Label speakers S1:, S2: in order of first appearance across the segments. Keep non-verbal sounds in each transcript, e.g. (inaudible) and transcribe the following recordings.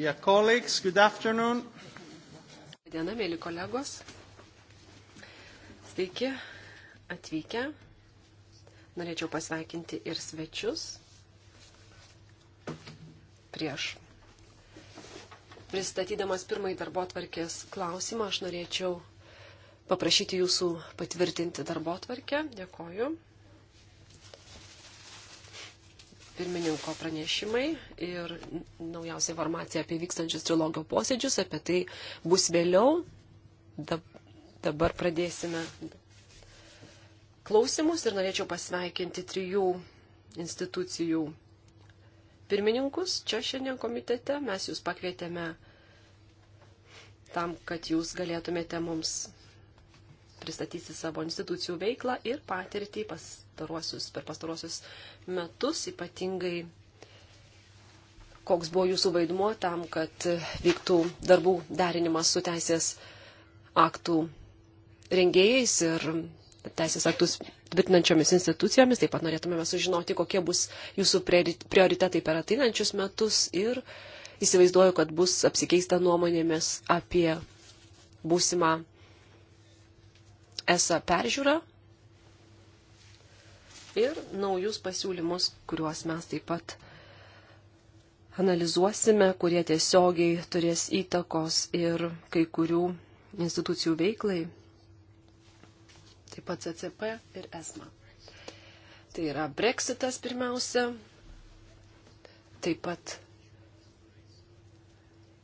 S1: Dear colleagues, good afternoon.
S2: Diena, mėly kolegos. Sveiki, atvykę. Norėčiau pasveikinti ir svečius. Prieš pristatydamas pirmąjį darbo atvarkės klausimą, aš norėčiau paprašyti jūsų patvirtinti darbo atvarkę. Dėkoju. pirmininko pranešimai ir naujausia informacija apie vykstančius trilogio posėdžius, apie tai bus vėliau. Dabar pradėsime klausimus ir norėčiau pasveikinti trijų institucijų pirmininkus čia šiandien komitete. Mes jūs pakvietėme tam, kad jūs galėtumėte mums pristatysi savo institucijų veiklą ir patirtį pastaruosius, per pastaruosius metus, ypatingai koks buvo jūsų vaidmuo tam, kad vyktų darbų derinimas su teisės aktų rengėjais ir teisės aktus tvirtinančiomis institucijomis. Taip pat norėtumėme sužinoti, kokie bus jūsų prioritetai per ateinančius metus ir įsivaizduoju, kad bus apsikeista nuomonėmis apie būsimą ESA peržiūrą ir naujus pasiūlymus, kuriuos mes taip pat analizuosime, kurie tiesiogiai turės įtakos ir kai kurių institucijų veiklai, taip pat CCP ir ESMA. Tai yra Brexitas pirmiausia, taip pat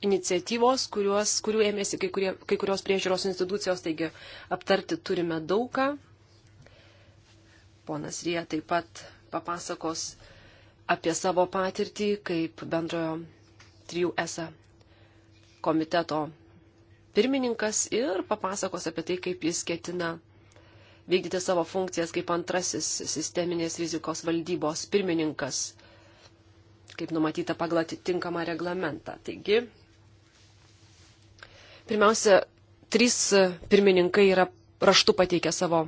S2: iniciatyvos, kuriuos, kurių ėmėsi kai, kurie, kai kurios priežiūros institucijos, taigi aptarti turime daugą. Ponas Rija taip pat papasakos apie savo patirtį kaip bendrojo 3S komiteto pirmininkas ir papasakos apie tai, kaip jis ketina vykdyti savo funkcijas kaip antrasis sisteminės rizikos valdybos pirmininkas, kaip numatyta pagal atitinkamą reglamentą. Taigi, Pirmiausia, trys pirmininkai yra raštu pateikę savo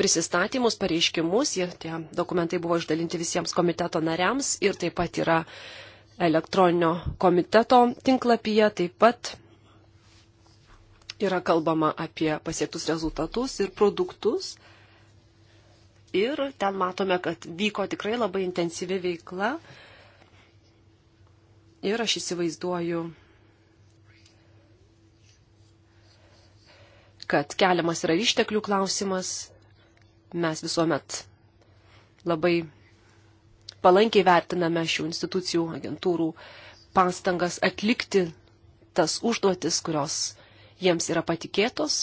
S2: prisistatymus, pareiškimus, jie, tie dokumentai buvo išdalinti visiems komiteto nariams ir taip pat yra elektroninio komiteto tinklapyje, taip pat yra kalbama apie pasiektus rezultatus ir produktus. Ir ten matome, kad vyko tikrai labai intensyvi veikla. Ir aš įsivaizduoju, kad keliamas yra išteklių klausimas. Mes visuomet labai palankiai vertiname šių institucijų, agentūrų pastangas atlikti tas užduotis, kurios jiems yra patikėtos,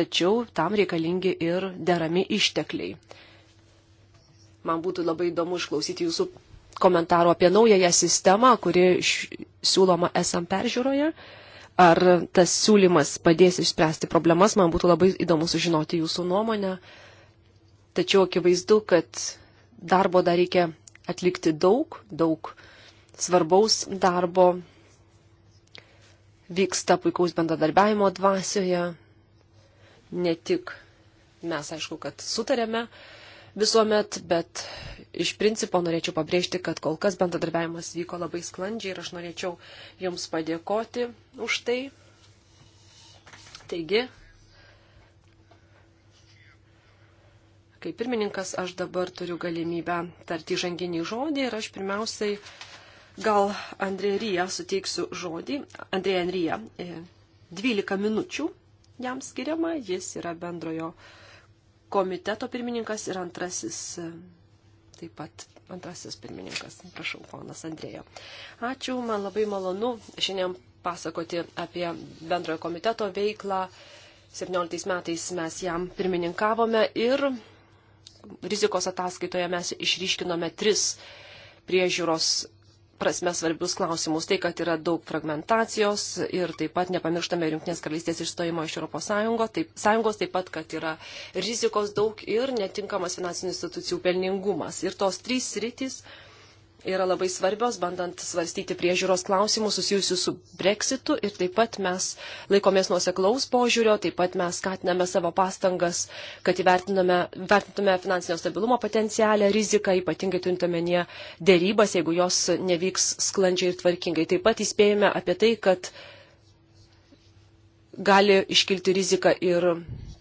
S2: tačiau tam reikalingi ir derami ištekliai. Man būtų labai įdomu išklausyti jūsų komentarų apie naująją sistemą, kuri siūloma SM peržiūroje. Uh, Ar tas siūlymas padės išspręsti problemas, man būtų labai įdomu sužinoti jūsų nuomonę. Tačiau akivaizdu, kad darbo dar reikia atlikti daug, daug svarbaus darbo. Vyksta puikaus bendradarbiavimo dvasioje. Ne tik mes, aišku, kad sutarėme visuomet, bet iš principo norėčiau pabrėžti, kad kol kas bendradarbiavimas vyko labai sklandžiai ir aš norėčiau Jums padėkoti už tai. Taigi, kaip pirmininkas, aš dabar turiu galimybę tarti žanginį žodį ir aš pirmiausiai gal Andrė Ryja suteiksiu žodį. Andrė Ryja, 12 e, minučių jam skiriama, jis yra bendrojo komiteto pirmininkas ir antrasis e, taip pat antrasis pirmininkas. Prašau, ponas Andrėjo. Ačiū, man labai malonu šiandien pasakoti apie bendrojo komiteto veiklą. 17 metais mes jam pirmininkavome ir rizikos ataskaitoje mes išryškinome tris priežiūros prasme svarbius klausimus. Tai, kad yra daug fragmentacijos ir taip pat nepamirštame Junktinės karalystės išstojimo iš Europos Sąjungos, taip, Sąjungos, taip pat, kad yra rizikos daug ir netinkamas finansinių institucijų pelningumas. Ir tos trys rytis. Rytis yra labai svarbios, bandant svarstyti priežiūros klausimus susijusius su breksitu ir taip pat mes laikomės nuoseklaus požiūrio, taip pat mes skatiname savo pastangas, kad įvertintume finansinio stabilumo potencialę, riziką, ypatingai turint omenyje dėrybas, jeigu jos nevyks sklandžiai ir tvarkingai. Taip pat įspėjame apie tai, kad gali iškilti rizika ir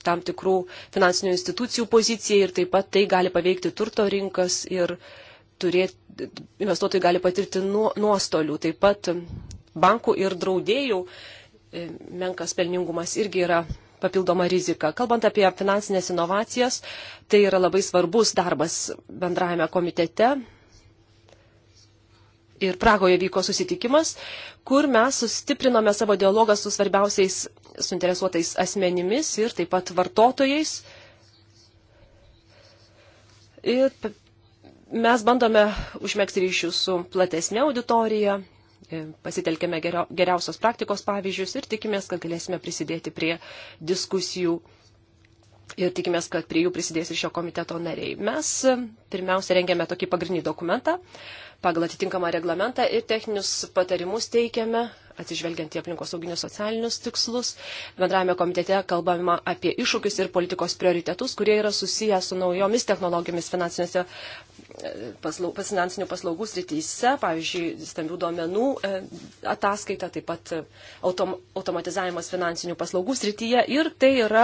S2: tam tikrų finansinių institucijų pozicijai ir taip pat tai gali paveikti turto rinkas ir rinkas turėti, investuotojai gali patirti nuostolių. Taip pat bankų ir draudėjų e, menkas pelningumas irgi yra papildoma rizika. Kalbant apie finansinės inovacijas, tai yra labai svarbus darbas bendrajame komitete. Ir Pragoje vyko susitikimas, kur mes sustiprinome savo dialogą su svarbiausiais suinteresuotais asmenimis ir taip pat vartotojais. Ir Mes bandome užmėgsti ryšius su platesnė auditorija, e, pasitelkėme geriausios praktikos pavyzdžius ir tikimės, kad galėsime prisidėti prie diskusijų ir tikimės, kad prie jų prisidės ir šio komiteto nariai. Mes e, pirmiausia rengėme tokį pagrindinį dokumentą pagal atitinkamą reglamentą ir techninius patarimus teikiame, atsižvelgiant į aplinkos sauginius socialinius tikslus. Bendravime komitete kalbama apie iššūkius ir politikos prioritetus, kurie yra susiję su naujomis technologijomis finansiniuose paslau, pas finansinių paslaugų srityse, pavyzdžiui, stambių duomenų e, ataskaita, taip pat e, autom, automatizavimas finansinių paslaugų srityje. Ir tai yra,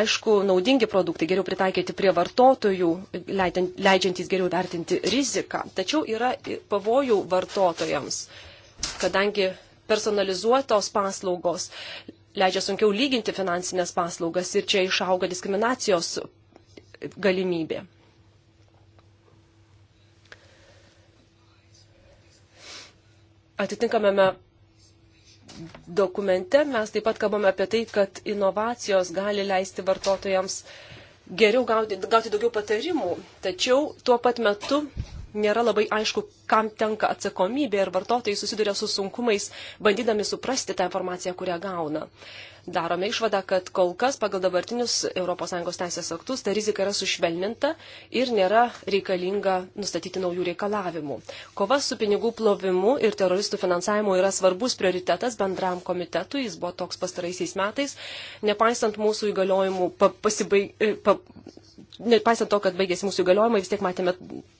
S2: aišku, naudingi produktai, geriau pritaikyti prie vartotojų, leidžiantys geriau vertinti riziką. Tačiau yra pavojų vartotojams, kadangi personalizuotos paslaugos leidžia sunkiau lyginti finansinės paslaugas ir čia išauga diskriminacijos e, galimybė. atitinkamame dokumente mes taip pat kalbame apie tai, kad inovacijos gali leisti vartotojams geriau gauti, gauti daugiau patarimų, tačiau tuo pat metu nėra labai aišku, kam tenka atsakomybė ir vartotojai susiduria su sunkumais, bandydami suprasti tą informaciją, kurią gauna. Darome išvadą, kad kol kas pagal dabartinius ES teisės aktus ta rizika yra sušvelninta ir nėra reikalinga nustatyti naujų reikalavimų. Kova su pinigų plovimu ir teroristų finansavimu yra svarbus prioritetas bendram komitetui, jis buvo toks pastaraisiais metais, nepaisant mūsų įgaliojimų pasibaigti e, nepaisant to, kad baigėsi mūsų įgaliojimai, vis tiek matėme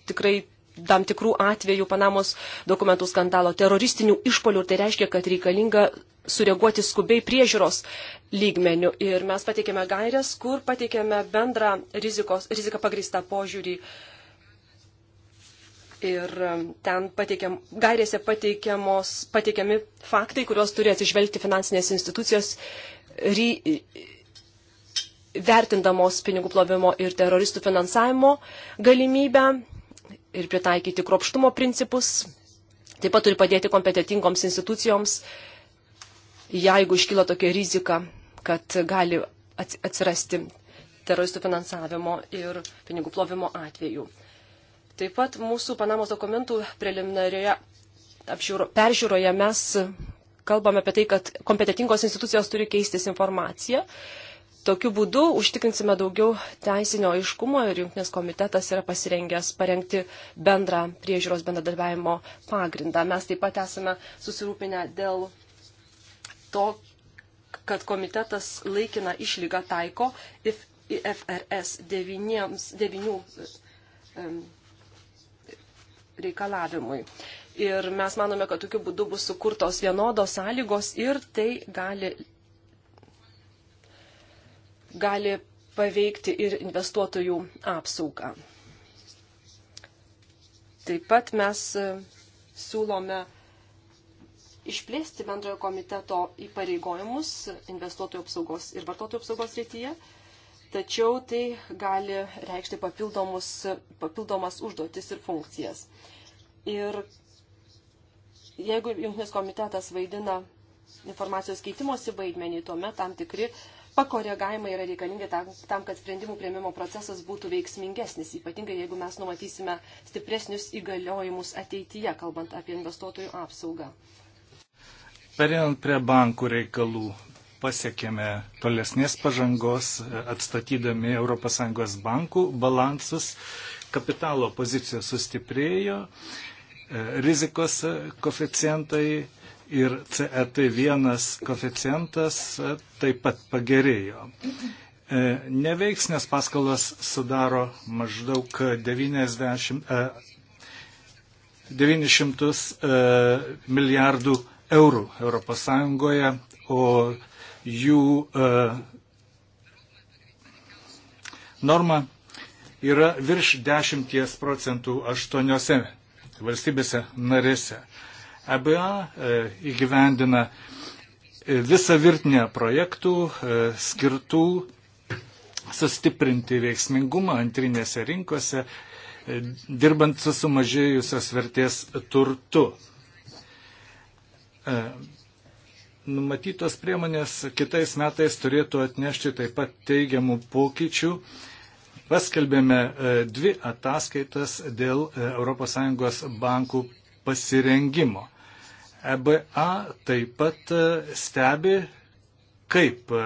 S2: tikrai tam tikrų atvejų Panamos dokumentų skandalo teroristinių išpolių ir tai reiškia, kad reikalinga sureaguoti skubiai priežiūros lygmenių. Ir mes pateikėme gairias, kur pateikėme bendrą rizikos, riziką pagrįstą požiūrį. Ir um, ten pateikiam, gairėse pateikiami faktai, kuriuos turi atsižvelgti finansinės institucijos ry, vertindamos pinigų plovimo ir teroristų finansavimo galimybę ir pritaikyti kropštumo principus. Taip pat turi padėti kompetitingoms institucijoms, jeigu iškyla tokia rizika, kad gali atsirasti teroristų finansavimo ir pinigų plovimo atvejų. Taip pat mūsų Panamos dokumentų preliminarioje peržiūroje mes kalbame apie tai, kad kompetitingos institucijos turi keistis informaciją Tokiu būdu užtikrinsime daugiau teisinio aiškumo ir jungtinis komitetas yra pasirengęs parengti bendrą priežiūros bendradarbiavimo pagrindą. Mes taip pat esame susirūpinę dėl to, kad komitetas laikina išlygą taiko IFRS 9, 9 reikalavimui. Ir mes manome, kad tokiu būdu bus sukurtos vienodos sąlygos ir tai gali gali paveikti ir investuotojų apsaugą. Taip pat mes e, siūlome išplėsti bendrojo komiteto įpareigojimus investuotojų apsaugos ir vartotojų apsaugos rytyje, tačiau tai gali reikšti papildomas užduotis ir funkcijas. Ir jeigu jungtinis komitetas vaidina informacijos keitimosi vaidmenį, tuomet tam tikri uh, pakoregavimai yra reikalingi tam, kad sprendimų prieimimo procesas būtų veiksmingesnis, ypatingai jeigu mes numatysime stipresnius įgaliojimus ateityje, kalbant apie investuotojų apsaugą.
S1: Perėjant prie bankų reikalų, pasiekėme tolesnės pažangos, e, atstatydami ES bankų balansus, kapitalo pozicijos sustiprėjo, e, rizikos e, koficientai ir CET1 koficijantas e, taip pat pagerėjo. E, neveiksnės paskolos sudaro maždaug 90, 900 e, milijardų eurų ES, o jų norma yra virš 10 procentų aštuoniuose valstybėse narėse. EBA e, įgyvendina e, visą virtinę projektų e, skirtų sustiprinti veiksmingumą antrinėse rinkose, dirbant su sumažėjusios vertės turtu. Numatytos priemonės kitais metais turėtų atnešti taip pat teigiamų pokyčių. Paskelbėme dvi ataskaitas dėl ES bankų pasirengimo. EBA taip pat e, stebi, kaip e,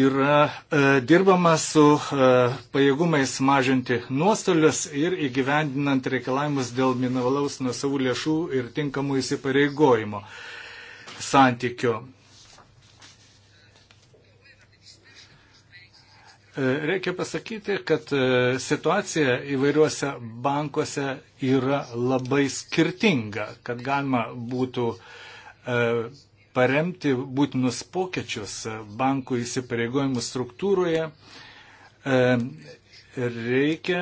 S1: yra e, dirbama su pajėgumais mažinti nuostolius ir įgyvendinant reikalavimus dėl minavalaus nuo savų lėšų ir tinkamų įsipareigojimo santykio. E, reikia pasakyti, kad e, situacija įvairiuose bankuose yra labai skirtinga, kad galima būtų e, paremti būtinus pokyčius bankų įsipareigojimų struktūroje. Reikia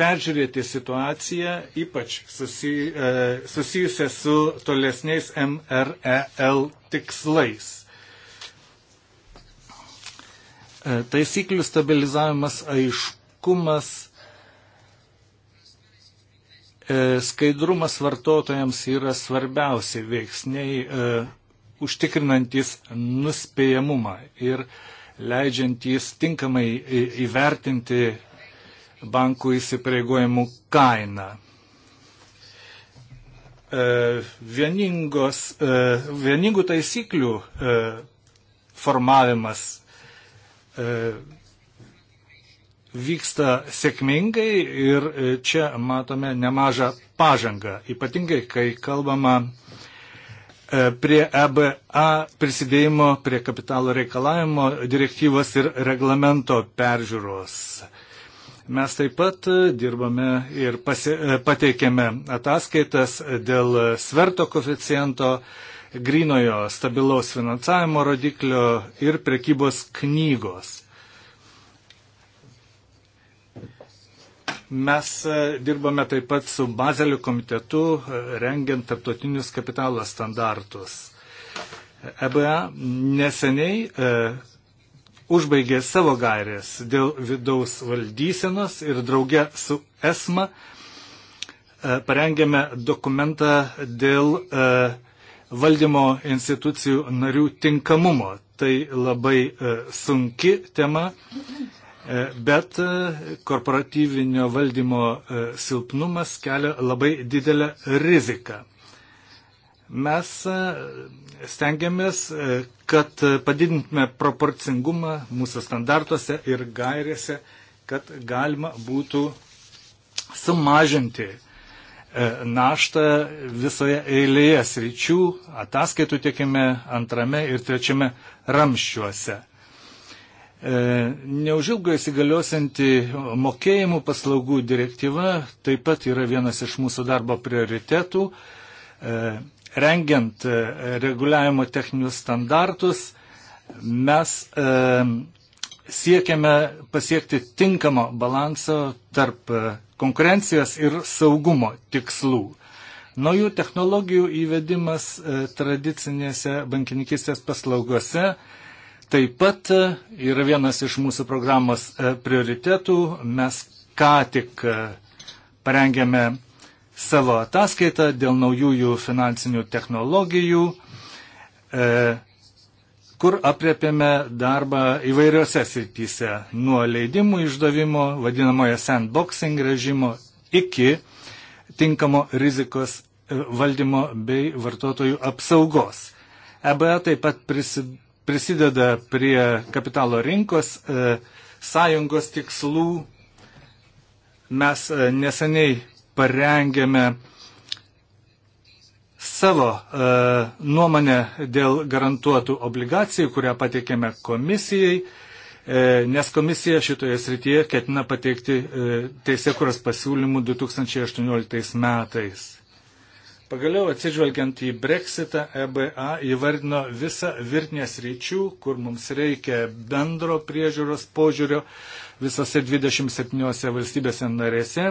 S1: peržiūrėti situaciją, ypač susijusią su tolesniais MREL tikslais E, taisyklių stabilizavimas, aiškumas, e, skaidrumas vartotojams yra svarbiausi veiksniai e, užtikrinantis nuspėjamumą ir leidžiantys tinkamai įvertinti bankų įsipareigojimų kainą. Vieningos, vieningų taisyklių formavimas E, vyksta sėkmingai ir e, čia matome nemažą pažangą, ypatingai kai kalbama e, prie EBA prisidėjimo, prie kapitalo reikalavimo direktyvos ir reglamento peržiūros. Mes taip pat dirbame ir pasi, pateikėme ataskaitas dėl sverto koficijento, grinojo stabilaus finansavimo rodiklio ir prekybos knygos. Mes e, dirbame taip pat su Bazeliu komitetu, e, rengiant tarptautinius kapitalo standartus. EBA neseniai e, užbaigė savo gairės dėl vidaus valdysenos ir drauge su ESMA e, parengėme dokumentą dėl e, valdymo institucijų narių tinkamumo. Tai labai e, sunki tema, e, bet e, korporatyvinio valdymo silpnumas kelia labai didelę riziką. Mes stengiamės, kad padidintume proporcingumą mūsų standartuose ir gairėse, kad galima būtų sumažinti uh, E, naštą visoje eilėje sričių, ataskaitų tiekime antrame ir trečiame ramščiuose. E, neužilgo įsigaliosianti mokėjimų paslaugų direktyva taip pat yra vienas iš mūsų darbo prioritetų. E, rengiant reguliavimo techninius standartus, mes siekiame pasiekti tinkamą balansą tarp konkurencijos ir saugumo tikslų. Naujų technologijų įvedimas e, tradicinėse bankininkistės paslaugose taip pat e, yra vienas iš mūsų programos e, prioritetų. Mes ką tik parengėme savo ataskaitą dėl naujųjų finansinių technologijų kur apriepėme darbą įvairiose srityse, nuo leidimų išdavimo, vadinamojo sandboxing režimo, iki tinkamo rizikos e, valdymo bei vartotojų apsaugos. EBA taip pat prisideda prie kapitalo rinkos e, sąjungos tikslų. Mes e, neseniai parengėme savo e, nuomonę dėl garantuotų obligacijų, kurią pateikėme komisijai, e, nes komisija šitoje srityje ketina pateikti e, teisėkuros pasiūlymų 2018 metais. Pagaliau atsižvelgiant į Brexitą, EBA įvardino visą virtinės ryčių, kur mums reikia bendro priežiūros požiūrio visose 27 valstybėse narėse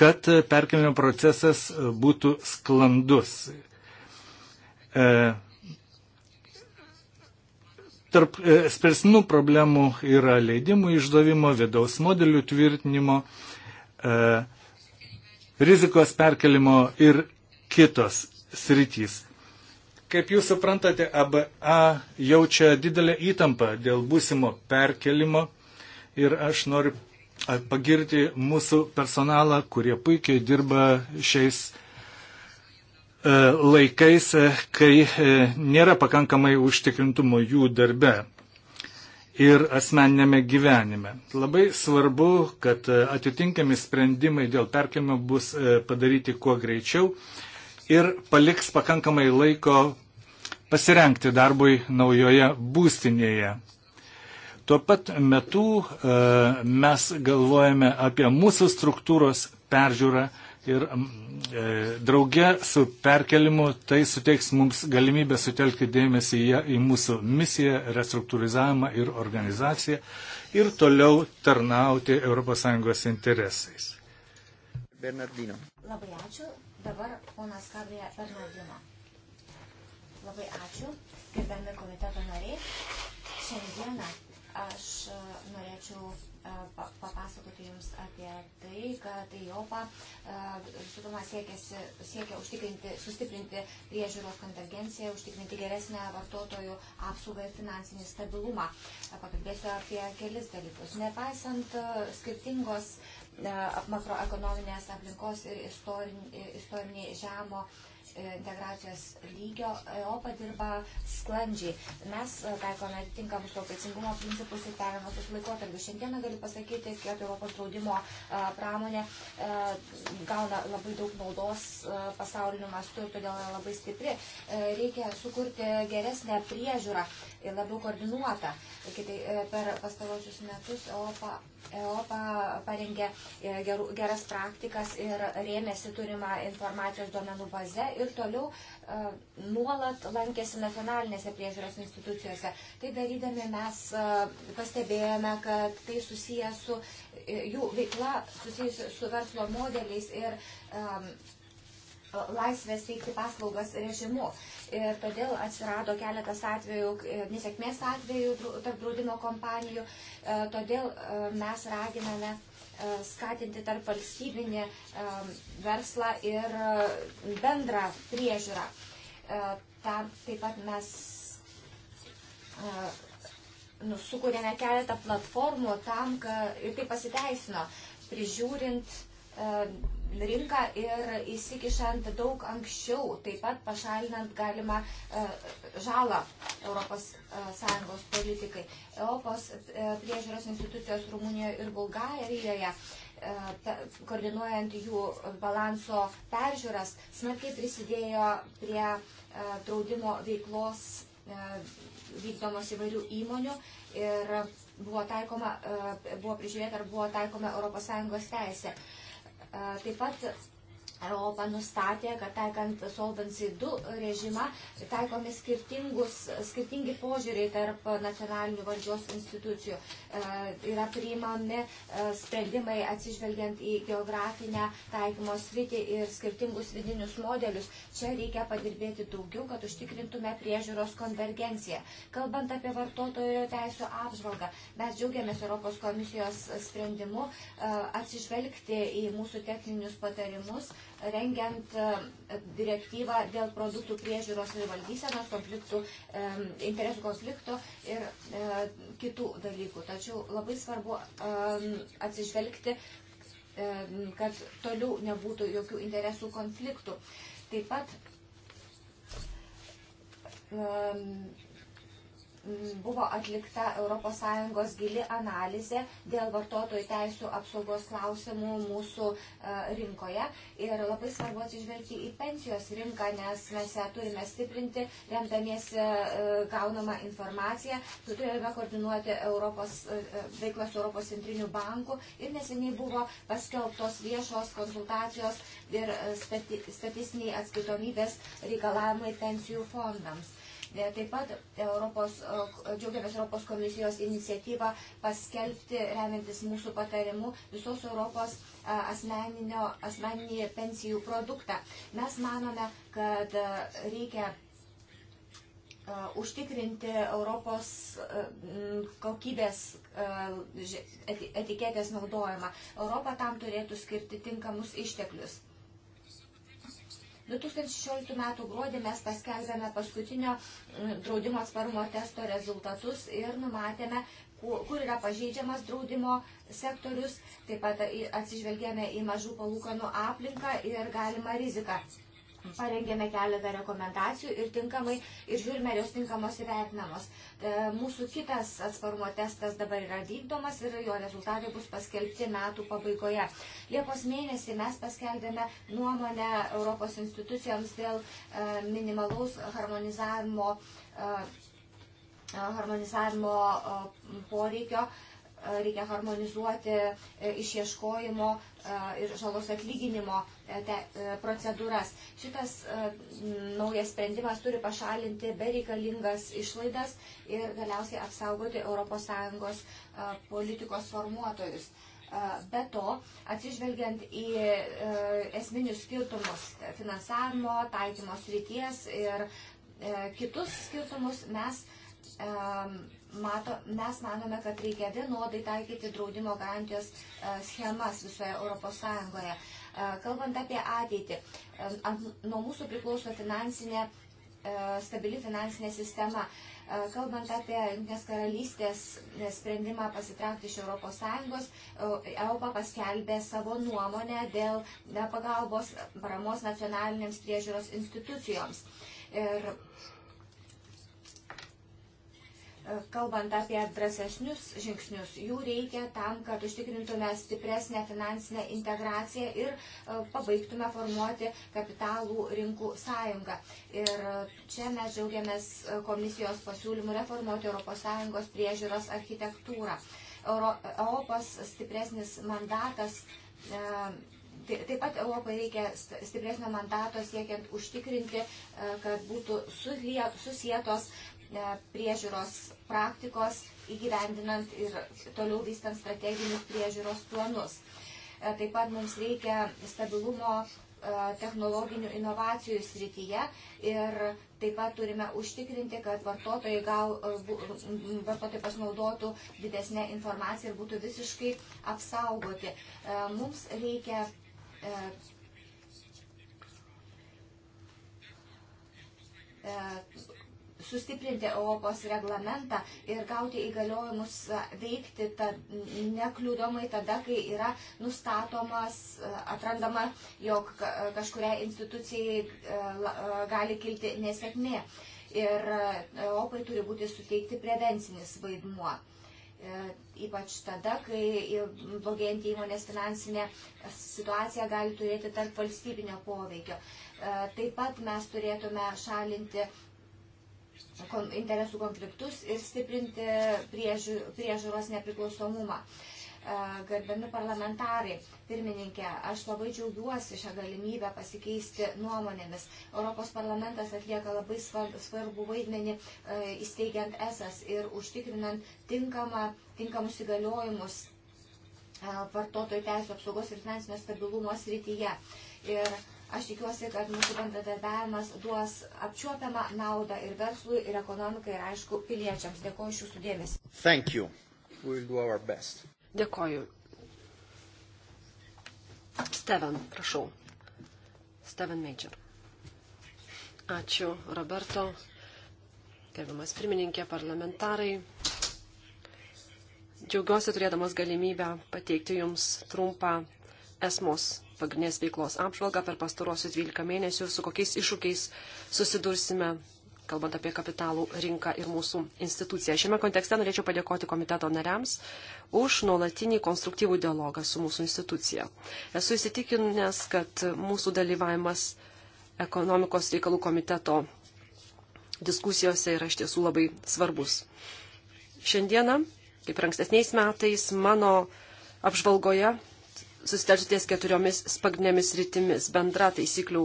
S1: kad perkelimo procesas būtų sklandus. E, tarp e, spresnų problemų yra leidimų išdavimo, vidaus modelių tvirtinimo, e, rizikos perkelimo ir kitos sritys. Kaip jūs suprantate, ABA jaučia didelę įtampą dėl būsimo perkelimo ir aš noriu pagirti mūsų personalą, kurie puikiai dirba šiais E, laikais, e, kai e, nėra pakankamai užtikrintumo jų darbe ir asmeninėme gyvenime. Labai svarbu, kad atitinkami sprendimai dėl perkelimo bus padaryti kuo greičiau ir paliks pakankamai laiko pasirengti darbui naujoje būstinėje. Tuo pat metu mes galvojame apie mūsų struktūros peržiūrą ir mm, e, drauge su perkelimu tai suteiks mums galimybę sutelkti dėmesį į, į mūsų misiją, restruktūrizavimą ir organizaciją ir toliau tarnauti ES interesais. Bernardino.
S3: Labai ačiū. Dabar ponas Kabrija Bernardino. Labai ačiū, gerbiami komiteto nariai. Šiandieną aš e, norėčiau E, papasakoti Jums apie tai, kad Jopa e, visų pirma siekia užtikrinti, sustiprinti priežiūros konvergenciją, užtikrinti geresnę vartotojų apsaugą ir finansinį stabilumą. E, pakalbėsiu apie kelis dalykus. Nepaisant skirtingos makroekonominės aplinkos ir istoriniai žemo E, integracijos lygio Europa dirba sklandžiai. Mes e, taikome atitinkamus proporcingumo principus ir perėmusius laikotarpius. Šiandieną galiu pasakyti, kad Europos draudimo e, pramonė gauna labai daug naudos pasauliniu mastu ir todėl yra labai stipri. Reikia sukurti geresnę priežiūrą ir labiau koordinuota. Kitai, e, per pastarosius metus Europa, Europa parengė e, gerų, geras praktikas ir rėmėsi turimą informacijos duomenų bazę ir toliau uh, nuolat lankėsi nacionalinėse priežiūros institucijose. Tai darydami mes uh, pastebėjome, kad tai susiję su jų veikla, susijusi su verslo modeliais ir um, laisvės teikti paslaugas režimu ir todėl atsirado keletas atvejų, e, nesėkmės atvejų tarp draudimo kompanijų, e, todėl e, mes raginame skatinti tarp valstybinį verslą ir bendrą priežiūrą. Tam taip pat mes nu, sukūrėme keletą platformų tam, kad ir tai pasiteisino, prižiūrint rinką ir įsikišant daug anksčiau, taip pat pašalinant galimą e, žalą ES e, politikai. Europos e, priežiūros institucijos Rumunijoje ir Bulgarijoje koordinuojant jų balanso peržiūras, smarkiai prisidėjo prie draudimo veiklos vykdomos įvairių įmonių ir buvo, taikoma, buvo prižiūrėta ar buvo taikoma ES teisė. Taip pat Europa nustatė, kad taikant Solvency 2 režimą taikomi skirtingi požiūriai tarp nacionalinių valdžios institucijų. E, yra priimami e, sprendimai atsižvelgiant į geografinę taikymo sritį ir skirtingus vidinius modelius. Čia reikia padirbėti daugiau, kad užtikrintume priežiūros konvergenciją. Kalbant apie vartotojo teisų apžvalgą, mes džiaugiamės Europos komisijos sprendimu e, atsižvelgti į mūsų techninius patarimus rengiant e, direktyvą dėl produktų priežiūros ir valdysenos, konfliktų, e, interesų konflikto ir e, kitų dalykų. Tačiau labai svarbu atsižvelgti, kad toliau nebūtų jokių interesų konfliktų. Taip pat buvo atlikta ES gili analizė dėl vartotojų teisų apsaugos klausimų mūsų e, rinkoje. Ir labai svarbu atsižvelgti į pensijos rinką, nes mes ją turime stiprinti, remdamiesi e, gaunamą informaciją. Turime koordinuoti Europos, e, veiklas Europos centrinių bankų. Ir neseniai buvo paskelbtos viešos konsultacijos ir statistiniai atskaitomybės reikalavimai pensijų fondams. E, taip pat Europos, e, džiaugiamės Europos komisijos iniciatyvą paskelbti, remiantis mūsų patarimu, visos Europos e, asmeninį pensijų produktą. Mes manome, kad reikia užtikrinti Europos kokybės etiketės naudojimą. Europa tam turėtų skirti tinkamus išteklius. 2016 m. gruodį mes paskelbėme paskutinio mm, draudimo atsparumo testo rezultatus ir numatėme, kur yra pažeidžiamas draudimo sektorius, taip pat atsižvelgėme į mažų palūkanų aplinką ir galimą riziką parengėme keletą rekomendacijų ir tinkamai, ir žiūrime, ar jos tinkamos įvertinamos. E, mūsų kitas atsparumo testas dabar yra vykdomas ir jo rezultatai bus paskelbti metų pabaigoje. Liepos mėnesį mes paskelbėme nuomonę Europos institucijoms dėl e, minimalaus harmonizavimo, e, harmonizavimo poreikio reikia harmonizuoti išieškojimo ir žalos atlyginimo E, e, procedūras. Šitas e, naujas sprendimas turi pašalinti bereikalingas išlaidas ir galiausiai apsaugoti ES politikos formuotojus. Be to, atsižvelgiant į esminius skirtumus finansavimo, taikymo srities ir kitus skirtumus, mes, mato, mes manome, kad reikia vienodai taikyti draudimo garantijos schemas visoje ES. Kalbant apie ateitį, nuo mūsų priklauso finansinė, stabili finansinė sistema. Kalbant apie Junktinės karalystės e, sprendimą pasitraukti iš ES, EOPA paskelbė savo nuomonę dėl e, pagalbos paramos nacionalinėms priežiūros institucijoms. Ir kalbant apie drąsesnius žingsnius, jų reikia tam, kad užtikrintume stipresnę finansinę integraciją ir e, pabaigtume formuoti kapitalų rinkų sąjungą. Ir e, čia mes džiaugiamės e, komisijos pasiūlymų reformuoti ES priežiūros architektūrą. Euro, Europos stipresnis mandatas. E, tai, Taip pat Europai reikia stipresnio mandato siekiant užtikrinti, kad būtų susietos E, priežiūros praktikos įgyvendinant ir toliau vystant strateginius priežiūros planus. E, taip pat mums reikia stabilumo e, technologinių inovacijų srityje ir taip pat turime užtikrinti, kad vartotojai, gal, vartotojai pasinaudotų didesnę informaciją ir būtų visiškai apsaugoti. Mums reikia sustiprinti Europos reglamentą ir gauti įgaliojimus veikti tad, nekliūdomai tada, kai yra nustatomas, atrandama, jog kažkuriai institucijai e, e, gali kilti nesėkmė. Ir e, Europai turi būti suteikti prevencinis vaidmuo ypač tada, kai blogėjantį įmonės finansinę situaciją gali turėti tarp valstybinio poveikio. Taip pat mes turėtume šalinti interesų konfliktus ir stiprinti priežiūros nepriklausomumą. E, gerbiami parlamentarai, pirmininkė, aš labai džiaugiuosi šią galimybę pasikeisti nuomonėmis. Europos parlamentas atlieka labai svarbu vaidmenį e, įsteigiant esas ir užtikrinant tinkamą, tinkamus įgaliojimus e, vartotojų teisų apsaugos ir finansinio stabilumo srityje. Ir Aš tikiuosi, kad mūsų bendradarbiavimas duos apčiuopiamą naudą ir verslui, ir ekonomikai, ir aišku, piliečiams. Dėkoju iš jūsų
S2: dėmesį. We'll Dėkoju. Steven, prašau. Steven Major. Ačiū, Roberto. Gerbiamas pirmininkė, parlamentarai. Džiaugiuosi turėdamas galimybę pateikti Jums trumpą esmos pagrindinės veiklos apžvalgą per pastarosius 12 mėnesių, su kokiais iššūkiais susidursime, kalbant apie kapitalų rinką ir mūsų instituciją. Šiame kontekste norėčiau padėkoti komiteto nariams už nuolatinį konstruktyvų dialogą su mūsų institucija. Esu įsitikinęs, kad mūsų dalyvavimas ekonomikos reikalų komiteto diskusijose yra iš tiesų labai svarbus. Šiandieną, kaip ir ankstesniais metais, mano apžvalgoje susitarti ties keturiomis spagnėmis rytimis - bendra taisyklių,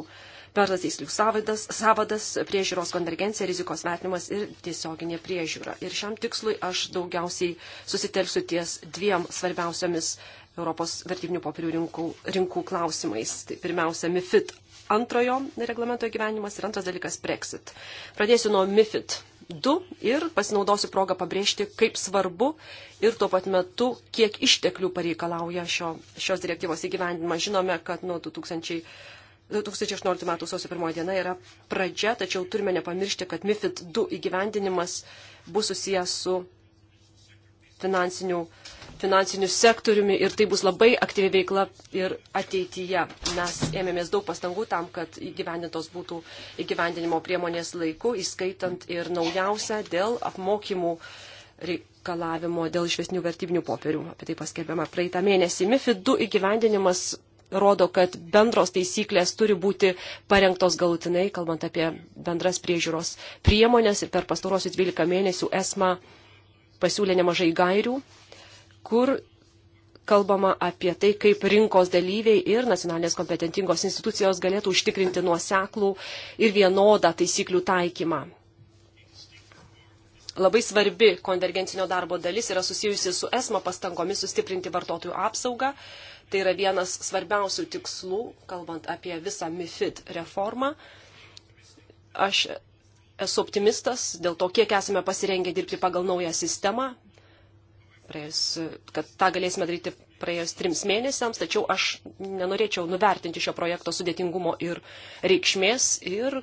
S2: bendras taisyklių savadas, savadas, priežiūros konvergencija, rizikos vertinimas ir tiesioginė priežiūra. Ir šiam tikslui aš daugiausiai susitelksiu ties dviem svarbiausiamis Europos vertybinių popierių rinkų, rinkų klausimais. Tai pirmiausia, MIFID antrojo reglamento gyvenimas ir antras dalykas Brexit. Pradėsiu nuo MIFID du ir pasinaudosiu progą pabrėžti, kaip svarbu ir tuo pat metu, kiek išteklių pareikalauja šio, šios direktyvos įgyvendinimą. Žinome, kad nuo 2000, 2018 m. sausio 1 diena yra pradžia, tačiau turime nepamiršti, kad MIFID 2 įgyvendinimas bus susijęs su finansinių finansiniu sektoriumi ir tai bus labai aktyvi veikla ir ateityje. Mes ėmėmės daug pastangų tam, kad įgyvendintos būtų įgyvendinimo priemonės laiku, įskaitant ir naujausią dėl apmokymų reikalavimo dėl išvesnių vertybinių popierių. Apie tai paskelbėma praeitą mėnesį. MIFID 2 įgyvendinimas rodo, kad bendros taisyklės turi būti parengtos galutinai, kalbant apie bendras priežiūros priemonės ir per pastarosius 12 mėnesių esma pasiūlė nemažai gairių kur kalbama apie tai, kaip rinkos dalyviai ir nacionalinės kompetentingos institucijos galėtų užtikrinti nuoseklų ir vienodą taisyklių taikymą. Labai svarbi konvergencinio darbo dalis yra susijusi su esmo pastangomis sustiprinti vartotojų apsaugą. Tai yra vienas svarbiausių tikslų, kalbant apie visą MIFID reformą. Aš esu optimistas dėl to, kiek esame pasirengę dirbti pagal naują sistemą praėjus, kad tą galėsime daryti praėjus trims mėnesiams, tačiau aš nenorėčiau nuvertinti šio projekto sudėtingumo ir reikšmės ir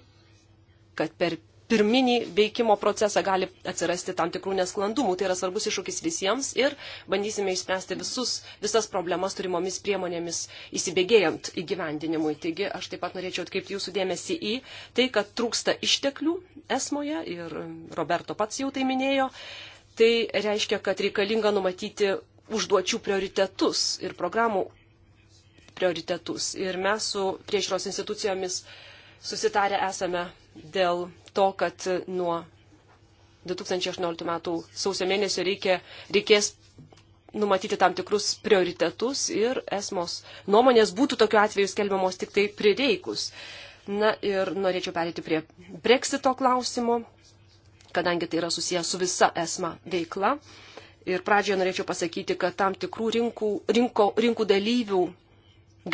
S2: kad per pirminį veikimo procesą gali atsirasti tam tikrų nesklandumų. Tai yra svarbus iššūkis visiems ir bandysime išspręsti visus, visas problemas turimomis priemonėmis įsibėgėjant įgyvendinimui. Taigi aš taip pat norėčiau atkreipti jūsų dėmesį į tai, kad trūksta išteklių esmoje ir Roberto pats jau tai minėjo tai reiškia, kad reikalinga numatyti užduočių prioritetus ir programų prioritetus. Ir mes su priežiūros institucijomis susitarę esame dėl to, kad nuo 2018 metų sausio mėnesio reikia, reikės numatyti tam tikrus prioritetus ir esmos nuomonės būtų tokiu atveju skelbiamos tik tai prireikus. Na ir norėčiau perėti prie breksito klausimo kadangi tai yra susijęs su visa esma veikla. Ir pradžioje norėčiau pasakyti, kad tam tikrų rinkų, rinko, rinkų dalyvių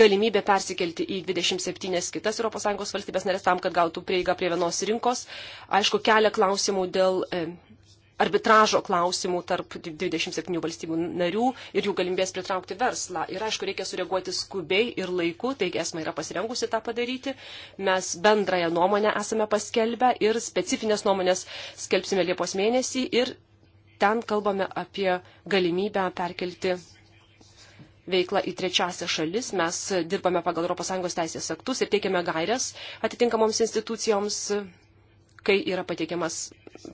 S2: galimybė persikelti į 27 kitas ES valstybės narės tam, kad gautų prieigą prie vienos rinkos, aišku, kelia klausimų dėl e, arbitražo klausimų tarp 27 valstybių narių ir jų galimybės pritraukti verslą. Ir aišku, reikia sureaguoti skubiai ir laiku, taigi esame yra pasirengusi tą padaryti. Mes bendrąją nuomonę esame paskelbę ir specifines nuomonės skelbsime Liepos mėnesį ir ten kalbame apie galimybę perkelti veiklą į trečiąsią šalis. Mes dirbame pagal ES teisės aktus ir teikiame gairias atitinkamoms institucijoms, kai yra pateikiamas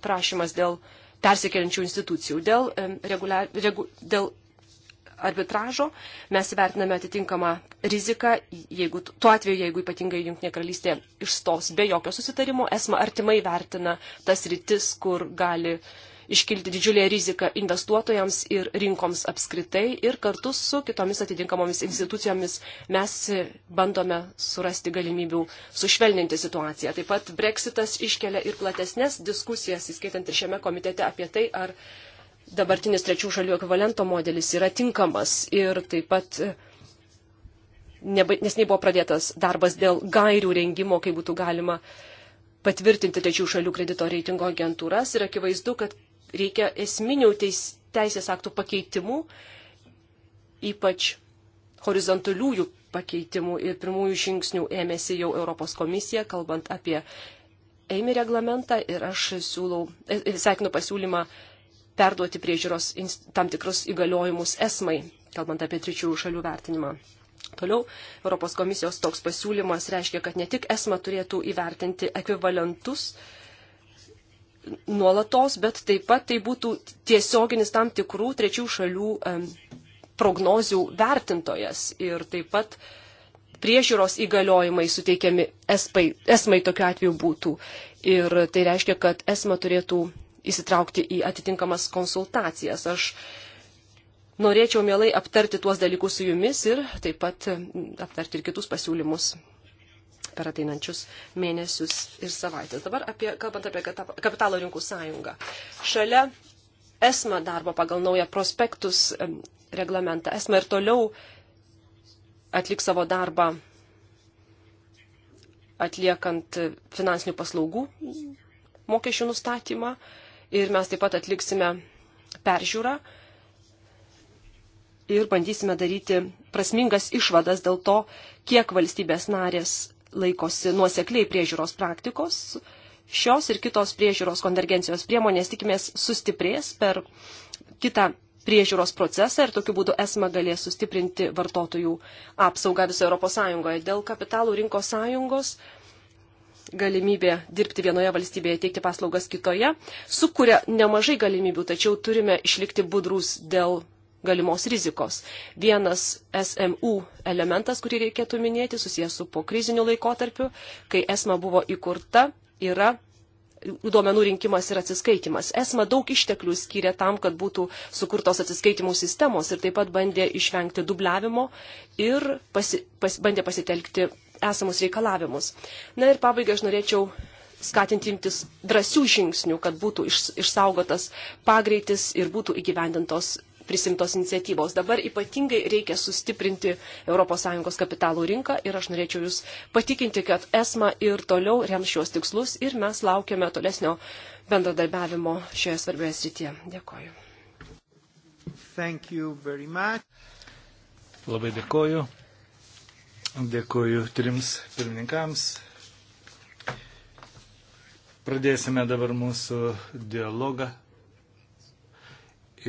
S2: prašymas dėl persikeliančių institucijų. Dėl, regulia, regu, dėl arbitražo mes įvertiname atitinkamą riziką, jeigu, tuo atveju, jeigu ypatingai Junktinė karalystė išstos be jokio susitarimo, esma artimai vertina tas rytis, kur gali uh, iškilti didžiulė rizika investuotojams ir rinkoms apskritai ir kartu su kitomis atitinkamomis institucijomis mes bandome surasti galimybių sušvelninti situaciją. Taip pat breksitas iškelia ir platesnės diskusijas, įskaitant ir šiame komitete apie tai, ar dabartinis trečių šalių ekvivalento modelis yra tinkamas ir taip pat e, nesnei buvo pradėtas darbas dėl gairių rengimo, kaip būtų galima patvirtinti trečių šalių kredito reitingo agentūras ir akivaizdu, kad reikia esminių teis, teisės aktų pakeitimų, ypač horizontaliųjų pakeitimų ir pirmųjų žingsnių ėmėsi jau Europos komisija, kalbant apie EIMI reglamentą ir aš siūlau, e, e, sveikinu pasiūlymą perduoti priežiūros tam tikrus įgaliojimus esmai, kalbant apie trečiųjų šalių vertinimą. Toliau Europos komisijos toks pasiūlymas reiškia, kad ne tik esma turėtų įvertinti ekvivalentus uh, nuolatos, bet taip pat tai būtų tiesioginis tam tikrų trečių šalių prognozių vertintojas ir taip pat priežiūros įgaliojimai suteikiami espai, esmai tokiu atveju būtų. Ir tai reiškia, kad esma turėtų įsitraukti į atitinkamas konsultacijas. Aš norėčiau mielai aptarti tuos dalykus su jumis ir taip pat aptarti ir kitus pasiūlymus per ateinančius mėnesius ir savaitės. Dabar apie, kalbant apie kapitalo rinkų sąjungą. Šalia ESMA darbo pagal naują prospektus reglamentą. ESMA ir toliau atliks savo darbą atliekant finansinių paslaugų mokesčių nustatymą ir mes taip pat atliksime peržiūrą ir bandysime daryti prasmingas išvadas dėl to, kiek valstybės narės laikosi nuosekliai priežiūros praktikos. Šios ir kitos priežiūros konvergencijos priemonės tikimės sustiprės per kitą priežiūros procesą ir tokiu būdu esma galės sustiprinti vartotojų apsaugą visoje Europos Sąjungoje. Dėl kapitalų rinkos sąjungos galimybė dirbti vienoje valstybėje, teikti paslaugas kitoje, sukuria nemažai galimybių, tačiau turime išlikti budrus dėl galimos rizikos. Vienas SMU elementas, kurį reikėtų minėti, susijęs su pokriziniu laikotarpiu, kai ESMA buvo įkurta, yra duomenų rinkimas ir atsiskaitimas. ESMA daug išteklių skyrė tam, kad būtų sukurtos atsiskaitimų sistemos ir taip pat bandė išvengti dubliavimo ir pasi, pas, bandė pasitelkti esamus reikalavimus. Na ir pabaigai aš norėčiau skatinti imtis drąsių žingsnių, kad būtų iš, išsaugotas pagreitis ir būtų įgyvendintos prisimtos iniciatyvos. Dabar ypatingai reikia sustiprinti ES kapitalų rinką ir aš norėčiau Jūs patikinti, kad ESMA ir toliau rems šios tikslus ir mes laukiame tolesnio bendradarbiavimo šioje svarbioje srityje. Dėkoju.
S1: Labai dėkoju. Dėkoju trims pirmininkams. Pradėsime dabar mūsų dialogą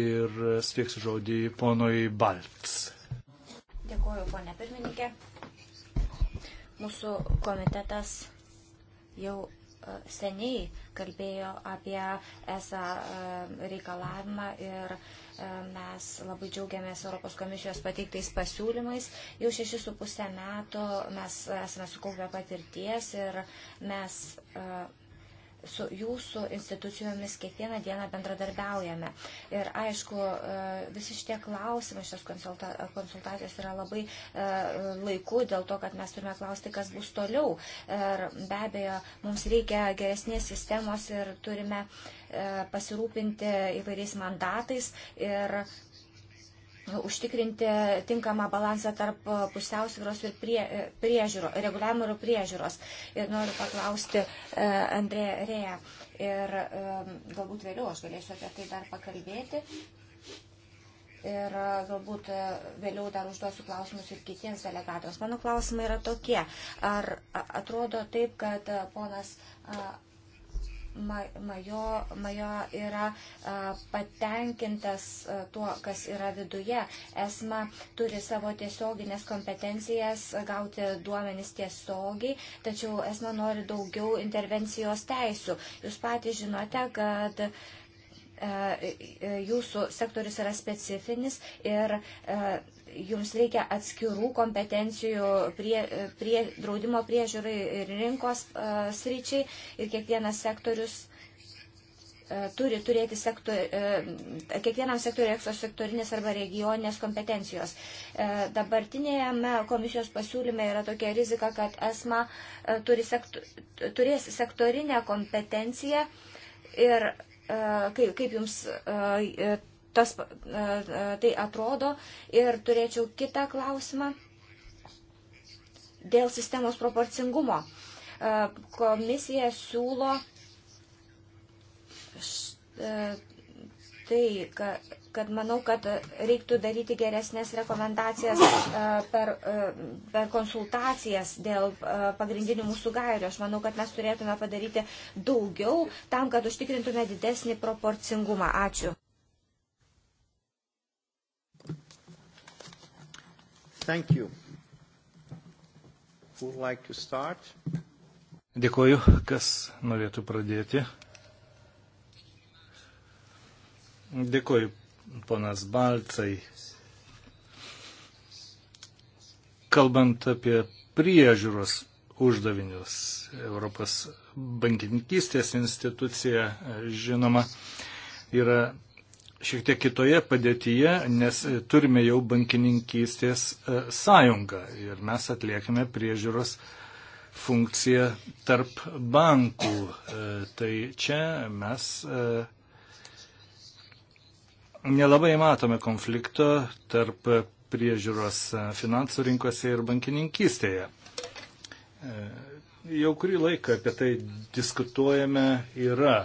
S1: ir steiksiu žodį ponui Balts.
S3: Dėkuoju, ponė pirmininkė. Mūsų komitetas jau e, seniai kalbėjo apie esą e, reikalavimą ir e, mes labai džiaugiamės Europos komisijos pateiktais pasiūlymais. Jau šeši su pusę metų mes esame sukaupę patirties ir mes su jūsų institucijomis kiekvieną dieną bendradarbiaujame. Ir aišku, e, visi šitie klausimai, šios konsulta, konsultacijos yra labai e, laiku dėl to, kad mes turime klausti, kas bus toliau. Ir be abejo, mums reikia geresnės sistemos ir turime e, pasirūpinti įvairiais mandatais ir užtikrinti tinkamą balansą tarp pusiausvyros ir prie, priežiūro, reguliavimo ir priežiūros. Ir noriu paklausti e, Andrė Rėja. Ir e, galbūt vėliau aš galėsiu apie tai dar pakalbėti. Ir e, galbūt vėliau dar užduosiu klausimus ir kitiems delegatams. Mano klausimai yra tokie. Ar atrodo taip, kad ponas Majo, majo yra patenkintas tuo, kas yra viduje. Esma turi savo tiesioginės kompetencijas gauti duomenis tiesiogiai, tačiau Esma nori daugiau intervencijos teisų. Jūs patys žinote, kad jūsų sektorius yra specifinis ir jums reikia atskirų kompetencijų prie, prie draudimo priežiūrai ir rinkos uh, e, sryčiai ir kiekvienas sektorius uh, turi turėti sektor, uh, kiekvienam sektoriui eksosektorinės arba regioninės kompetencijos. Dabartinėme komisijos pasiūlyme yra tokia rizika, kad ESMA turi sektor, turės sektorinę kompetenciją ir kaip, kaip jums tas, e, e, tai atrodo. Ir turėčiau kitą klausimą dėl sistemos proporcingumo. E, komisija siūlo tai, kad, kad manau, kad reiktų daryti geresnės rekomendacijas per, per konsultacijas dėl pagrindinių mūsų gairių. Aš manau, kad mes turėtume padaryti daugiau tam, kad užtikrintume didesnį proporcingumą. Ačiū.
S1: Thank you. Who would like to start? Dėkuoju, kas norėtų pradėti. Dėkuoju, ponas Balcai. Kalbant apie priežiūros uždavinius, Europos bankininkystės institucija, žinoma, yra šiek tiek kitoje padėtyje, nes turime jau bankininkystės e, sąjungą ir mes atliekame priežiūros funkciją tarp bankų. E, tai čia mes e, nelabai matome konflikto tarp priežiūros finansų rinkose ir bankininkystėje. Jau kurį laiką apie tai diskutuojame yra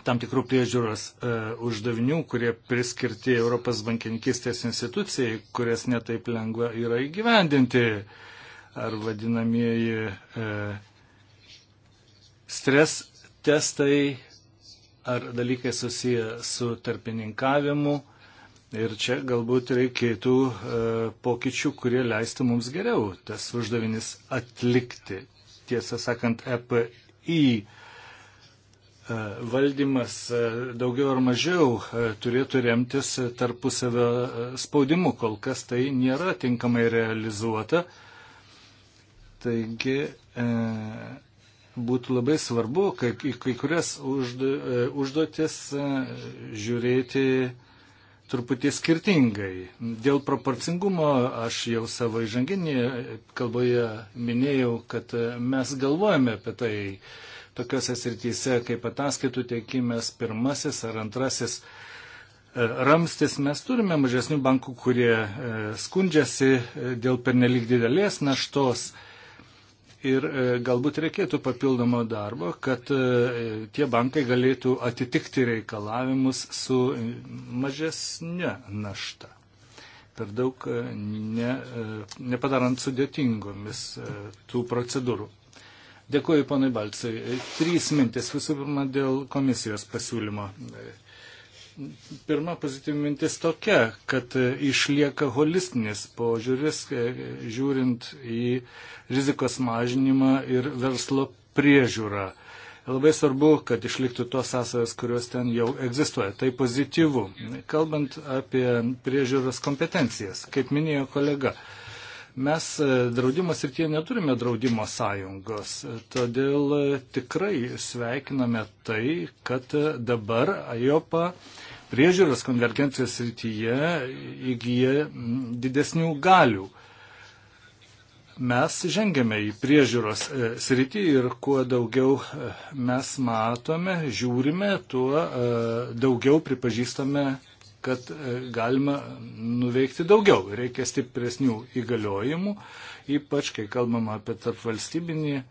S1: tam tikrų priežiūros e, uždavinių, kurie priskirti Europos bankininkistės institucijai, kurias netaip lengva yra įgyvendinti, ar vadinamieji e, stres testai, ar dalykai susiję su tarpininkavimu. Ir čia galbūt reikėtų e, pokyčių, kurie leistų mums geriau tas uždavinis atlikti. Tiesą sakant, EPI E, valdymas e, daugiau ar mažiau e, turėtų remtis tarpusavio spaudimu, kol kas tai nėra tinkamai realizuota. Taigi e, būtų labai svarbu, kai, kai kurias uždu, e, užduotis e, žiūrėti truputį skirtingai. Dėl proporcingumo aš jau savo įžanginėje kalboje minėjau, kad mes galvojame apie tai, tokiuose srityse kaip ataskaitų teikimas, pirmasis ar antrasis e, ramstis. Mes turime mažesnių bankų, kurie e, skundžiasi e, dėl pernelyg didelės naštos. Ir galbūt reikėtų papildomo darbo, kad tie bankai galėtų atitikti reikalavimus su mažesnė našta. Per daug ne, nepadarant sudėtingomis tų procedūrų. Dėkuoju ponui Balcui. Trys mintis visų pirma dėl komisijos pasiūlymo. Pirma pozityvi mintis tokia, kad išlieka holistinis požiūris, e, žiūrint į rizikos mažinimą ir verslo priežiūrą. Labai svarbu, kad išliktų tos sąsajos, kurios ten jau egzistuoja. Tai pozityvu. Kalbant apie priežiūros kompetencijas, kaip minėjo kolega, Mes e, draudimo srityje neturime draudimo sąjungos, e, todėl e, tikrai sveikiname tai, kad dabar AJOPA priežiūros konvergencijos srityje įgyja didesnių galių. Mes žengėme į priežiūros sritį ir kuo daugiau mes matome, žiūrime, tuo daugiau pripažįstame kad e, galima nuveikti daugiau. Reikia stipresnių įgaliojimų, ypač kai kalbam apie tarpvalstybinį e,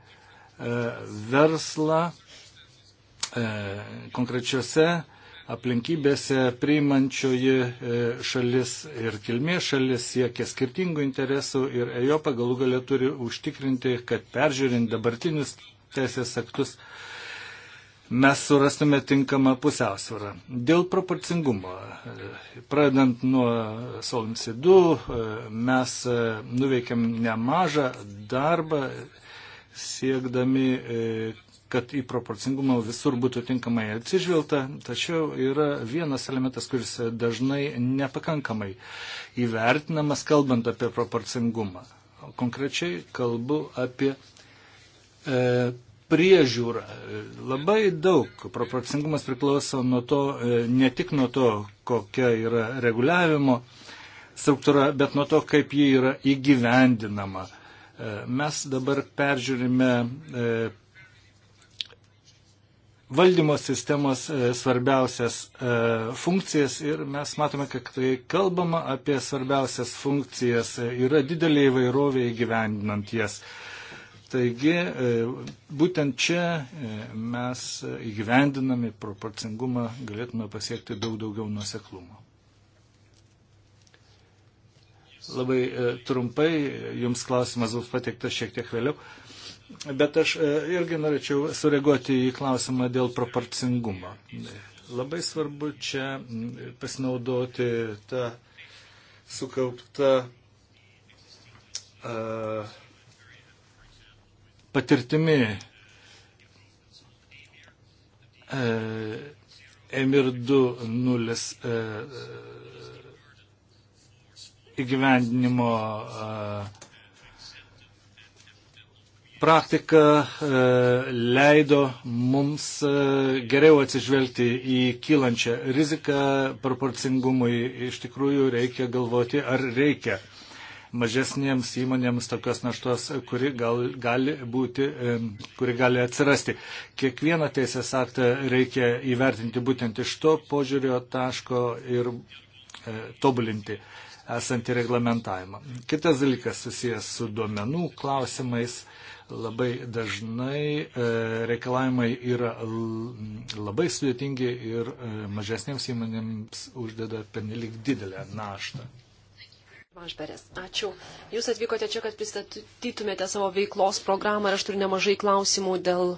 S1: verslą e, konkrečiose aplinkybėse priimančioji šalis ir kilmės šalis siekia skirtingų interesų ir EJOPA galų galę turi užtikrinti, kad peržiūrint dabartinius teisės aktus mes surastume tinkamą pusiausvyrą. Dėl proporcingumo, pradedant nuo Solvency 2, mes e, nuveikėm nemažą darbą siekdami, e, kad į proporcingumą visur būtų tinkamai atsižvelgta, tačiau yra vienas elementas, kuris dažnai nepakankamai įvertinamas, kalbant apie proporcingumą. Konkrečiai kalbu apie e, priežiūra. Labai daug proporcingumas priklauso nuo to, e, ne tik nuo to, kokia yra reguliavimo struktūra, bet nuo to, kaip ji yra įgyvendinama. E, mes dabar peržiūrime e, valdymo sistemos svarbiausias funkcijas ir mes matome, kad kai kalbama apie svarbiausias funkcijas, yra didelė įvairovė įgyvendinant jas. Yes Taigi, e, būtent čia e, mes įgyvendinami proporcingumą galėtume pasiekti daug daugiau nuoseklumo. Labai e, trumpai, jums klausimas bus pateiktas šiek tiek vėliau, bet aš irgi norėčiau sureaguoti į klausimą dėl proporcingumo. Labai svarbu čia pasinaudoti tą sukauptą uh, patirtimi. E, Emir 2.0 e, įgyvendinimo e, praktika leido mums geriau atsižvelgti į kylančią riziką proporcingumui. Iš tikrųjų reikia galvoti, ar reikia mažesniems įmonėms tokios naštos, kuri, gal, gali būti, e, kuri gali atsirasti. Kiekvieną teisės aktą reikia įvertinti būtent iš to požiūrio taško ir e, tobulinti esantį reglamentavimą. Kitas dalykas susijęs su duomenų klausimais labai dažnai e, reikalavimai yra labai sudėtingi ir mažesnėms įmonėms uždeda penelik didelę naštą.
S2: Mažberės, ačiū. Jūs atvykote čia, kad pristatytumėte savo veiklos programą ir aš turiu nemažai klausimų dėl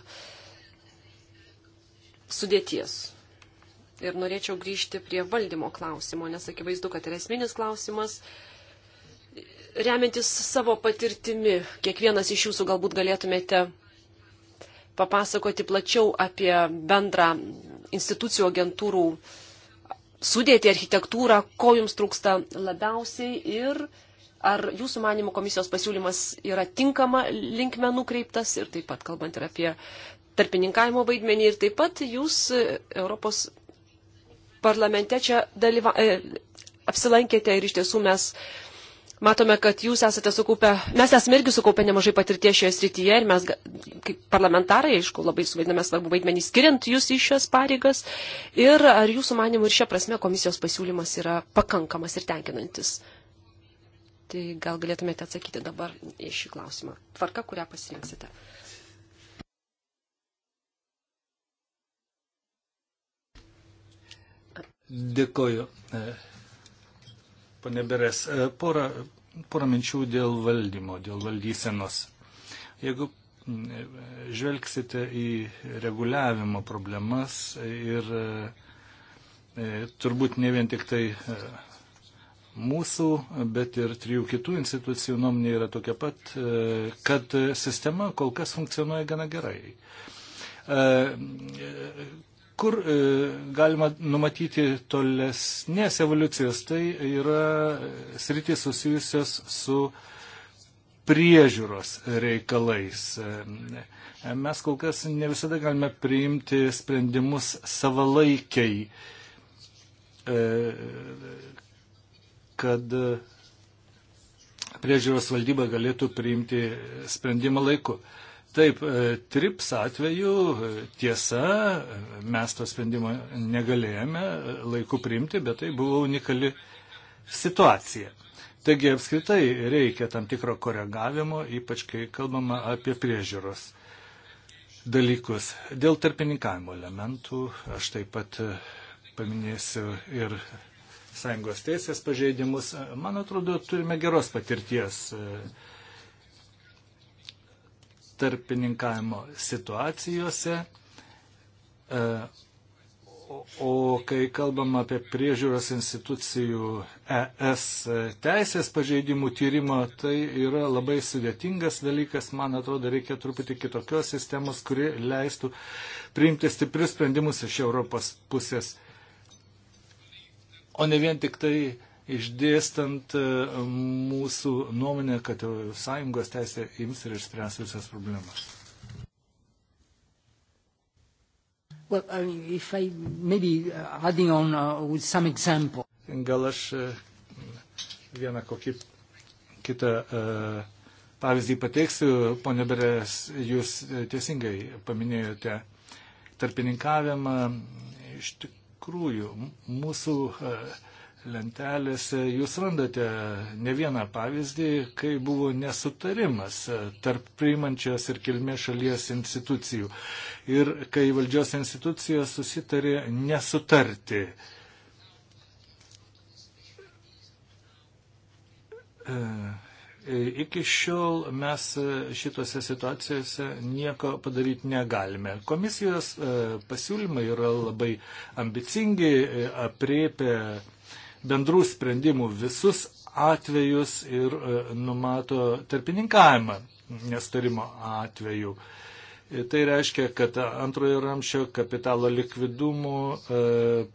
S2: sudėties. Ir norėčiau grįžti prie valdymo klausimo, nes akivaizdu, kad yra esminis klausimas. Remiantis savo patirtimi, kiekvienas iš jūsų galbūt galėtumėte papasakoti plačiau apie bendrą institucijų agentūrų uh, sudėti architektūrą, ko jums trūksta labiausiai ir ar jūsų manimų komisijos pasiūlymas yra tinkama linkme nukreiptas ir taip pat kalbant ir apie tarpininkavimo vaidmenį ir taip pat jūs e, Europos parlamente čia dalyva, e, apsilankėte ir iš tiesų mes Matome, kad jūs esate sukaupę, mes esame irgi sukaupę nemažai patirties šioje srityje ir mes, kaip parlamentarai, aišku, labai suvaidiname svarbu vaidmenį skiriant jūs į šias pareigas. Ir ar jūsų manimų ir šia prasme komisijos pasiūlymas yra pakankamas ir tenkinantis? Tai gal galėtumėte atsakyti dabar į šį klausimą. Tvarka, kurią pasirinksite.
S1: Dėkoju. Pane Beres, e, porą, porą minčių dėl valdymo, dėl valdysenos. Jeigu e, žvelgsite į reguliavimo problemas ir e, turbūt ne vien tik tai mūsų, bet ir trijų kitų institucijų nuomonė yra tokia pat, kad sistema kol kas funkcionuoja gana gerai kur e, galima numatyti tolesnės evoliucijas, tai yra sritis susijusios su priežiūros reikalais. E, mes kol kas ne visada galime priimti sprendimus savalaikiai, e, kad priežiūros valdyba galėtų priimti sprendimą laiku. Taip, e, trips atveju e, tiesa, mes to sprendimo negalėjome e, laiku priimti, bet tai buvo unikali situacija. Taigi apskritai reikia tam tikro koregavimo, ypač kai kalbama apie priežiūros dalykus. Dėl tarpininkavimo elementų aš taip pat paminėsiu ir sąjungos teisės pažeidimus. Man atrodo, turime geros patirties tarpininkavimo situacijose. E, o kai kalbam apie priežiūros institucijų ES teisės pažeidimų tyrimo, tai yra labai sudėtingas dalykas. Man atrodo, reikia truputį kitokios sistemos, kuri leistų priimti stiprius sprendimus iš Europos pusės. O ne vien tik tai uh, išdėstant e, mūsų nuomonę, kad sąjungos teisė ims ir išspręs visas problemas.
S2: Well, I mean, if I
S1: maybe uh, adding on uh, with some example. Gal aš e, vieną kokį kitą uh, pavyzdį pateiksiu. Pone Beres, jūs teisingai paminėjote tarpininkavimą. Iš tikrųjų, mūsų uh, lentelėse jūs randate ne vieną pavyzdį, kai buvo nesutarimas tarp priimančios ir kilmės šalies institucijų ir kai valdžios institucijos susitarė nesutarti. E, iki šiol mes šitose situacijose nieko padaryti negalime. Komisijos e, pasiūlymai yra labai ambicingi, e, apriepia bendrų sprendimų visus atvejus ir e, numato tarpininkavimą nestarimo atveju. E, tai reiškia, kad antrojo ramščio kapitalo likvidumo e,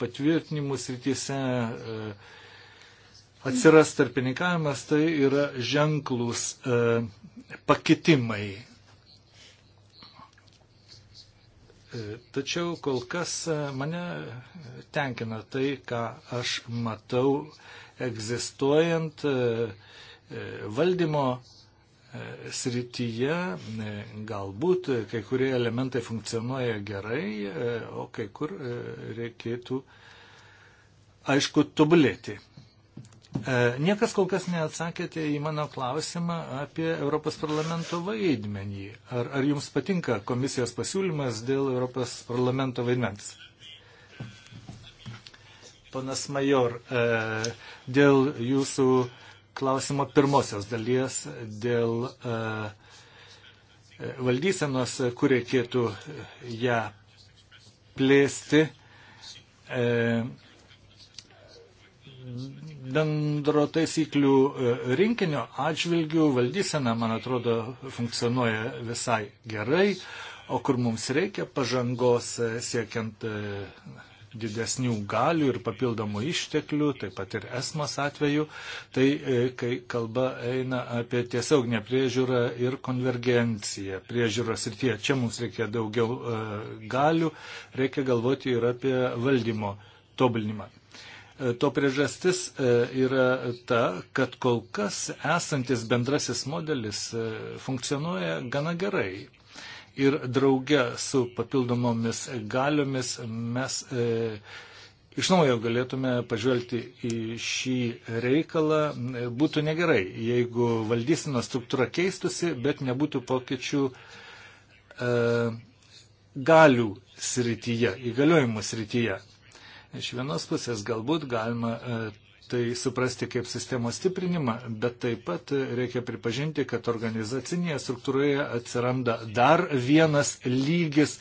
S1: patvirtinimų srityse atsiras tarpininkavimas, tai yra ženklus pakitimai. E, tačiau kol kas e, mane tenkina tai, ką aš matau egzistuojant e, valdymo srityje. Galbūt kai kurie elementai funkcionuoja gerai, o kai kur reikėtų, aišku, tobulėti. E, niekas kol kas neatsakėte į mano klausimą apie Europos parlamento vaidmenį. Ar, ar jums patinka komisijos pasiūlymas dėl Europos parlamento vaidmens? Panas Major, e, dėl jūsų klausimo pirmosios dalies, dėl e, valdysenos, kur reikėtų ją plėsti bendro taisyklių e, rinkinio atžvilgių valdysena, man atrodo, funkcionuoja visai gerai, o kur mums reikia pažangos e, siekiant e, didesnių galių ir papildomų išteklių, taip pat ir esmos atveju, tai kai kalba eina apie tiesiog nepriežiūrą ir konvergenciją priežiūros ir tie, čia mums reikia daugiau galių, reikia galvoti ir apie valdymo tobulinimą. To priežastis e, yra ta, kad kol kas esantis bendrasis modelis e, funkcionuoja gana gerai. Ir drauge su papildomomis galiomis mes e, iš naujo galėtume pažvelgti į šį reikalą. E, būtų negerai, jeigu valdysena struktūra keistusi, bet nebūtų pokyčių e, galių srityje, įgaliojimų srityje. Iš vienos pusės galbūt galima e, tai suprasti kaip sistemos stiprinimą, bet taip pat reikia pripažinti, kad organizacinėje struktūroje atsiranda dar vienas lygis,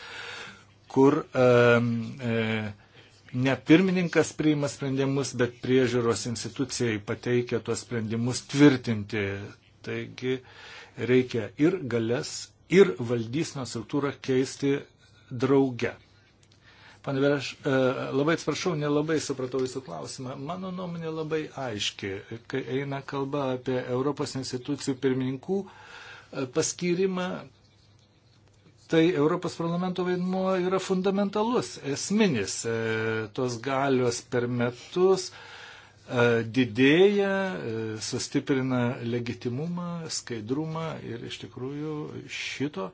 S1: kur e, e, ne pirmininkas priima sprendimus, bet priežiūros institucijai pateikia tuos sprendimus tvirtinti. Taigi reikia ir galės, ir valdysno struktūrą keisti drauge. Pane Bereš, e, labai atsiprašau, nelabai supratau jūsų klausimą. Mano nuomonė labai aiški, kai eina kalba apie Europos institucijų pirmininkų e, paskirimą, tai Europos parlamento vaidmuo yra fundamentalus, esminis. E, tos galios per metus E, didėja, e, sustiprina legitimumą, skaidrumą ir iš tikrųjų šito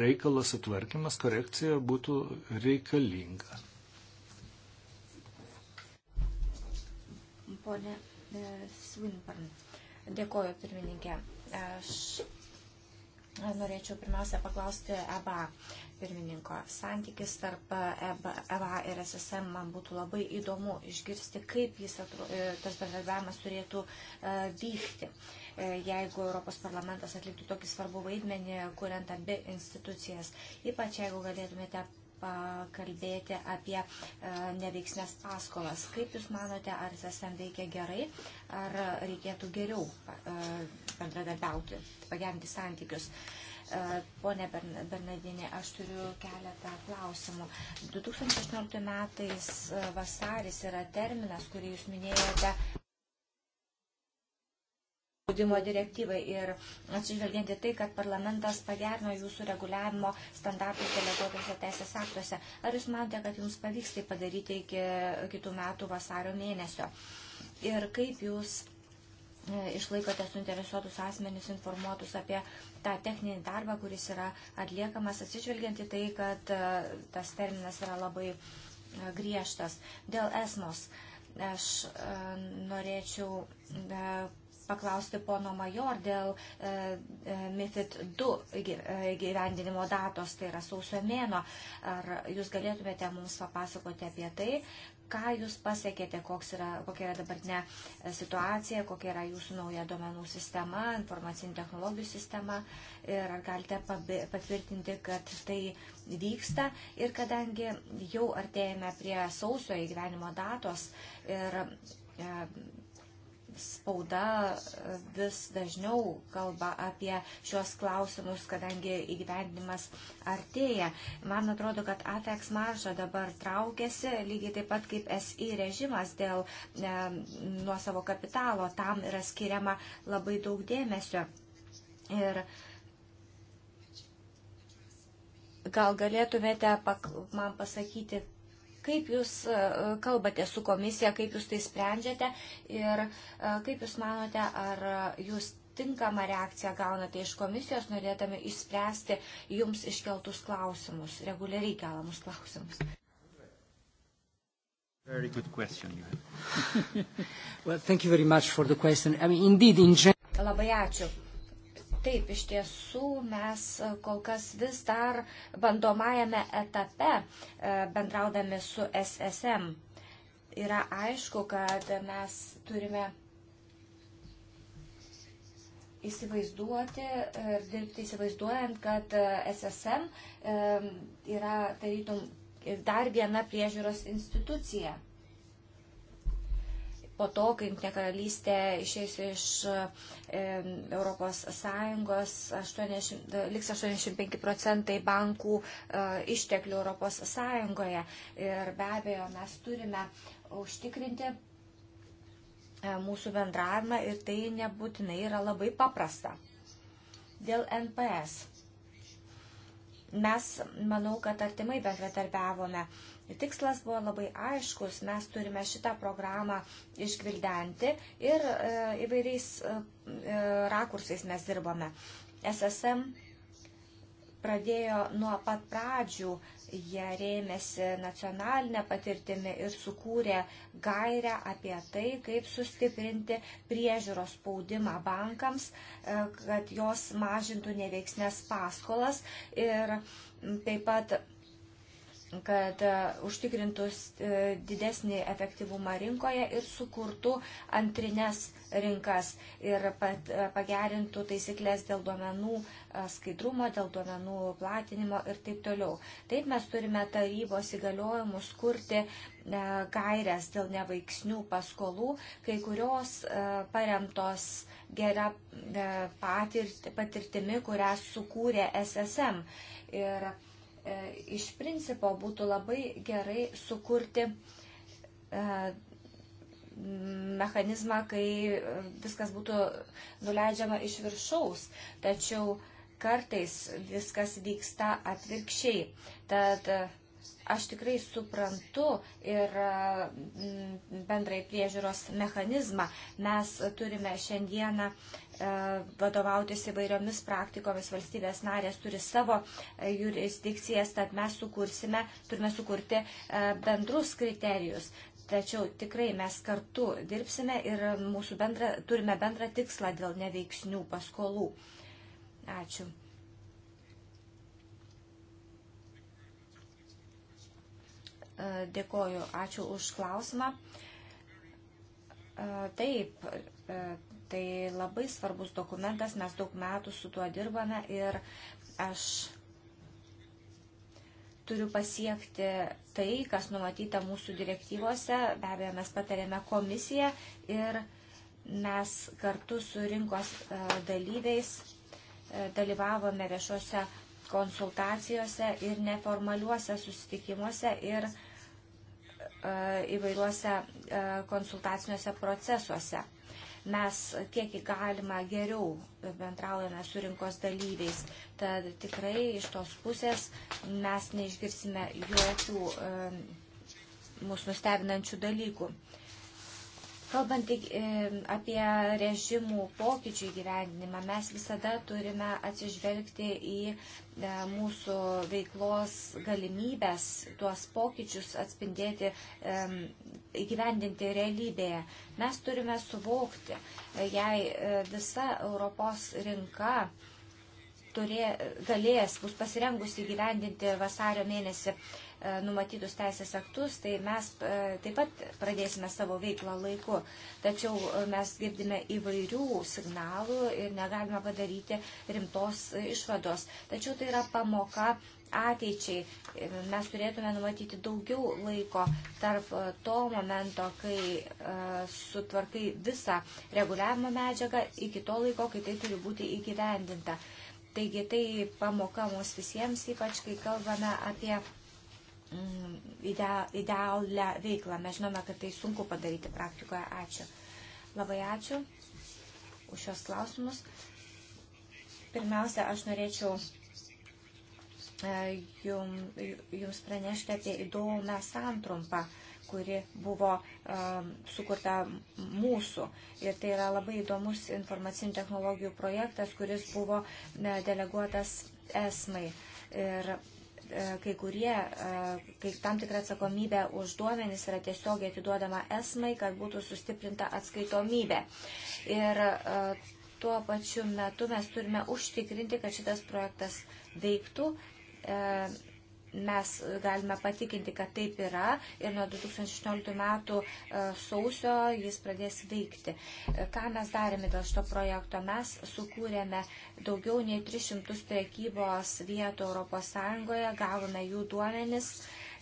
S1: reikalo sutvarkymas, korekcija būtų reikalinga.
S3: Pone e, Svinparn, dėkoju pirmininkė. Aš norėčiau pirmiausia paklausti ABA pirmininko. Santykis tarp EVA e ir SSM man būtų labai įdomu išgirsti, kaip jis atru, e, tas bendradarbiavimas turėtų e, vykti, jeigu Europos parlamentas atliktų tokį svarbų vaidmenį, kuriant abi institucijas. Ypač jeigu galėtumėte pakalbėti apie neveiksnės paskolas. Kaip Jūs manote, ar SSM veikia gerai, ar reikėtų geriau bendradarbiauti, pagerinti santykius? Uh, E, pone Bernadinė, aš turiu keletą klausimų. 2018 metais e, vasaris yra terminas, kurį jūs minėjote spaudimo direktyvai ir atsižvelgiant į tai, kad parlamentas pagerino jūsų reguliavimo standartus deleguotose teisės aktuose. Ar jūs manote, kad jums pavyks tai padaryti iki kitų metų vasario mėnesio? Ir kaip jūs E, išlaikote suinteresuotus asmenys informuotus apie tą techninį darbą, kuris yra atliekamas, atsižvelgiant į tai, kad e, tas terminas yra labai e, griežtas. Dėl esmos aš norėčiau paklausti pono Major dėl MIFID 2 gyvendinimo datos, tai yra sausio mėno. Ar jūs galėtumėte mums papasakoti apie tai, ką jūs pasiekėte, yra, kokia yra dabartinė situacija, kokia yra jūsų nauja duomenų sistema, informacinių technologijų sistema ir ar galite patvirtinti, kad tai vyksta. Ir kadangi jau artėjame prie sausio įgyvenimo datos ir e, spauda e, vis dažniau kalba apie šios klausimus, kadangi įgyvendimas artėja. Man atrodo, kad ATEX marža dabar traukiasi, lygiai taip pat kaip SI režimas dėl e, nuo savo kapitalo. Tam yra skiriama labai daug dėmesio. Ir gal galėtumėte man pasakyti, Kaip jūs e, kalbate su komisija, kaip jūs tai sprendžiate ir e, kaip jūs manote, ar jūs tinkamą reakciją gaunate iš komisijos, norėdami išspręsti jums iškeltus klausimus, reguliariai keliamus klausimus?
S1: Very good question you have. (laughs) well,
S2: thank you very much for the question. I mean, indeed, in general...
S3: Labai ačiū. Taip, iš tiesų mes kol kas vis dar bandomajame etape e, bendraudami su SSM. Yra aišku, kad mes turime įsivaizduoti ir dirbti įsivaizduojant, kad SSM e, yra tarytum dar viena priežiūros institucija po to, kai Junktinė karalystė išeis iš e, Europos Sąjungos, 80, e, liks 85 procentai bankų e, išteklių Europos Sąjungoje. Ir be abejo, mes turime užtikrinti mūsų bendravimą ir tai nebūtinai yra labai paprasta. Dėl NPS. Mes, manau, kad artimai bendradarbiavome. Tikslas buvo labai aiškus, mes turime šitą programą išgvildenti ir e, įvairiais e, e, rakursais mes dirbame. SSM pradėjo nuo pat pradžių, jie rėmėsi nacionalinę patirtimį ir sukūrė gairę apie tai, kaip sustiprinti priežiūros spaudimą bankams, kad jos mažintų neveiksnės paskolas ir taip pat kad e, užtikrintų e, didesnį efektyvumą rinkoje ir sukurtų antrines rinkas ir e, pagerintų taisyklės dėl duomenų skaidrumo, dėl duomenų platinimo ir taip toliau. Taip mes turime tarybos įgaliojimus kurti gairias dėl neveiksnių paskolų, kai kurios paremtos gera patirtimi, kurią sukūrė SSM. Ir E, iš principo būtų labai gerai sukurti e, mechanizmą, kai e, viskas būtų nuleidžiama iš viršaus. Tačiau kartais viskas vyksta atvirkščiai. Tad Aš tikrai suprantu ir mm, bendrai priežiūros mechanizmą. Mes turime šiandieną e, vadovautis įvairiomis praktikomis. Valstybės narės turi savo e, jurisdikcijas, tad mes sukursime, turime sukurti e, bendrus kriterijus. Tačiau tikrai mes kartu dirbsime ir mūsų bendra, turime bendrą tikslą dėl neveiksnių paskolų. Ačiū. E, dėkoju, ačiū už klausimą. E, taip, e, tai labai svarbus dokumentas, mes daug metų su tuo dirbame ir aš turiu pasiekti tai, kas numatyta mūsų direktyvose. Be abejo, mes patarėme komisiją ir mes kartu su rinkos dalyviais dalyvavome viešuose konsultacijose ir neformaliuose susitikimuose ir uh, E, įvairiuose e, konsultaciniuose procesuose. Mes kiek įgalima geriau bendraujame su rinkos dalyviais, tad tikrai iš tos pusės mes neišgirsime jokių e, mūsų nustebinančių dalykų. Uh, Kalbant e, apie režimų pokyčių įgyvendinimą, mes visada turime atsižvelgti į e, mūsų veiklos galimybės, tuos pokyčius atspindėti, įgyvendinti realybėje. Mes turime suvokti, jei e, visa Europos rinka turė, galės, bus pasirengusi įgyvendinti vasario mėnesį E, numatytus teisės aktus, tai mes e, taip pat pradėsime savo veiklą laiku. Tačiau e, mes girdime įvairių signalų ir negalime padaryti rimtos išvados. Tačiau tai yra pamoka ateičiai. Mes turėtume numatyti daugiau laiko tarp to momento, kai sutvarkai visą reguliavimo medžiagą, iki to laiko, kai tai turi būti įgyvendinta. Taigi tai pamoka mums visiems, ypač kai kalbame apie Mm, idealią veiklą. Mes žinome, kad tai sunku padaryti praktikoje. Ačiū. Labai ačiū už šios klausimus. Pirmiausia, aš norėčiau e, jum, jums pranešti apie įdomią santrumpą, kuri buvo um, sukurta mūsų. Ir tai yra labai įdomus informacinių technologijų projektas, kuris buvo ne, deleguotas esmai. Ir E, kai kurie, e, kai tam tikra atsakomybė už duomenys yra tiesiogiai atiduodama esmai, kad būtų sustiprinta atskaitomybė. Ir e, tuo pačiu metu mes turime užtikrinti, kad šitas projektas veiktų mes galime patikinti, kad taip yra ir nuo 2016 metų e, sausio jis pradės veikti. E, ką mes darėme dėl šito projekto? Mes sukūrėme daugiau nei 300 prekybos vietų ES, gavome jų duomenis.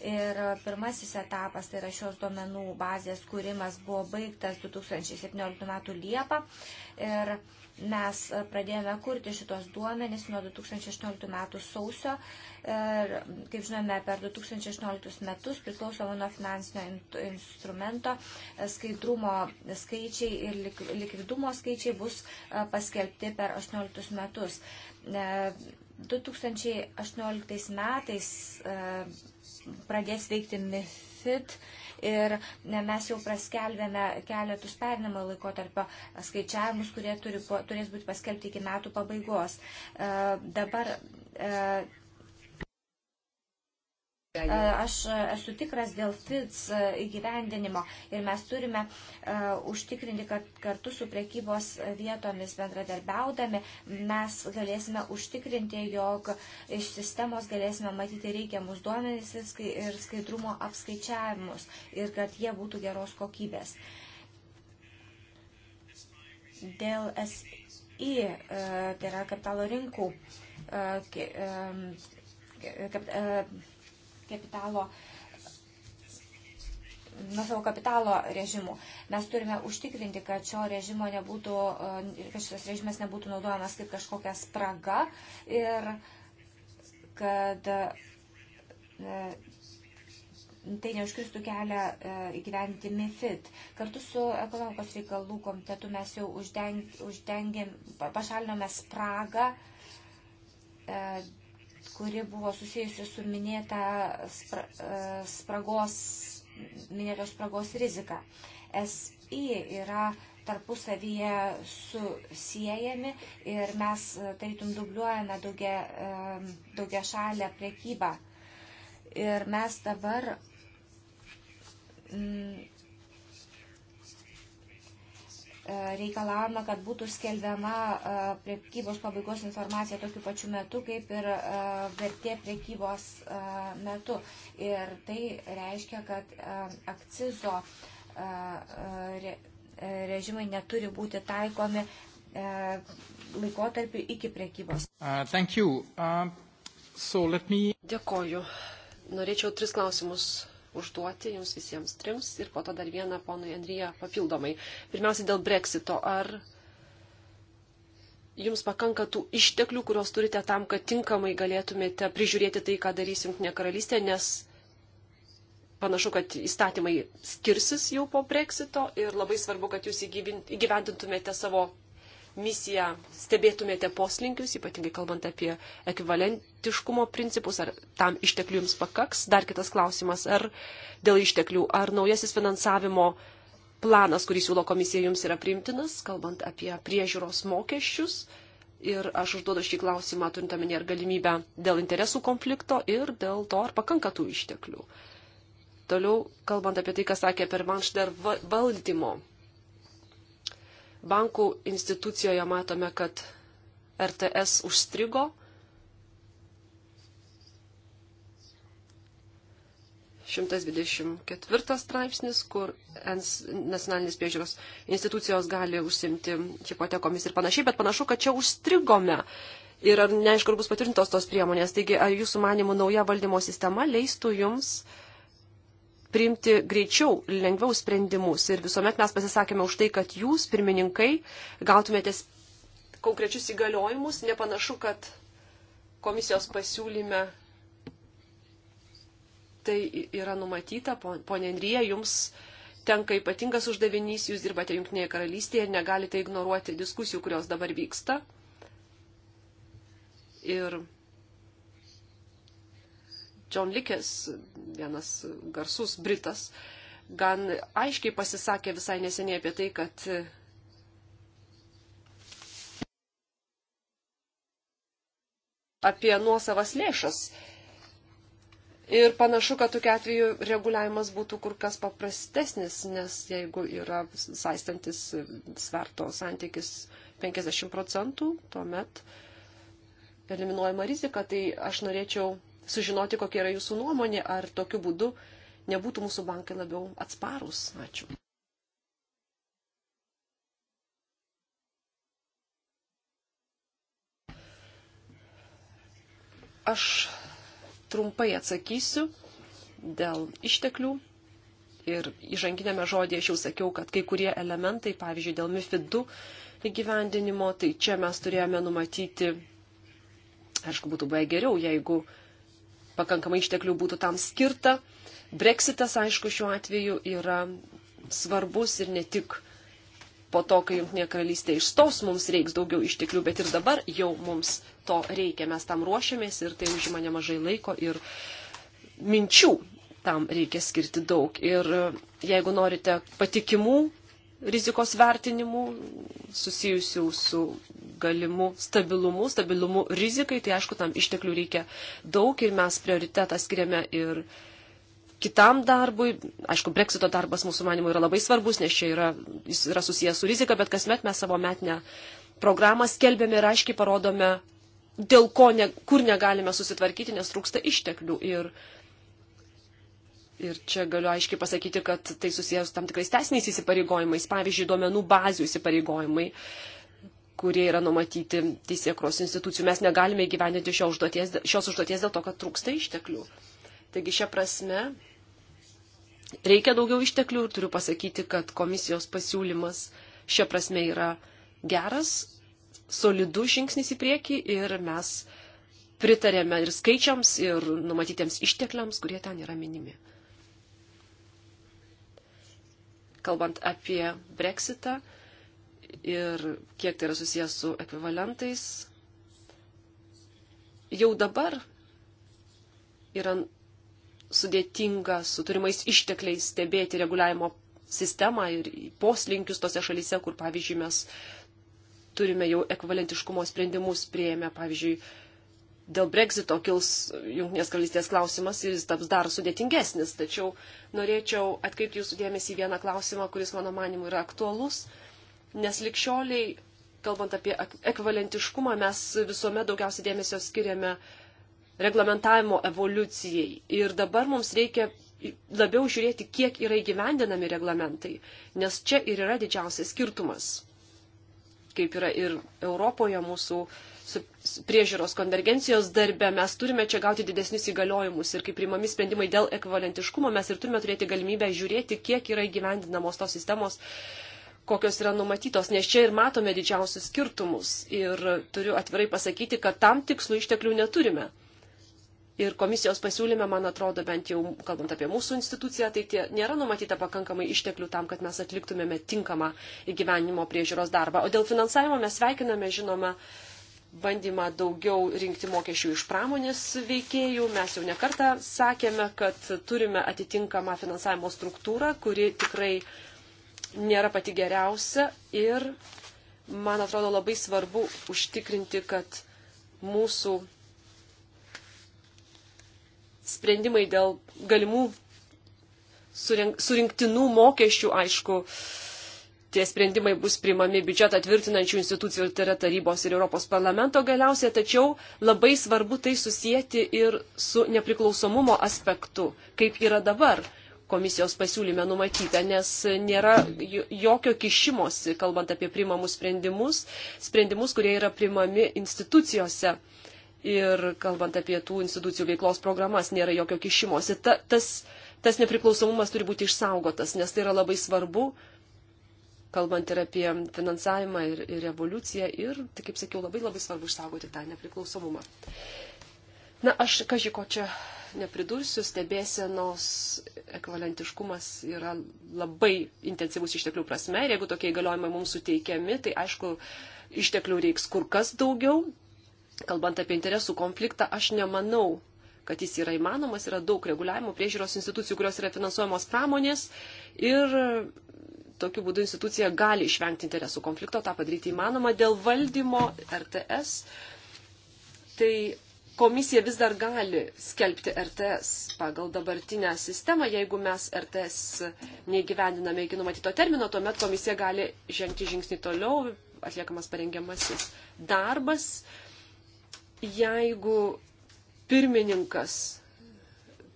S3: Ir pirmasis etapas, tai yra šios duomenų bazės kūrimas, buvo baigtas 2017 m. Liepą. Ir Mes pradėjome kurti šitos duomenys nuo 2018 metų sausio ir, kaip žinome, per 2018 metus priklausomai nuo finansinio instrumento skaidrumo skaičiai ir likvidumo skaičiai bus e, paskelbti per 18 metus. 2018 e, metais e, pradės veikti MIFID ir mes jau praskelbėme keletus perinamo laikotarpio skaičiavimus, kurie turi, turės būti paskelbti iki metų pabaigos. E, dabar e, E, aš e, esu tikras dėl FITS e, įgyvendinimo ir mes turime uh, užtikrinti, kad kartu su prekybos vietomis bendradarbiaudami mes galėsime užtikrinti, jog iš sistemos galėsime matyti reikiamus duomenys ir skaidrumo apskaičiavimus ir kad jie būtų geros kokybės. Dėl SI, uh, tai yra kapitalo rinkų. Uh, kaip, kapitalo nuo savo kapitalo režimų. Mes turime užtikrinti, kad, šio režimo nebūtų, e, kad šitas režimas nebūtų naudojamas kaip kažkokia spraga ir kad e, tai neužkirstų kelią e, įgyventi MIFID. Kartu su ekonomikos reikalų komitetu mes jau uždengėm, pašalinome spragą kuri buvo susijusi su minėta spra, e, spragos, minėtos spragos rizika. SI yra tarpusavyje susijęjami ir mes e, tarytum dubliuojame daugia, e, daugia šalę priekybą. Ir mes dabar m, E, reikalavome, kad būtų skelbiama e, priekybos pabaigos informacija tokiu pačiu metu, kaip ir e, vertė priekybos metu. Ir tai reiškia, kad akcizo režimai neturi būti taikomi laikotarpiu iki priekybos.
S1: Uh, uh, so me... Dėkoju.
S2: Norėčiau tris klausimus užduoti jums visiems trims ir po to dar vieną ponui Andrija papildomai. Pirmiausia, dėl breksito. Ar jums pakanka tų išteklių, kuriuos turite tam, kad tinkamai galėtumėte prižiūrėti tai, ką darys Junktinė karalystė, nes panašu, kad įstatymai skirsis jau po breksito ir labai svarbu, kad jūs įgyventintumėte savo misiją stebėtumėte poslinkius, ypatingai kalbant apie ekvivalentiškumo principus, ar tam išteklių jums pakaks. Dar kitas klausimas, ar dėl išteklių, ar naujasis finansavimo planas, kurį siūlo komisija, jums yra priimtinas, kalbant apie priežiūros mokesčius. Ir aš užduodu šį klausimą, turint omenyje ir galimybę dėl interesų konflikto ir dėl to, ar pakanka tų išteklių. Toliau, kalbant apie tai, ką sakė per manš dar valdymo Bankų institucijoje matome, kad RTS užstrigo. Šimtas dvidešimt ketvirtas straipsnis, kur nacionalinės priežiūros institucijos gali užsimti hipotekomis ir panašiai, bet panašu, kad čia užstrigome ir ar neaišku, ar bus patvirtintos tos priemonės. Taigi, ar jūsų manimų nauja valdymo sistema leistų jums uh, priimti greičiau, lengviau sprendimus. Ir visuomet mes pasisakėme už tai, kad jūs, pirmininkai, gautumėte konkrečius įgaliojimus. Nepanašu, kad komisijos pasiūlyme tai yra numatyta. Pone Enrija, jums tenka ypatingas uždavinys, jūs dirbate Junktinėje karalystėje ir negalite ignoruoti diskusijų, kurios dabar vyksta. Ir John Likes, vienas garsus Britas, gan aiškiai pasisakė visai neseniai apie tai, kad apie nuosavas lėšas. Ir panašu, kad tokiu atveju reguliavimas būtų kur kas paprastesnis, nes jeigu yra saistantis sverto santykis 50 procentų, tuomet eliminuojama rizika, tai aš norėčiau sužinoti, kokia yra jūsų nuomonė, ar tokiu būdu nebūtų mūsų bankai labiau atsparus. Ačiū. Aš trumpai atsakysiu dėl išteklių. Ir įžanginėme žodėje aš jau sakiau, kad kai kurie elementai, pavyzdžiui, dėl MIFID 2 įgyvendinimo, tai čia mes turėjome numatyti, aišku, būtų buvę geriau, jeigu pakankamai išteklių būtų tam skirta. Brexitas, aišku, šiuo atveju yra svarbus ir ne tik po to, kai Junktinė karalystė išstos, mums reiks daugiau išteklių, bet ir dabar jau mums to reikia. Mes tam ruošiamės ir tai užima nemažai laiko ir minčių tam reikia skirti daug. Ir jeigu norite patikimų rizikos vertinimų susijusių su galimu stabilumu, stabilumu rizikai, tai aišku, tam išteklių reikia daug ir mes prioritetą skiriame ir kitam darbui. Aišku, breksito darbas mūsų manimo yra labai svarbus, nes čia yra, jis yra susijęs su rizika, bet kasmet mes savo metinę programą skelbėme ir aiškiai parodome, dėl ko, ne, kur negalime susitvarkyti, nes trūksta išteklių. Ir, ir čia galiu aiškiai pasakyti, kad tai susijęs su tam tikrais teisiniais įsipareigojimais, pavyzdžiui, duomenų bazių įsipareigojimai. Uh, kurie yra numatyti teisėkros institucijų. Mes negalime įgyvendinti šio užduoties, šios užduoties dėl to, kad trūksta išteklių. Taigi šią prasme reikia daugiau išteklių ir turiu pasakyti, kad komisijos pasiūlymas šią prasme yra geras, solidus žingsnis į priekį ir mes pritarėme ir skaičiams, ir numatytiems ištekliams, kurie ten yra minimi. Kalbant apie breksitą, ir kiek tai yra susijęs su ekvivalentais. Jau dabar yra sudėtinga su turimais ištekliais stebėti reguliavimo sistemą ir poslinkius tose šalyse, kur, pavyzdžiui, mes turime jau ekvivalentiškumo sprendimus prieėmę, pavyzdžiui, dėl Brexito kils Junktinės karalystės klausimas ir jis taps dar sudėtingesnis. Tačiau norėčiau atkreipti jūsų dėmesį į vieną klausimą, kuris mano manimu yra aktualus nes likščioliai, kalbant apie ekvalentiškumą, mes visuomet daugiausiai dėmesio skiriame reglamentavimo evoliucijai. Ir dabar mums reikia labiau žiūrėti, kiek yra įgyvendinami reglamentai, nes čia ir yra didžiausias skirtumas, kaip yra ir Europoje mūsų priežiūros konvergencijos darbe, mes turime čia gauti didesnius įgaliojimus ir kaip priimami sprendimai dėl ekvalentiškumo, mes ir turime turėti galimybę žiūrėti, kiek yra įgyvendinamos tos sistemos, kokios yra numatytos, nes čia ir matome didžiausius skirtumus. Ir turiu atvirai pasakyti, kad tam tikslų išteklių neturime. Ir komisijos pasiūlyme, man atrodo, bent jau kalbant apie mūsų instituciją, tai tie, nėra numatyta pakankamai išteklių tam, kad mes atliktumėme tinkamą įgyvenimo priežiūros darbą. O dėl finansavimo mes sveikiname, žinoma, bandymą daugiau rinkti mokesčių iš pramonės veikėjų. Mes jau nekartą sakėme, kad turime atitinkamą finansavimo struktūrą, kuri tikrai uh, nėra pati geriausia ir man atrodo labai svarbu užtikrinti, kad mūsų sprendimai dėl galimų surink, surinktinų mokesčių, aišku, tie sprendimai bus primami biudžetą tvirtinančių institucijų, tai yra tarybos ir Europos parlamento galiausiai, tačiau labai svarbu tai susijęti ir su nepriklausomumo aspektu, kaip yra dabar, komisijos pasiūlyme numatyta, nes nėra jokio kišimosi, kalbant apie primamus sprendimus, sprendimus, kurie yra primami institucijose. Ir kalbant apie tų institucijų veiklos programas, nėra jokio kišimosi. Ta, tas, tas nepriklausomumas turi būti išsaugotas, nes tai yra labai svarbu, kalbant ir apie finansavimą ir, ir revoliuciją. Ir, tai, kaip sakiau, labai labai svarbu išsaugoti tą nepriklausomumą. Na, aš kažko čia nepridursiu, stebėsenos ekvalentiškumas yra labai intensyvus išteklių prasme ir jeigu tokie įgaliojimai mums suteikiami, tai aišku, išteklių reiks kur kas daugiau. Kalbant apie interesų konfliktą, aš nemanau, kad jis yra įmanomas, yra daug reguliavimo priežiūros institucijų, kurios yra finansuojamos pramonės ir tokiu būdu institucija gali išvengti interesų konflikto, tą padaryti įmanoma dėl valdymo RTS. Tai komisija vis dar gali skelbti RTS pagal dabartinę sistemą. Jeigu mes RTS neįgyvendiname iki numatyto termino, tuomet komisija gali žengti žingsnį toliau, atliekamas parengiamasis darbas. Jeigu pirmininkas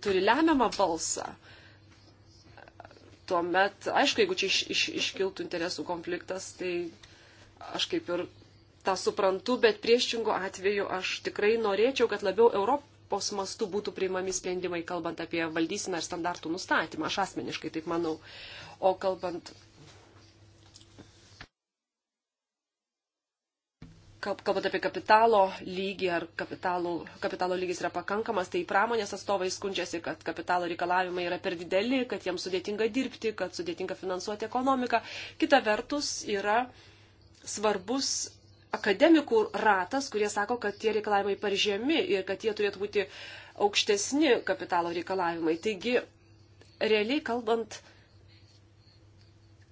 S2: turi lemiamą balsą, tuomet, aišku, jeigu čia iš, iš, iškiltų interesų konfliktas, tai aš kaip ir tą suprantu, bet priešingų atveju aš tikrai norėčiau, kad labiau Europos mastu būtų priimami sprendimai, kalbant apie valdysiną ir standartų nustatymą. Aš asmeniškai taip manau. O kalbant. Kalbant apie kapitalo lygį, ar kapitalo, kapitalo lygis yra pakankamas, tai pramonės atstovai skundžiasi, kad kapitalo reikalavimai yra per dideli, kad jiems sudėtinga dirbti, kad sudėtinga finansuoti ekonomiką. Kita vertus yra svarbus akademikų ratas, kurie sako, kad tie reikalavimai per žemi ir kad jie turėtų būti aukštesni kapitalo reikalavimai. Taigi, realiai kalbant,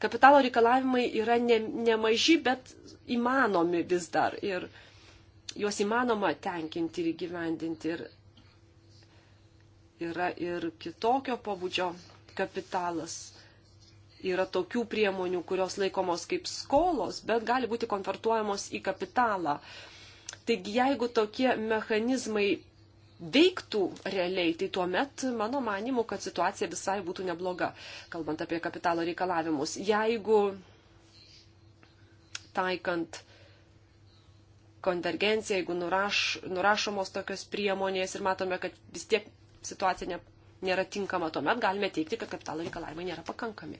S2: kapitalo reikalavimai yra ne, nemaži, bet įmanomi vis dar ir juos įmanoma tenkinti ir įgyvendinti. Ir yra ir kitokio pobūdžio kapitalas yra tokių priemonių, kurios laikomos kaip skolos, bet gali būti konvertuojamos į kapitalą. Taigi jeigu tokie mechanizmai veiktų realiai, tai tuo met, mano manimu, kad situacija visai būtų nebloga, kalbant apie kapitalo reikalavimus. Jeigu taikant konvergenciją, jeigu nuraš, nurašomos tokios priemonės ir matome, kad vis tiek situacija ne, nėra tinkama, tuomet galime teikti, kad kapitalo reikalavimai nėra pakankami.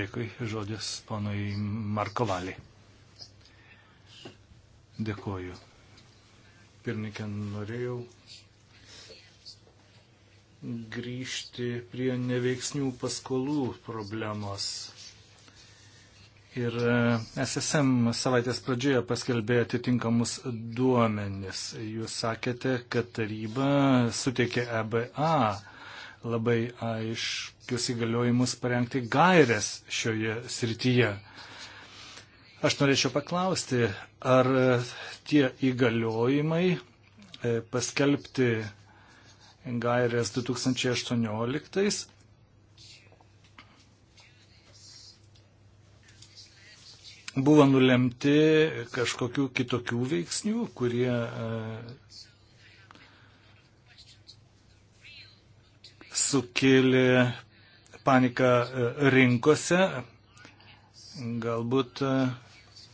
S1: Dėkui, žodis ponui Markovaliai. Dėkuoju. Pirmininkė, norėjau grįžti prie neveiksnių paskolų problemos. Ir e, SSM savaitės pradžioje paskelbė atitinkamus duomenis. Jūs sakėte, kad taryba suteikė EBA labai aiškius įgaliojimus parengti gairias šioje srityje. Aš norėčiau paklausti, ar tie įgaliojimai e, paskelbti gairės 2018 buvo nulemti kažkokių kitokių veiksnių, kurie e, sukėlė paniką e, rinkose. Galbūt e,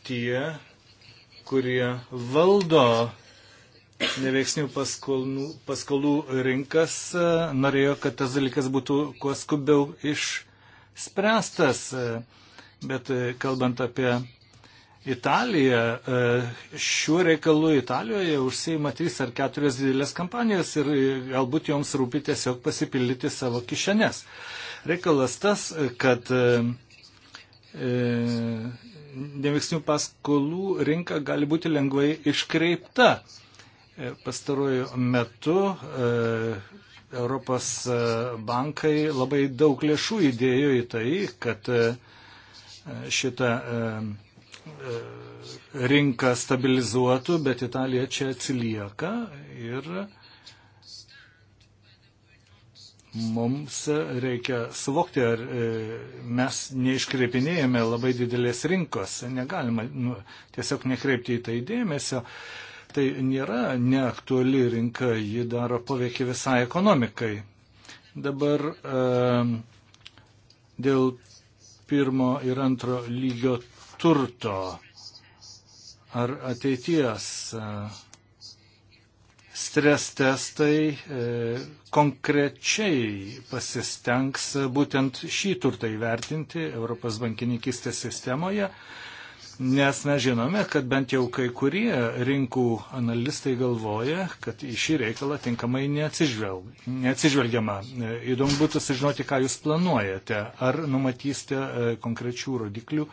S1: tie, kurie valdo neveiksnių paskolų, paskolų rinkas, norėjo, kad tas dalykas būtų kuo skubiau išspręstas. Bet kalbant apie Italija e, šiuo reikalu Italijoje užsieima trys ar keturios didelės kampanijos ir galbūt joms rūpi tiesiog pasipildyti savo kišenes. Reikalas tas, kad e, e, neveiksnių paskolų rinka gali būti lengvai iškreipta. Pastaruoju metu Europos bankai labai daug lėšų įdėjo į tai, kad šitą rinka stabilizuotų, bet Italija čia atsilieka ir mums reikia suvokti, ar e, mes neiškreipinėjame labai didelės rinkos, negalima nu, tiesiog nekreipti į tai dėmesio. Tai nėra neaktuali rinka, ji daro poveikį visai ekonomikai. Dabar e, dėl pirmo ir antro lygio turto ar ateities e, stres testai e, konkrečiai pasistengs būtent šį turtą įvertinti Europos bankininkistės sistemoje Nes mes žinome, kad bent jau kai kurie rinkų analistai galvoja, kad į šį reikalą tinkamai neatsižvelg, neatsižvelgiama. E, įdomu būtų sužinoti, ką jūs planuojate. Ar numatysite e, konkrečių rodiklių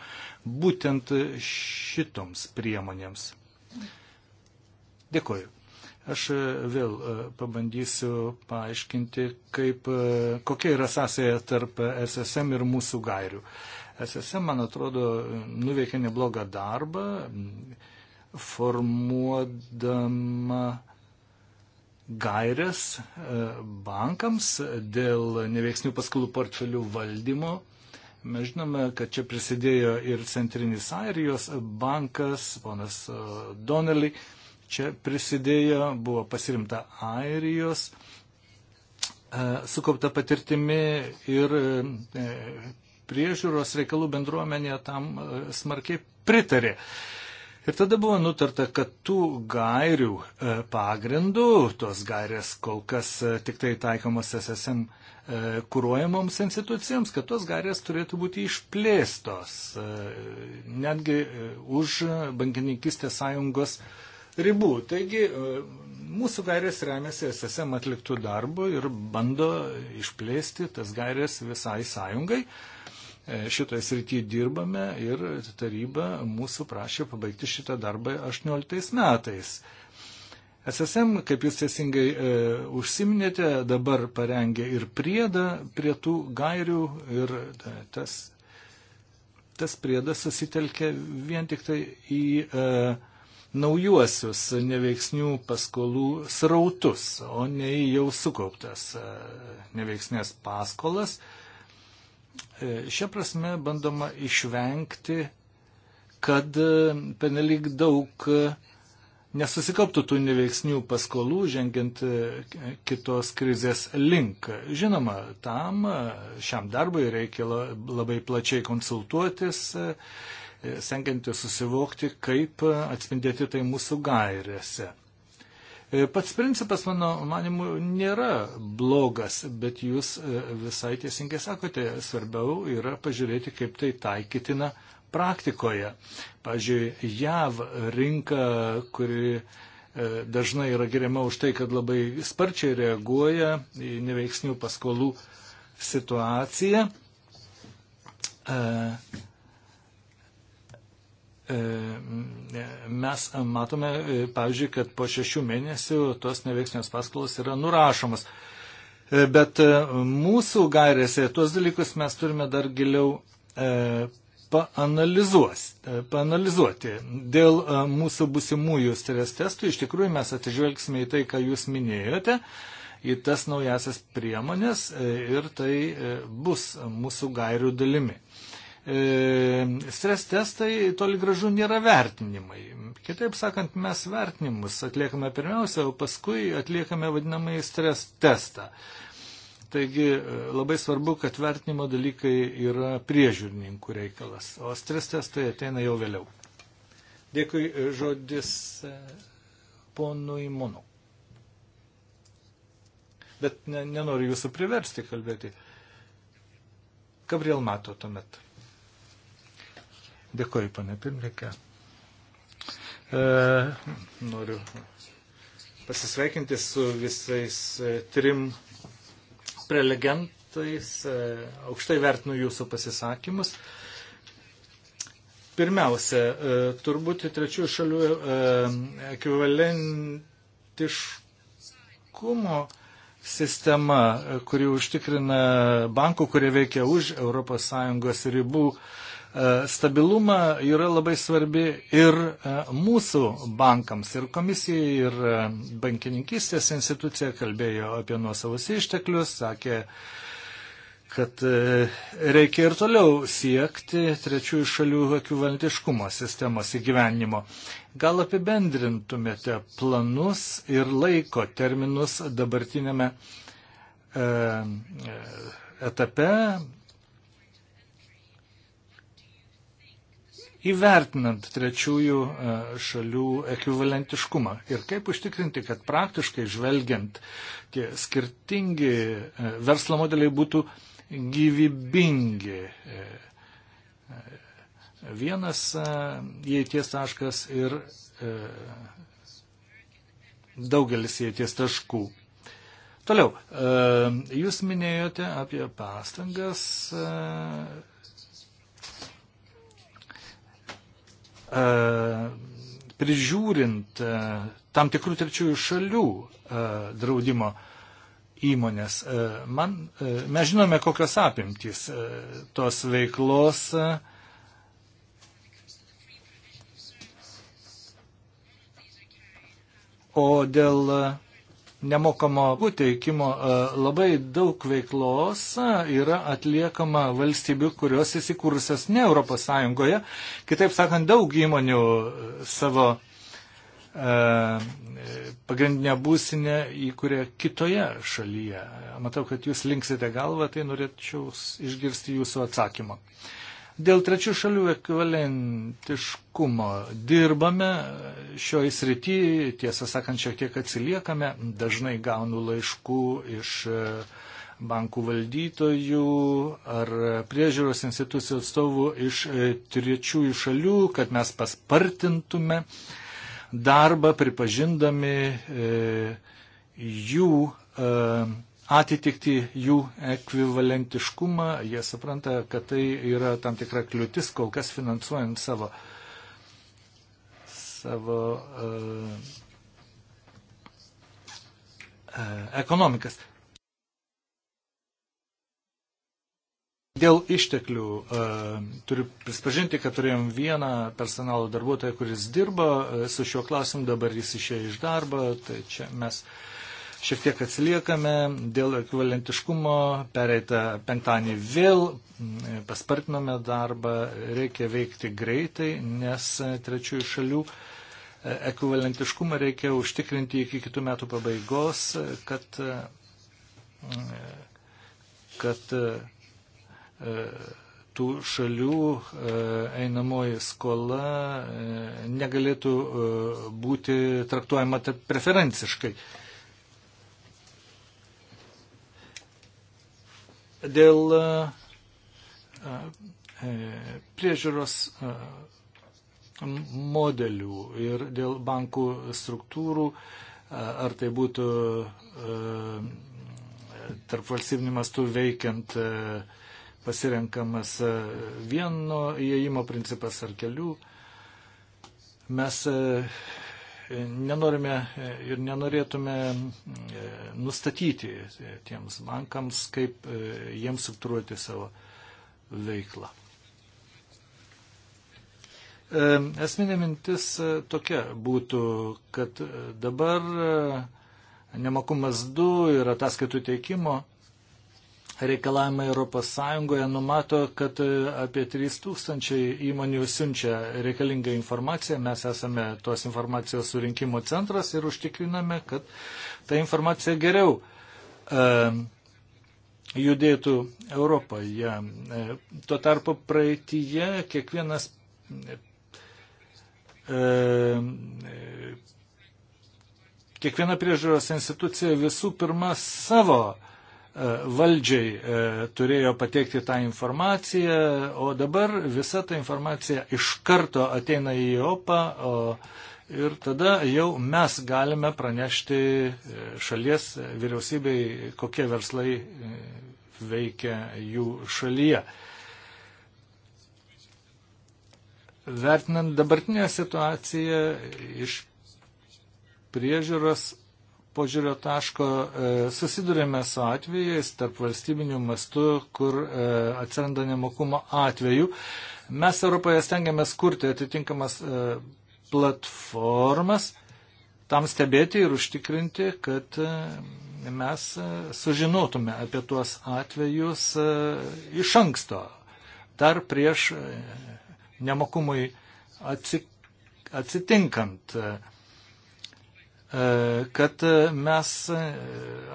S1: būtent šitoms priemonėms? Dėkuoju. Aš e, vėl pabandysiu paaiškinti, kaip, kokia yra sąsaja tarp SSM ir mūsų gairių. SSM, man atrodo, nuveikė neblogą darbą, formuodama gairias e, bankams dėl neveiksnių paskolų portfelių valdymo. Mes žinome, kad čia prisidėjo ir Centrinis Airijos bankas, ponas e, Donnelly, čia prisidėjo, buvo pasirimta Airijos e, sukaupta patirtimi ir priežiūros reikalų bendruomenė tam e, smarkiai pritarė. Ir tada buvo nutarta, kad tų gairių e, pagrindų, tos gairės kol kas e, tik tai taikomos SSM kūruojamoms institucijoms, kad tos gairės turėtų būti išplėstos netgi už bankininkistės sąjungos ribų. Taigi mūsų gairės remiasi SSM atliktų darbų ir bando išplėsti tas gairės visai sąjungai. E, šitoje srityje dirbame ir taryba mūsų prašė pabaigti šitą darbą 18 metais. SSM, kaip jūs teisingai e, užsiminėte, dabar parengė ir priedą prie tų gairių ir e, tas, tas priedas susitelkė vien tik tai į e, naujuosius neveiksnių paskolų srautus, o ne į jau sukauptas e, neveiksnės paskolas. E, E, šia prasme bandoma išvengti, kad e, penelik daug e, nesusikauptų tų neveiksnių paskolų, žengiant kitos krizės link. Žinoma, tam šiam darbui reikia labai plačiai konsultuotis, sengianti susivokti, kaip atspindėti tai mūsų gairėse. E, pats principas, mano manimu, nėra blogas, bet jūs e, visai tiesingai sakote, svarbiau yra pažiūrėti, kaip tai taikytina praktikoje. Pavyzdžiui, JAV rinka, kuri e, dažnai yra geriama už tai, kad labai sparčiai reaguoja į neveiksnių paskolų situaciją. E, E, mes matome, e, pavyzdžiui, kad po šešių mėnesių tos neveiksnios paskolos yra nurašomas. E, bet mūsų gairėse tuos dalykus mes turime dar giliau paanalizuoti. Dėl mūsų busimųjų stres testų iš tikrųjų mes atižvelgsime į tai, ką jūs minėjote, į tas naujasias priemonės ir tai bus mūsų gairių dalimi. E, stres testai toli gražu nėra vertinimai. Kitaip sakant, mes vertinimus atliekame pirmiausia, o paskui atliekame vadinamąjį stres testą. Taigi e, labai svarbu, kad vertinimo dalykai yra priežiūrininkų reikalas, o stres testai ateina jau vėliau. Dėkui e, žodis ponui Mono. Bet ne, nenoriu jūsų priversti kalbėti. Gabriel mato tuomet. Dėkoju, pane pirmininkė. E, noriu pasisveikinti su visais e, trim prelegentais. E, aukštai vertinu jūsų pasisakymus. Pirmiausia, e, turbūt trečiųjų šalių e, ekvivalentiškumo sistema, e, kuri užtikrina bankų, kurie veikia už ES ribų E, stabilumą yra labai svarbi ir e, mūsų bankams, ir komisijai, ir e, bankininkistės institucija kalbėjo apie nuosavus išteklius, sakė, kad reikia ir toliau siekti trečiųjų šalių ekvivalentiškumo sistemos įgyvenimo. Gal apibendrintumėte planus ir laiko terminus dabartinėme etape įvertinant trečiųjų e, šalių ekvivalentiškumą ir kaip užtikrinti, kad praktiškai žvelgiant tie skirtingi e, verslo modeliai būtų gyvybingi. E, vienas įeities taškas ir daugelis įeities taškų. Toliau, jūs minėjote apie pastangas E, prižiūrint e, tam tikrų trečiųjų šalių e, draudimo įmonės. Man, mes žinome, kokios apimtys tos veiklos. O dėl nemokamo teikimo e, labai daug veiklos e, yra atliekama valstybių, kurios įsikūrusios ne Europos Sąjungoje. Kitaip sakant, daug įmonių e, savo pagrindinę būsinę įkuria kitoje šalyje. Matau, kad jūs linksite galvą, tai norėčiau išgirsti jūsų atsakymą. Uh, Dėl trečių šalių ekvivalentiškumo dirbame šioj srity, tiesą sakant, šiek tiek atsiliekame, dažnai gaunu laiškų iš e, bankų valdytojų ar priežiūros institucijų atstovų iš e, trečiųjų šalių, kad mes paspartintume darbą pripažindami e, jų atitikti jų ekvivalentiškumą. Jie supranta, kad tai yra tam tikra kliūtis, kol kas finansuojant savo, savo uh, uh, ekonomikas. Dėl išteklių e, turiu prispažinti, kad turėjom vieną personalo darbuotoją, kuris dirba su šiuo klausimu, dabar jis išėjo iš darbo, tai čia mes uh, šiek tiek atsiliekame dėl ekvivalentiškumo, pereitą penktadienį vėl mm, paspartinome darbą, reikia veikti greitai, nes trečiųjų šalių e, ekvivalentiškumą reikia užtikrinti iki kitų metų pabaigos, kad, mm, kad e, e, tų šalių einamoji skola negalėtų būti traktuojama preferenciškai. Dėl e, e, priežiūros e, modelių ir dėl bankų struktūrų, ar tai būtų tarp valstybinių mastų veikiant pasirenkamas vieno įėjimo principas ar kelių. Mes nenorime e, ir nenorėtume e, nustatyti e, tiems bankams, kaip jiems struktūruoti savo veiklą. Esminė mintis tokia būtų, kad dabar nemokumas 2 ir ataskaitų teikimo reikalavimai ES numato, kad e, apie 3000 įmonių siunčia reikalingą informaciją. Mes esame tos informacijos surinkimo centras ir užtikriname, kad ta informacija geriau e, judėtų Europoje. E, tuo tarpu praeitįje kiekvienas e, kiekviena priežiūros institucija visų pirma savo E, valdžiai e, turėjo pateikti tą informaciją, o dabar visa ta informacija iš karto ateina į OPA o, ir tada jau mes galime pranešti e, šalies vyriausybei, kokie verslai veikia jų šalyje. Vertinant dabartinę situaciją iš priežiūros požiūrio taško e, susidurėme su atvejais tarp valstybinių mastų, kur e, atsiranda nemokumo atveju. Mes Europoje stengiamės kurti atitinkamas e, platformas tam stebėti ir užtikrinti, kad mes sužinotume apie tuos atvejus iš anksto, dar prieš nemokumui atsitinkant kad mes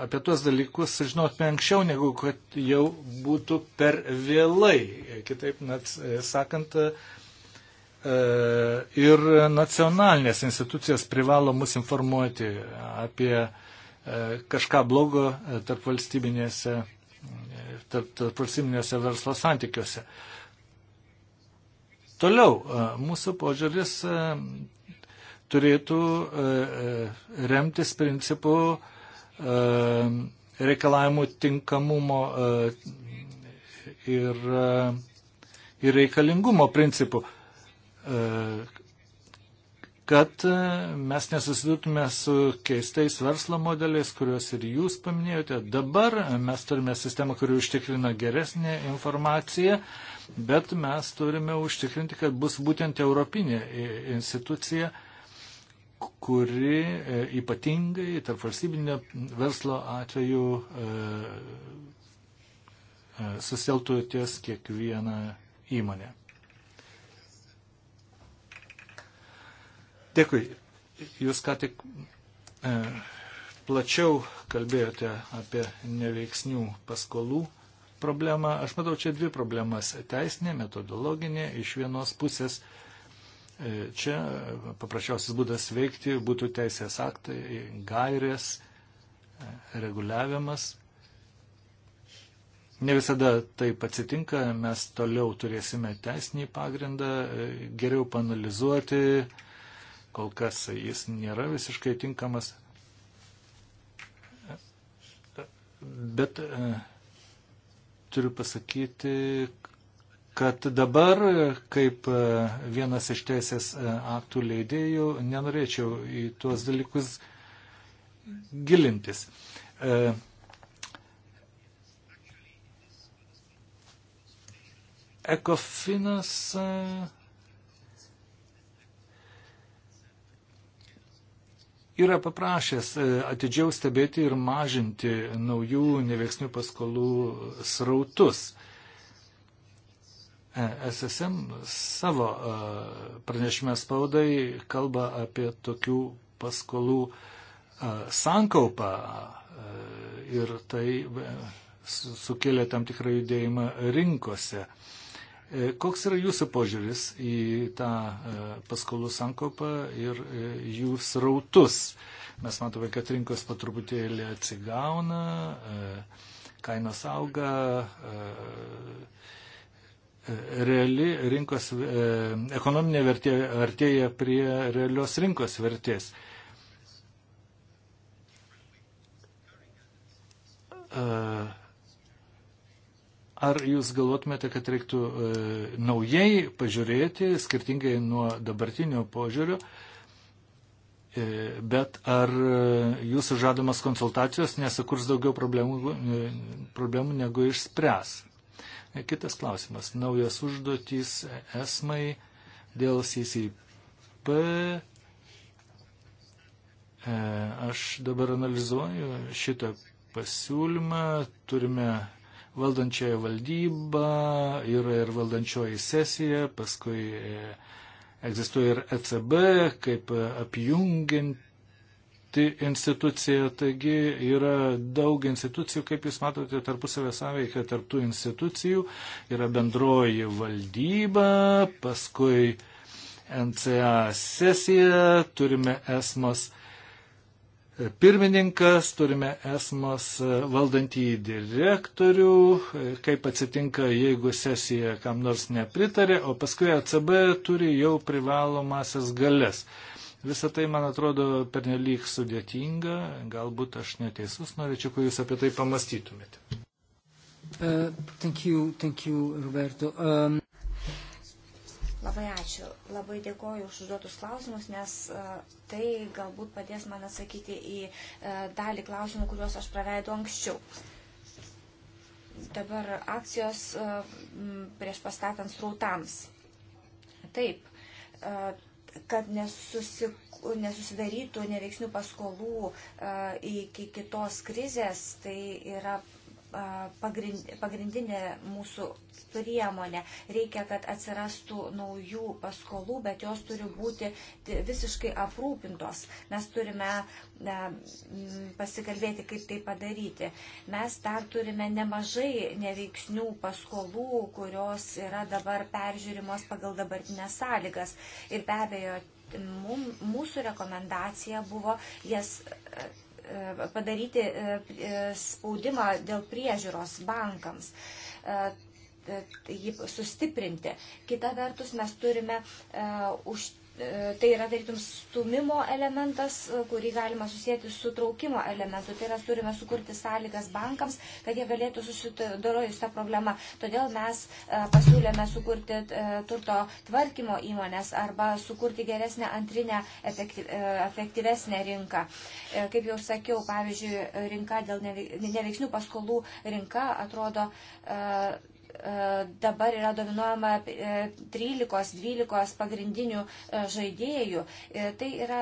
S1: apie tuos dalykus sužinotume anksčiau, negu kad jau būtų per vėlai. Kitaip net sakant, ir nacionalinės institucijos privalo mus informuoti apie kažką blogo tarp valstybinėse, tarp, tarp valstybinėse verslo santykiuose. Toliau, mūsų požiūris turėtų e, e, remtis principu e, reikalavimų tinkamumo ir, ir reikalingumo principu, kad mes nesusidurtume su keistais verslo modeliais, kuriuos ir jūs paminėjote. Dabar mes turime sistemą, kuri užtikrina geresnį informaciją, bet mes turime užtikrinti, kad bus būtent europinė institucija, kuri e, ypatingai tarp valstybinio verslo atveju e, e, susiteltų ties kiekvieną įmonę. Dėkui. Jūs ką tik e, plačiau kalbėjote apie neveiksnių paskolų problemą. Aš matau čia dvi problemas - teisinė, metodologinė. Iš vienos pusės e, E, čia paprasčiausias būdas veikti būtų teisės aktai, gairės, e, reguliavimas. Ne visada taip atsitinka, mes toliau turėsime teisinį pagrindą, e, geriau panalizuoti, kol kas jis nėra visiškai tinkamas. Bet turiu pasakyti, kad dabar, kaip e, vienas iš teisės e, aktų leidėjų, nenorėčiau į tuos dalykus gilintis. E, Ekofinas yra paprašęs atidžiau stebėti ir mažinti naujų neveiksnių paskolų srautus. E SSM savo e, pranešime spaudai kalba apie tokių paskolų e, sankaupą ir tai sukėlė tam tikrą judėjimą rinkose. Koks yra jūsų požiūris į tą paskolų sankaupą ir jų srautus? Mes matome, kad rinkos patruputėlį atsigauna, kainos auga, reali rinkos, e, ekonominė vertė artėja prie realios rinkos vertės. E, ar jūs galvotumėte, kad reiktų e, naujai pažiūrėti, skirtingai nuo dabartinio požiūrio, bet ar jūsų žadamas konsultacijos nesukurs daugiau problemų, problemų negu išspręs? Kitas klausimas. Naujas užduotys esmai dėl CCP. E, aš dabar analizuoju šitą pasiūlymą. Turime valdančiąją valdybą, yra ir valdančioji sesija, paskui e, egzistuoja ir ECB kaip apjungiant pati institucija, taigi yra daug institucijų, kaip jūs matote, tarpusavę sąveikia tarptų institucijų, yra bendroji valdyba, paskui NCA sesija, turime esmas e, pirmininkas, turime esmas e, valdantįjį direktorių, e, kaip atsitinka, jeigu sesija kam nors nepritarė, o paskui ECB turi jau privalomasias galės. Visą tai, man atrodo, pernelyg sudėtinga, galbūt aš neteisus, norėčiau, kad jūs apie tai pamastytumėte.
S2: Uh, thank you, thank you, Roberto. Um... Labai
S3: ačiū, labai dėkoju už užduotus klausimus, nes uh, tai galbūt padės man atsakyti į uh, dalį klausimų, kuriuos aš praleidau anksčiau. Dabar akcijos uh, prieš pastatant srautams. Taip, uh, kad nesusik nesusidarytų neveiksnių paskolų e, iki kitos krizės, tai yra pagrindinė mūsų priemonė. Reikia, kad atsirastų naujų paskolų, bet jos turi būti visiškai aprūpintos. Mes turime pasikalbėti, kaip tai padaryti. Mes dar turime nemažai neveiksnių paskolų, kurios yra dabar peržiūrimos pagal dabartinės sąlygas. Ir be abejo, mūsų rekomendacija buvo jas E, padaryti e, e, spaudimą dėl priežiūros bankams jį sustiprinti. Kita vertus, mes turime uh, už, tai yra tarytum stumimo elementas, e, kurį galima susijęti su traukimo elementu. Tai yra turime sukurti sąlygas bankams, kad jie galėtų susidoroti su tą problemą. Todėl mes e, pasiūlėme sukurti e, turto tvarkymo įmonės arba sukurti geresnę antrinę efektyvesnę rinką. Kaip jau sakiau, pavyzdžiui, rinka dėl neveiksnių paskolų rinka atrodo E, dabar yra dominuojama 13-12 e, pagrindinių e, žaidėjų. Tai yra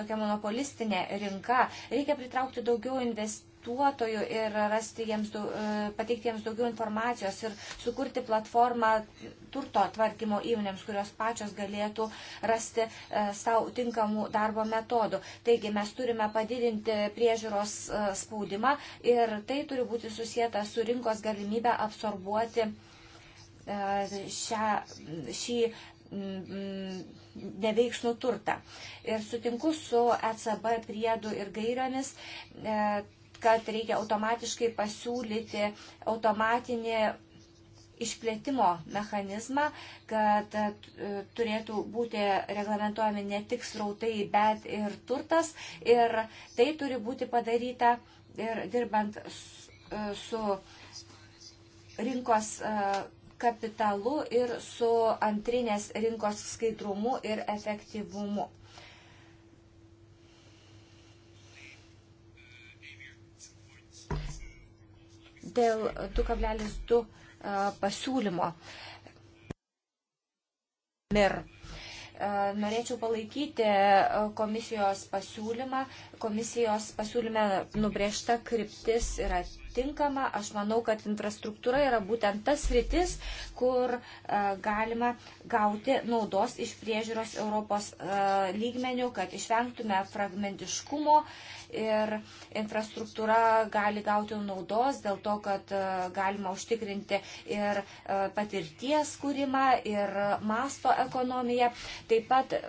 S3: tokia monopolistinė rinka. Reikia pritraukti daugiau investicijų investuotojų ir rasti jiems, e, pateikti jiems daugiau informacijos ir sukurti platformą turto tvarkymo įmonėms, kurios pačios galėtų rasti e, savo tinkamų darbo metodų. Taigi mes turime padidinti priežiūros e, spaudimą ir tai turi būti susijęta su rinkos galimybę absorbuoti šią, šį mm, neveiksnų turtą. Ir sutinku su ECB priedu ir gairiomis, kad reikia automatiškai pasiūlyti automatinį išplėtimo mechanizmą, kad e, turėtų būti reglamentuojami ne tik srautai, bet ir turtas. Ir tai turi būti padaryta ir dirbant e, su rinkos e, kapitalu ir su antrinės rinkos skaidrumu ir efektyvumu. dėl 2,2 e, pasiūlymo. Mir. E, norėčiau palaikyti e, komisijos pasiūlymą komisijos pasiūlyme nubrėžta kryptis yra tinkama. Aš manau, kad infrastruktūra yra būtent tas rytis, kur e, galima gauti naudos iš priežiūros Europos e, lygmenių, kad išvengtume fragmentiškumo ir infrastruktūra gali gauti naudos dėl to, kad e, galima užtikrinti ir e, patirties kūrimą, ir masto ekonomiją. Taip pat e,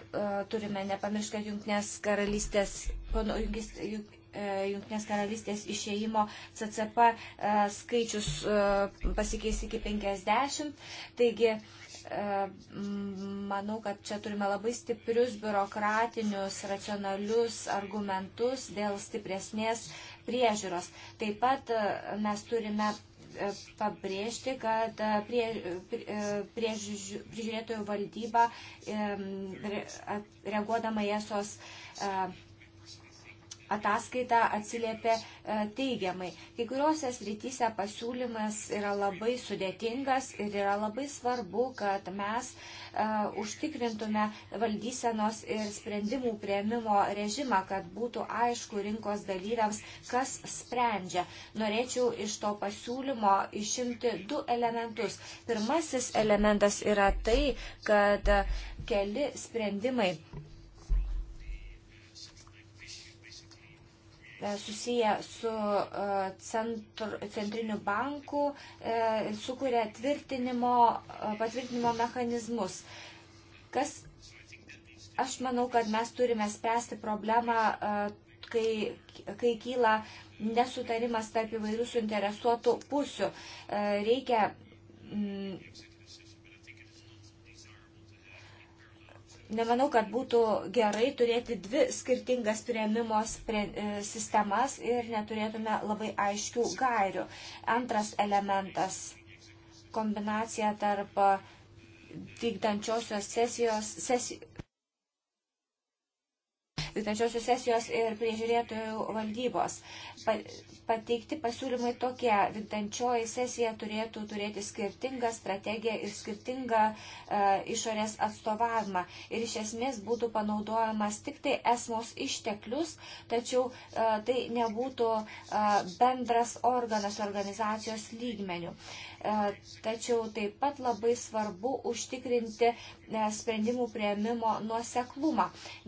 S3: turime nepamiršti, kad Junktinės karalystės pono Junktinės e, karalystės išėjimo CCP e, skaičius e, pasikeis iki 50. Taigi, manau, kad čia turime labai stiprius biurokratinius, racionalius argumentus dėl stipresnės priežiūros. Taip pat mes turime pabrėžti, kad prie, prie, priežiūrėtojų prie, prie valdyba reaguodama į esos ataskaita atsiliepia e, teigiamai. Kai kuriuose srityse pasiūlymas yra labai sudėtingas ir yra labai svarbu, kad mes e, užtikrintume valdysenos ir sprendimų prieimimo režimą, kad būtų aišku rinkos dalyviams, kas sprendžia. Norėčiau iš to pasiūlymo išimti du elementus. Pirmasis elementas yra tai, kad keli sprendimai E, susiję su e, centr, centriniu banku e, sukuria tvirtinimo, patvirtinimo mechanizmus. Kas, aš manau, kad mes turime spręsti problemą, kai, kai kyla nesutarimas tarp įvairių suinteresuotų pusių. Reikia Nemanau, kad būtų gerai turėti dvi skirtingas prieimimo e, sistemas ir neturėtume labai aiškių gairių. Antras elementas - kombinacija tarp vykdančiosios sesijos, sesijos, vykdančiosios sesijos ir priežiūrėtojų valdybos. Pa, pateikti pasiūlymai tokie. Vintančioji sesija turėtų turėti skirtingą strategiją ir skirtingą e, išorės atstovavimą. Ir iš esmės būtų panaudojamas tik tai esmos išteklius, tačiau e, tai nebūtų e, bendras organas organizacijos lygmenių. E, E, tačiau taip pat labai svarbu užtikrinti e, sprendimų prieimimo nuoseklumą,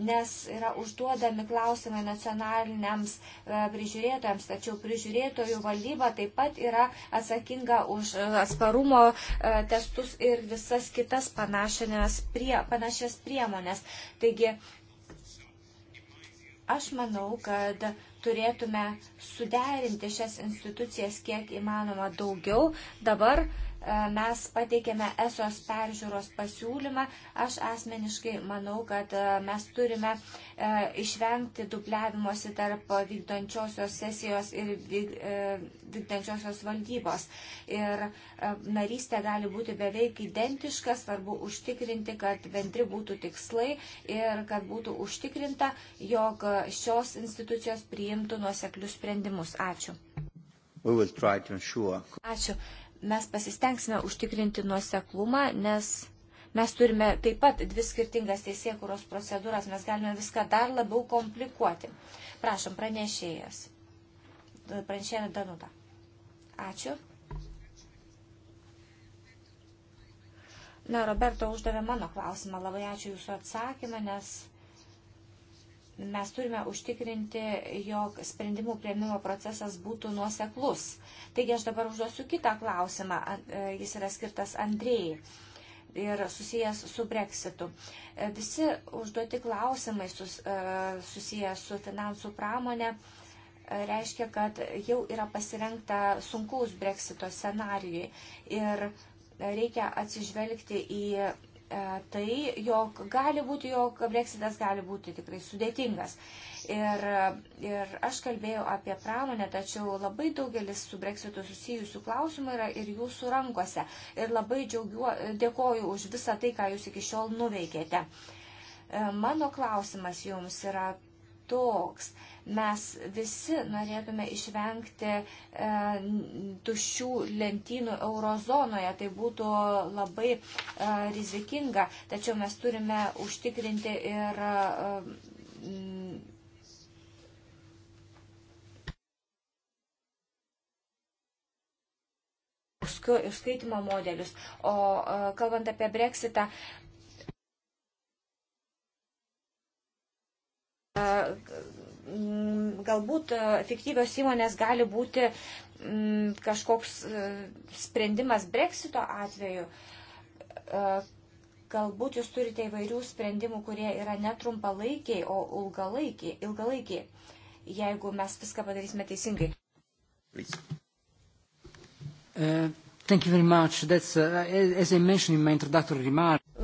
S3: nes yra užduodami klausimai nacionaliniams e, prižiūrėtojams, tačiau prižiūrėtojų valdyba taip pat yra atsakinga už atsparumo testus ir visas kitas panašias priemonės. Taigi, Aš manau, kad turėtume suderinti šias institucijas kiek įmanoma daugiau. Dabar E, mes pateikėme esos peržiūros pasiūlymą. Aš asmeniškai manau, kad e, mes turime e, išvengti dubliavimuose tarp vykdančiosios sesijos ir vykdančiosios valdybos. Ir narystė gali būti beveik identiška, svarbu užtikrinti, kad bendri būtų tikslai ir kad būtų užtikrinta, jog šios institucijos priimtų nuoseklius sprendimus. Ačiū. Ačiū mes pasistengsime užtikrinti nuoseklumą, nes mes turime taip pat dvi skirtingas teisėkuros procedūras, mes galime viską dar labiau komplikuoti. Prašom, pranešėjas. Pranešėja Danuta. Ačiū. Na, Roberto uždavė mano klausimą. Labai ačiū Jūsų atsakymą, nes Mes turime užtikrinti, jog sprendimų prieimimo procesas būtų nuoseklus. Taigi aš dabar užduosiu kitą klausimą. E, jis yra skirtas Andrėjai ir susijęs su breksitu. E, visi užduoti klausimai sus, e, susijęs su finansų pramonė reiškia, kad jau yra pasirengta sunkaus breksito scenarijui ir reikia atsižvelgti į E, tai, jog gali būti, jog breksitas gali būti tikrai sudėtingas. Ir, ir aš kalbėjau apie pramonę, tačiau labai daugelis su breksitu susijusių klausimų yra ir jūsų rankose. Ir labai džiaugiu, dėkoju už visą tai, ką jūs iki šiol nuveikėte. E, mano klausimas jums yra toks. Mes visi norėtume išvengti e, tuščių lentynų eurozonoje, tai būtų labai e, rizikinga, tačiau mes turime užtikrinti ir. E, užskaitimo modelius. O e, kalbant apie breksitą, galbūt efektyvios įmonės gali būti kažkoks sprendimas breksito atveju. Galbūt jūs turite įvairių sprendimų, kurie yra netrumpalaikiai, o ilgalaikiai, ilgalaikiai, jeigu mes viską padarysime teisingai.
S2: Uh, uh, as, as remark...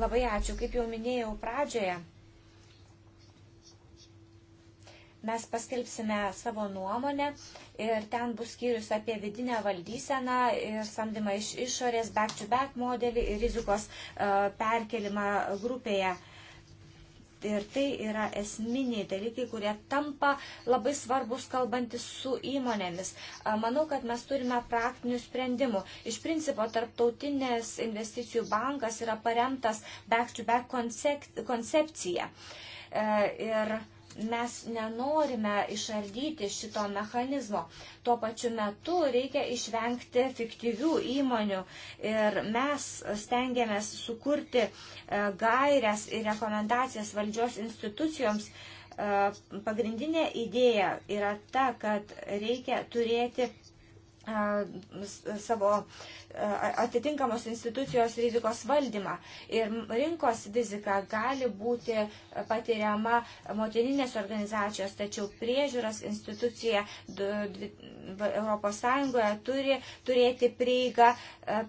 S3: Labai ačiū, kaip jau minėjau pradžioje mes paskelbsime savo nuomonę ir ten bus skyrius apie vidinę valdyseną ir samdymą iš išorės, back-to-back -back modelį ir rizikos e, perkelimą grupėje. Ir tai yra esminiai dalykai, kurie tampa labai svarbus kalbantis su įmonėmis. E, manau, kad mes turime praktinių sprendimų. Iš principo, tarptautinės investicijų bankas yra paremtas back-to-back -back koncepcija. E, ir Mes nenorime išardyti šito mechanizmo. Tuo pačiu metu reikia išvengti fiktyvių įmonių ir mes stengiamės sukurti e, gairias ir rekomendacijas valdžios institucijoms. E, pagrindinė idėja yra ta, kad reikia turėti savo atitinkamos institucijos rizikos valdymą. Ir rinkos rizika gali būti patiriama motininės organizacijos, tačiau priežiūros institucija ES turi turėti prieigą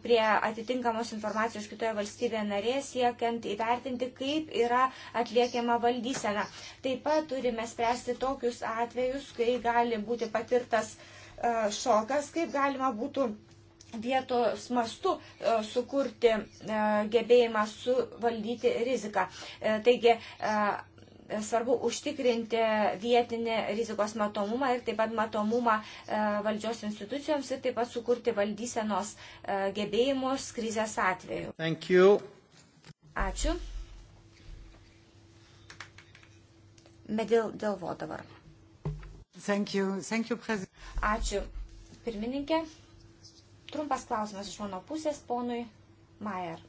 S3: prie atitinkamos informacijos kitoje valstybėje narėje, siekiant įvertinti, kaip yra atliekiama valdysena. Taip pat turime spręsti tokius atvejus, kai gali būti patirtas uh, E, šokas, kaip galima būtų vietos mastu e, sukurti e, gebėjimą suvaldyti riziką. Taigi, Svarbu užtikrinti vietinį rizikos matomumą ir taip pat matomumą valdžios institucijoms ir taip pat sukurti valdysenos gebėjimus krizės atveju. Ačiū. Medil dėl vo dabar. Thank you. Thank you, president. Ačiū. Pirmininkė, trumpas klausimas iš mano pusės ponui Mayer.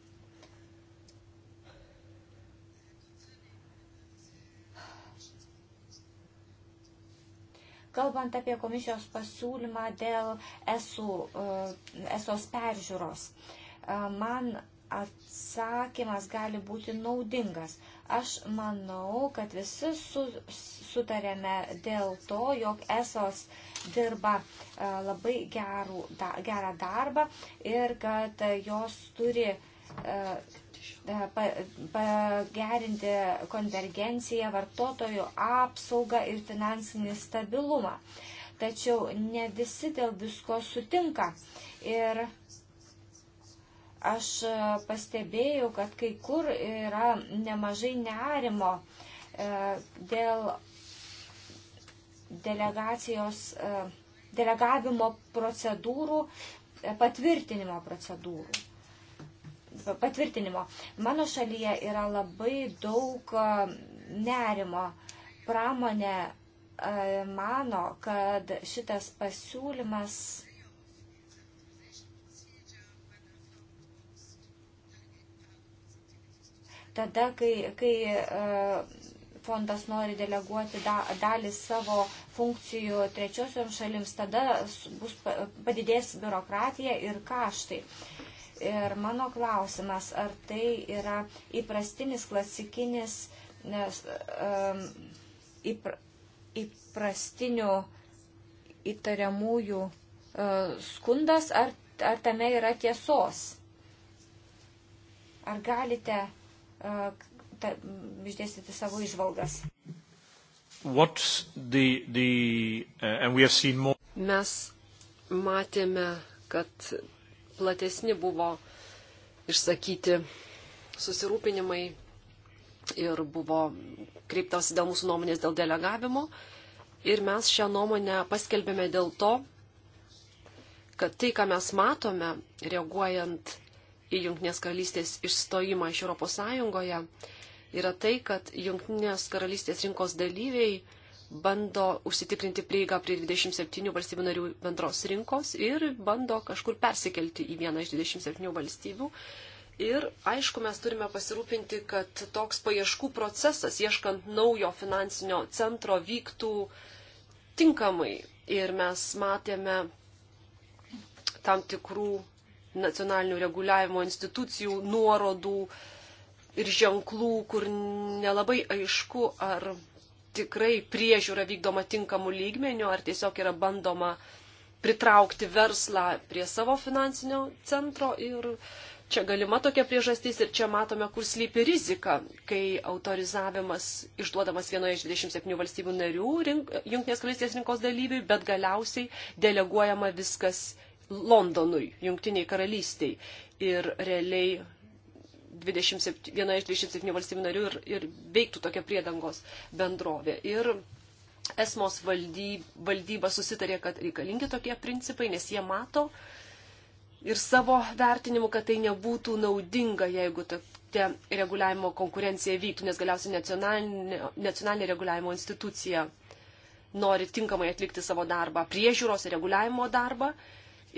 S3: Kalbant apie komisijos pasiūlymą dėl ESO, e, ESOS peržiūros, e, man atsakymas gali būti naudingas. Aš manau, kad visi su, sutarėme dėl to, jog esos dirba e, labai gerų, da, gerą darbą ir kad jos turi e, e, pagerinti konvergenciją, vartotojų apsaugą ir finansinį stabilumą. Tačiau ne visi dėl visko sutinka. Ir Aš e, pastebėjau, kad kai kur yra nemažai nerimo e, dėl delegacijos, e, delegavimo procedūrų, patvirtinimo procedūrų. Patvirtinimo. Mano šalyje yra labai daug nerimo. Pramonė mano, kad šitas pasiūlymas tada, kai, kai e, fondas nori deleguoti dalį savo funkcijų trečiosiom šalims, tada bus padidės biurokratija ir kaštai. Ir mano klausimas, ar tai yra įprastinis, klasikinis, nes, um, įpr, įprastinių įtariamųjų uh, skundas, ar, ar tame yra tiesos? Ar galite
S2: išdėstyti savo išvalgas.
S1: The, the, uh, more...
S2: Mes matėme, kad platesni buvo išsakyti susirūpinimai ir buvo kreiptas dėl mūsų nuomonės dėl delegavimo. Ir mes šią nuomonę paskelbėme dėl to, kad tai, ką mes matome, reaguojant Junktinės karalystės išstojimą iš Europos Sąjungoje yra tai, kad Junktinės karalystės rinkos dalyviai bando užsitikrinti prieigą prie 27 valstybių narių bendros rinkos ir bando kažkur persikelti į vieną iš 27 valstybių. Ir aišku, mes turime pasirūpinti, kad toks paieškų procesas, ieškant naujo finansinio centro, vyktų tinkamai. Ir mes matėme tam tikrų nacionalinių reguliavimo institucijų nuorodų ir ženklų, kur nelabai aišku, ar tikrai priežiūra vykdoma tinkamų lygmenių, ar tiesiog yra bandoma pritraukti verslą prie savo finansinio centro ir čia galima tokia priežastis ir čia matome, kur slypi rizika, kai autorizavimas išduodamas vienoje iš 27 valstybių narių rink, Junktinės karalystės rinkos dalyviui, bet galiausiai deleguojama viskas Londonui, Junktiniai karalystiai. Ir realiai 27, viena iš 27 valstybių narių ir, ir veiktų tokia priedangos bendrovė. Ir esmos valdyb, valdyba susitarė, kad reikalingi tokie principai, nes jie mato ir savo vertinimu, kad tai nebūtų naudinga, jeigu tokia reguliavimo konkurencija vyktų, nes galiausiai nacionalinė, nacionalinė reguliavimo institucija nori tinkamai atlikti savo darbą, priežiūros ir reguliavimo darbą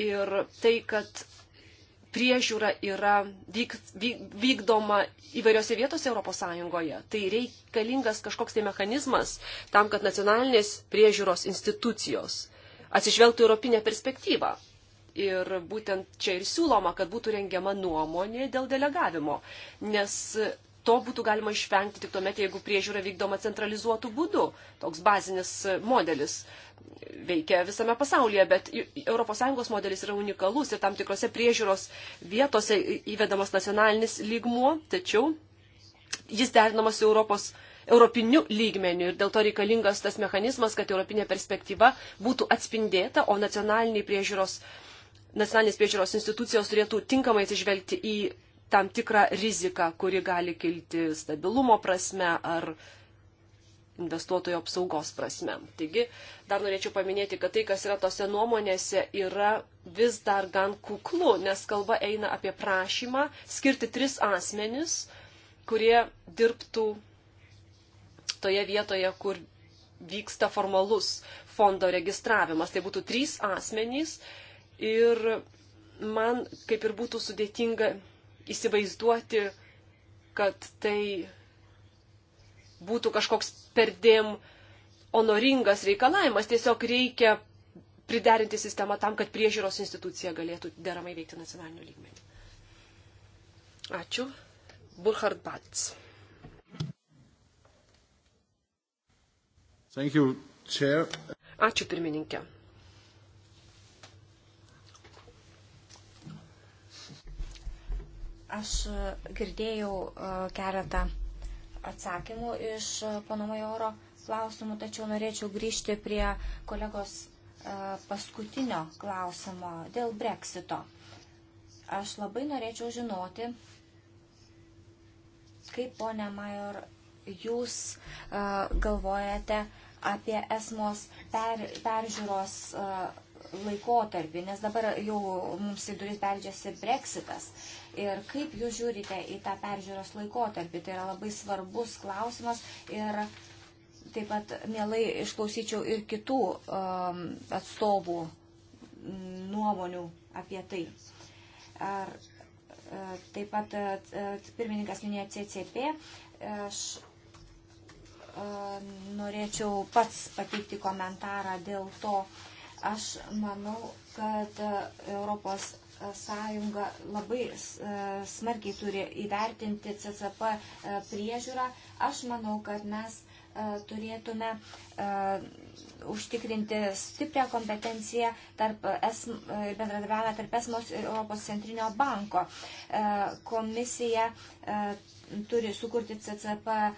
S2: ir tai, kad priežiūra yra vyk, vyk, vykdoma įvairiose vietose ES, tai reikalingas kažkoks tai mechanizmas tam, kad nacionalinės priežiūros institucijos atsižvelgtų europinę perspektyvą. Ir būtent čia ir siūloma, kad būtų rengiama nuomonė dėl delegavimo, nes to būtų galima išvengti tik tuomet, jeigu priežiūra vykdoma centralizuotų būdų. Toks bazinis modelis veikia visame pasaulyje, bet ES modelis yra unikalus ir tam tikrose priežiūros vietose įvedamas nacionalinis lygmuo, tačiau jis derinamas su Europos. Europiniu lygmeniu ir dėl to reikalingas tas mechanizmas, kad europinė perspektyva būtų atspindėta, o nacionaliniai priežiūros, nacionalinės priežiūros institucijos turėtų tinkamai atsižvelgti į tam tikrą riziką, kuri gali kilti stabilumo prasme ar investuotojo apsaugos prasme. Taigi, dar norėčiau paminėti, kad tai, kas yra tose nuomonėse, yra vis dar gan kuklu, nes kalba eina apie prašymą skirti tris asmenis, kurie dirbtų toje vietoje, kur vyksta formalus fondo registravimas. Tai būtų trys asmenys ir man kaip ir būtų sudėtinga įsivaizduoti, kad tai būtų kažkoks perdėm honoringas reikalavimas. Tiesiog reikia priderinti sistemą tam, kad priežiūros institucija galėtų deramai veikti nacionaliniu lygmeniu. Ačiū. Burkhard Batz.
S1: Thank you, chair.
S2: Ačiū pirmininkė.
S3: Aš e, girdėjau e, keletą atsakymų iš e, pono Majoro klausimų, tačiau norėčiau grįžti prie kolegos paskutinio klausimo dėl breksito. Aš labai norėčiau žinoti, kaip ponia Major, jūs galvojate apie esmos per, peržiūros laikotarpį, nes dabar jau mums į duris beldžiasi Brexitas. Ir kaip jūs žiūrite į tą peržiūros laikotarpį, tai yra labai svarbus klausimas ir taip pat mielai išklausyčiau ir kitų um, atstovų nuomonių apie tai. Ar, e, taip pat e, pirmininkas minėjo CCP. Aš e, norėčiau pats pateikti komentarą dėl to, Aš manau, kad e, Europos e, sąjunga labai e, smarkiai turi įvertinti CCP priežiūrą. Aš manau, kad mes turėtume užtikrinti stiprią kompetenciją tarp bendradarbiavimą tarp ESMOS ir Europos centrinio banko. Komisija turi sukurti CCP e,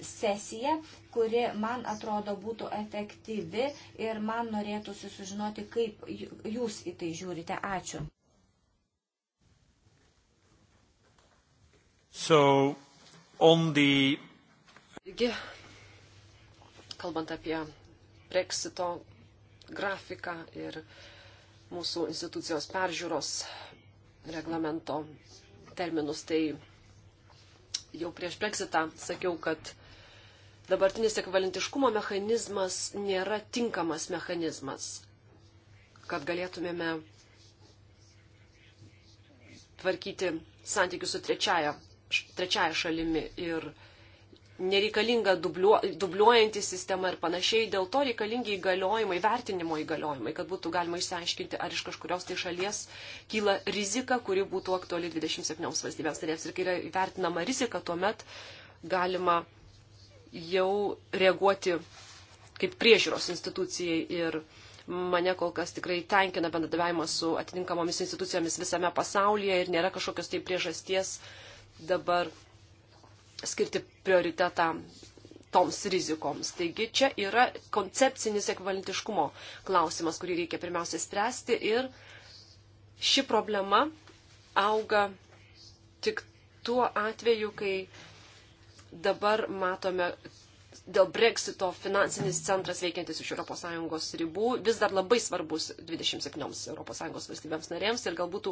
S3: sesiją, kuri man atrodo būtų efektyvi ir man norėtųsi sužinoti, kaip jūs į tai žiūrite. Ačiū.
S1: So, on the...
S2: Taigi, kalbant apie Brexito grafiką ir mūsų institucijos peržiūros reglamento terminus, tai jau prieš Brexitą sakiau, kad dabartinis ekvalentiškumo mechanizmas nėra tinkamas mechanizmas, kad galėtumėme tvarkyti santykius su trečiaja, trečiaja šalimi. Ir nereikalinga dubliuo, dubliuojanti sistema ir panašiai. Dėl to reikalingi įgaliojimai, vertinimo įgaliojimai, kad būtų galima išsiaiškinti, ar iš kažkurios tai šalies kyla rizika, kuri būtų aktuali 27 valstybėms narėms. Ir kai yra vertinama rizika, tuomet galima jau reaguoti kaip priežiūros institucijai ir mane kol kas tikrai tenkina bendradavimas su atitinkamomis institucijomis visame pasaulyje ir nėra kažkokios tai priežasties dabar skirti prioritetą toms rizikoms. Taigi čia yra koncepcinis ekvalentiškumo klausimas, kurį reikia pirmiausia spręsti ir ši problema auga tik tuo atveju, kai dabar matome dėl Brexito finansinis centras veikiantis iš ES ribų vis dar labai svarbus 27 ES valstybėms narėms ir galbūt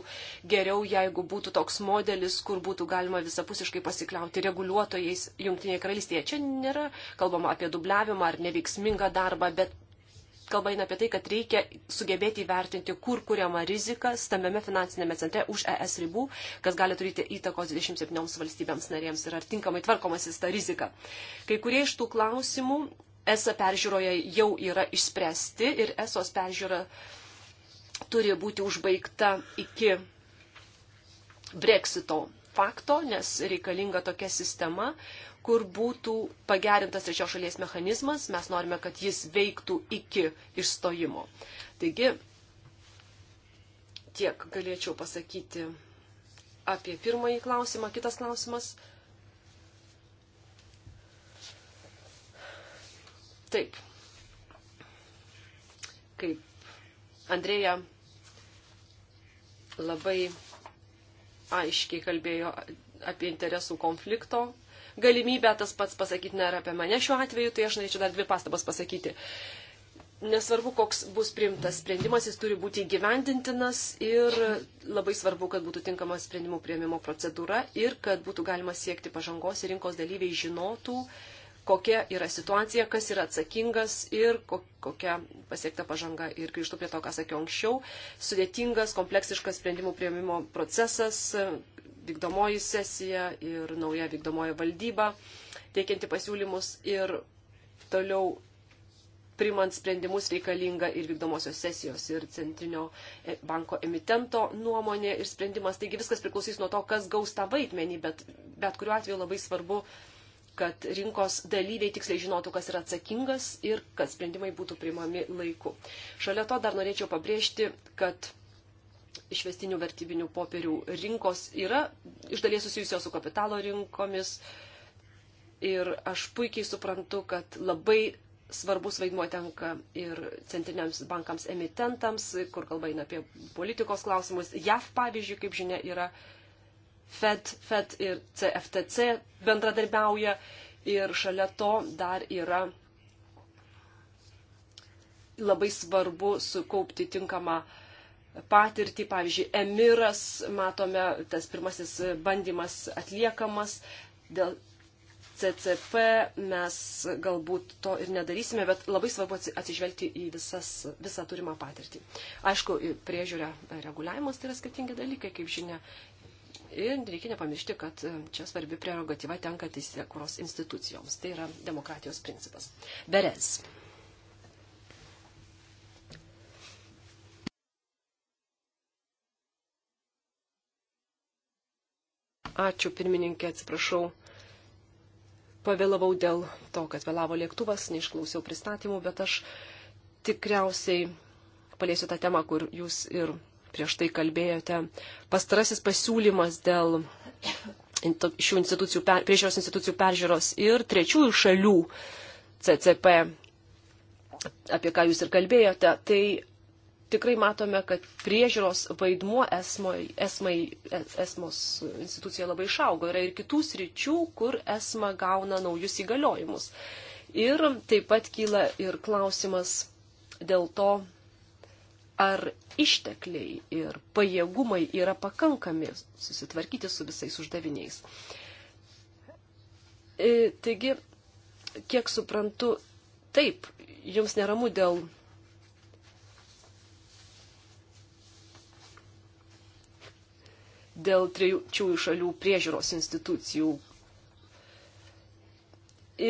S2: geriau, jeigu būtų toks modelis, kur būtų galima visapusiškai pasikliauti reguliuotojais Junktinėje karalystėje. Čia nėra kalbama apie dubliavimą ar neveiksmingą darbą, bet kalba eina apie tai, kad reikia sugebėti įvertinti, kur kuriama rizika stambiame finansinėme centre už ES ribų, kas gali turėti įtakos 27 valstybėms narėms ir ar tinkamai tvarkomasis ta rizika. Kai kurie iš tų klausimų ESA peržiūroje jau yra išspręsti ir ESOS peržiūra turi būti užbaigta iki Brexito fakto, nes reikalinga tokia sistema, kur būtų pagerintas ir šios šalies mechanizmas, mes norime, kad jis veiktų iki išstojimo. Taigi, tiek galėčiau pasakyti apie pirmąjį klausimą. Kitas klausimas. Taip. Kaip Andrėja labai aiškiai kalbėjo apie interesų konflikto galimybę, tas pats pasakyti nėra apie mane šiuo atveju, tai aš norėčiau dar dvi pastabas pasakyti. Nesvarbu, koks bus priimtas sprendimas, jis turi būti gyvendintinas ir labai svarbu, kad būtų tinkama sprendimų prieimimo procedūra ir kad būtų galima siekti pažangos ir rinkos dalyviai žinotų, uh, kokia yra situacija, kas yra atsakingas ir kokia pasiekta pažanga. Ir grįžtu prie to, ką sakiau anksčiau. Sudėtingas, kompleksiškas sprendimų prieimimo procesas, vykdomoji sesija ir nauja vykdomoji valdyba, teikianti pasiūlymus ir toliau primant sprendimus reikalinga ir vykdomosios sesijos, ir centrinio e, banko emitento nuomonė ir sprendimas. Taigi viskas priklausys nuo to, kas gaus tą vaidmenį, bet bet kuriuo atveju labai svarbu kad rinkos dalyviai tiksliai žinotų, kas yra atsakingas ir kad sprendimai būtų primami laiku. Šalia to dar norėčiau pabrėžti, kad išvestinių vertybinių popierių rinkos yra iš dalies susijusios su kapitalo rinkomis. Ir aš puikiai suprantu, kad labai svarbus vaidmuo tenka ir centriniams bankams emitentams, kur kalba eina apie politikos klausimus. JAV, pavyzdžiui, kaip žinia, yra uh, FED, FED ir CFTC bendradarbiauja ir šalia to dar yra labai svarbu sukaupti tinkamą patirtį. Pavyzdžiui, Emiras, matome, tas pirmasis bandymas atliekamas dėl CCP, mes galbūt to ir nedarysime, bet labai svarbu atsižvelgti į visas, visą turimą patirtį. Aišku, priežiūrė reguliavimas tai yra skirtingi dalykai, kaip žinia, Ir reikia nepamiršti, kad e, čia svarbi prerogatyva tenka teisėkuros institucijoms. Tai yra demokratijos principas. Berez. Ačiū pirmininkė, atsiprašau. Pavėlavau dėl to, kad vėlavo lėktuvas, neišklausiau pristatymų, bet aš tikriausiai paliesiu tą temą, kur jūs ir prieš tai kalbėjote, pastarasis pasiūlymas dėl šių institucijų, priežiūros institucijų peržiūros ir trečiųjų šalių CCP, apie ką jūs ir kalbėjote, tai tikrai matome, kad priežiūros vaidmuo esmai, esmai, esmos institucija labai išaugo. Yra ir kitų sričių, kur esma gauna naujus įgaliojimus. Ir taip pat kyla ir klausimas dėl to, ar ištekliai ir pajėgumai yra pakankami susitvarkyti su visais uždaviniais. E, taigi, kiek suprantu, taip, jums neramu dėl dėl trečiųjų šalių priežiūros institucijų.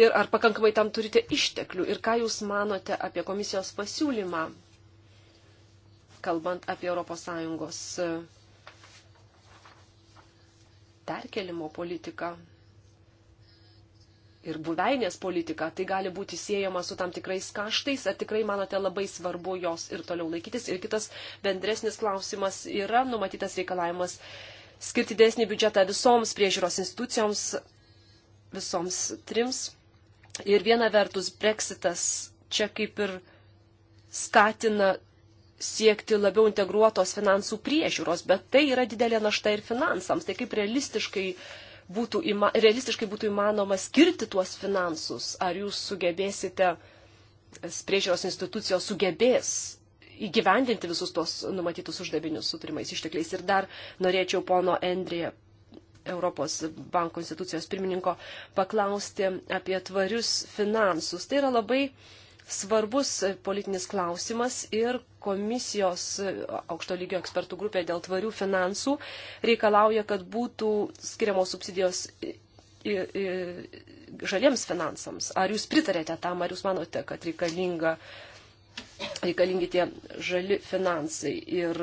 S2: Ir ar pakankamai tam turite išteklių ir ką Jūs manote apie komisijos pasiūlymą kalbant apie ES e, perkelimo politiką ir buveinės politika, tai gali būti siejama su tam tikrais kaštais, ar tikrai manote labai svarbu jos ir toliau laikytis. Ir kitas bendresnis klausimas yra numatytas reikalavimas skirti didesnį biudžetą visoms priežiūros institucijoms, visoms trims. Ir viena vertus, breksitas čia kaip ir skatina siekti labiau integruotos finansų priežiūros, bet tai yra didelė našta ir finansams. Tai kaip realistiškai būtų, ima, realistiškai būtų įmanoma skirti tuos finansus, ar jūs sugebėsite, priežiūros institucijos sugebės įgyvendinti visus tuos numatytus uždavinius su turimais ištekliais. Ir dar norėčiau pono Endrija, Europos banko institucijos pirmininko, paklausti apie tvarius finansus. Tai yra labai uh, svarbus politinis klausimas ir komisijos e, aukšto lygio ekspertų grupė dėl tvarių finansų reikalauja, kad būtų skiriamos subsidijos žaliems finansams. Ar jūs pritarėte tam, ar jūs manote, kad reikalinga, reikalingi tie žali finansai ir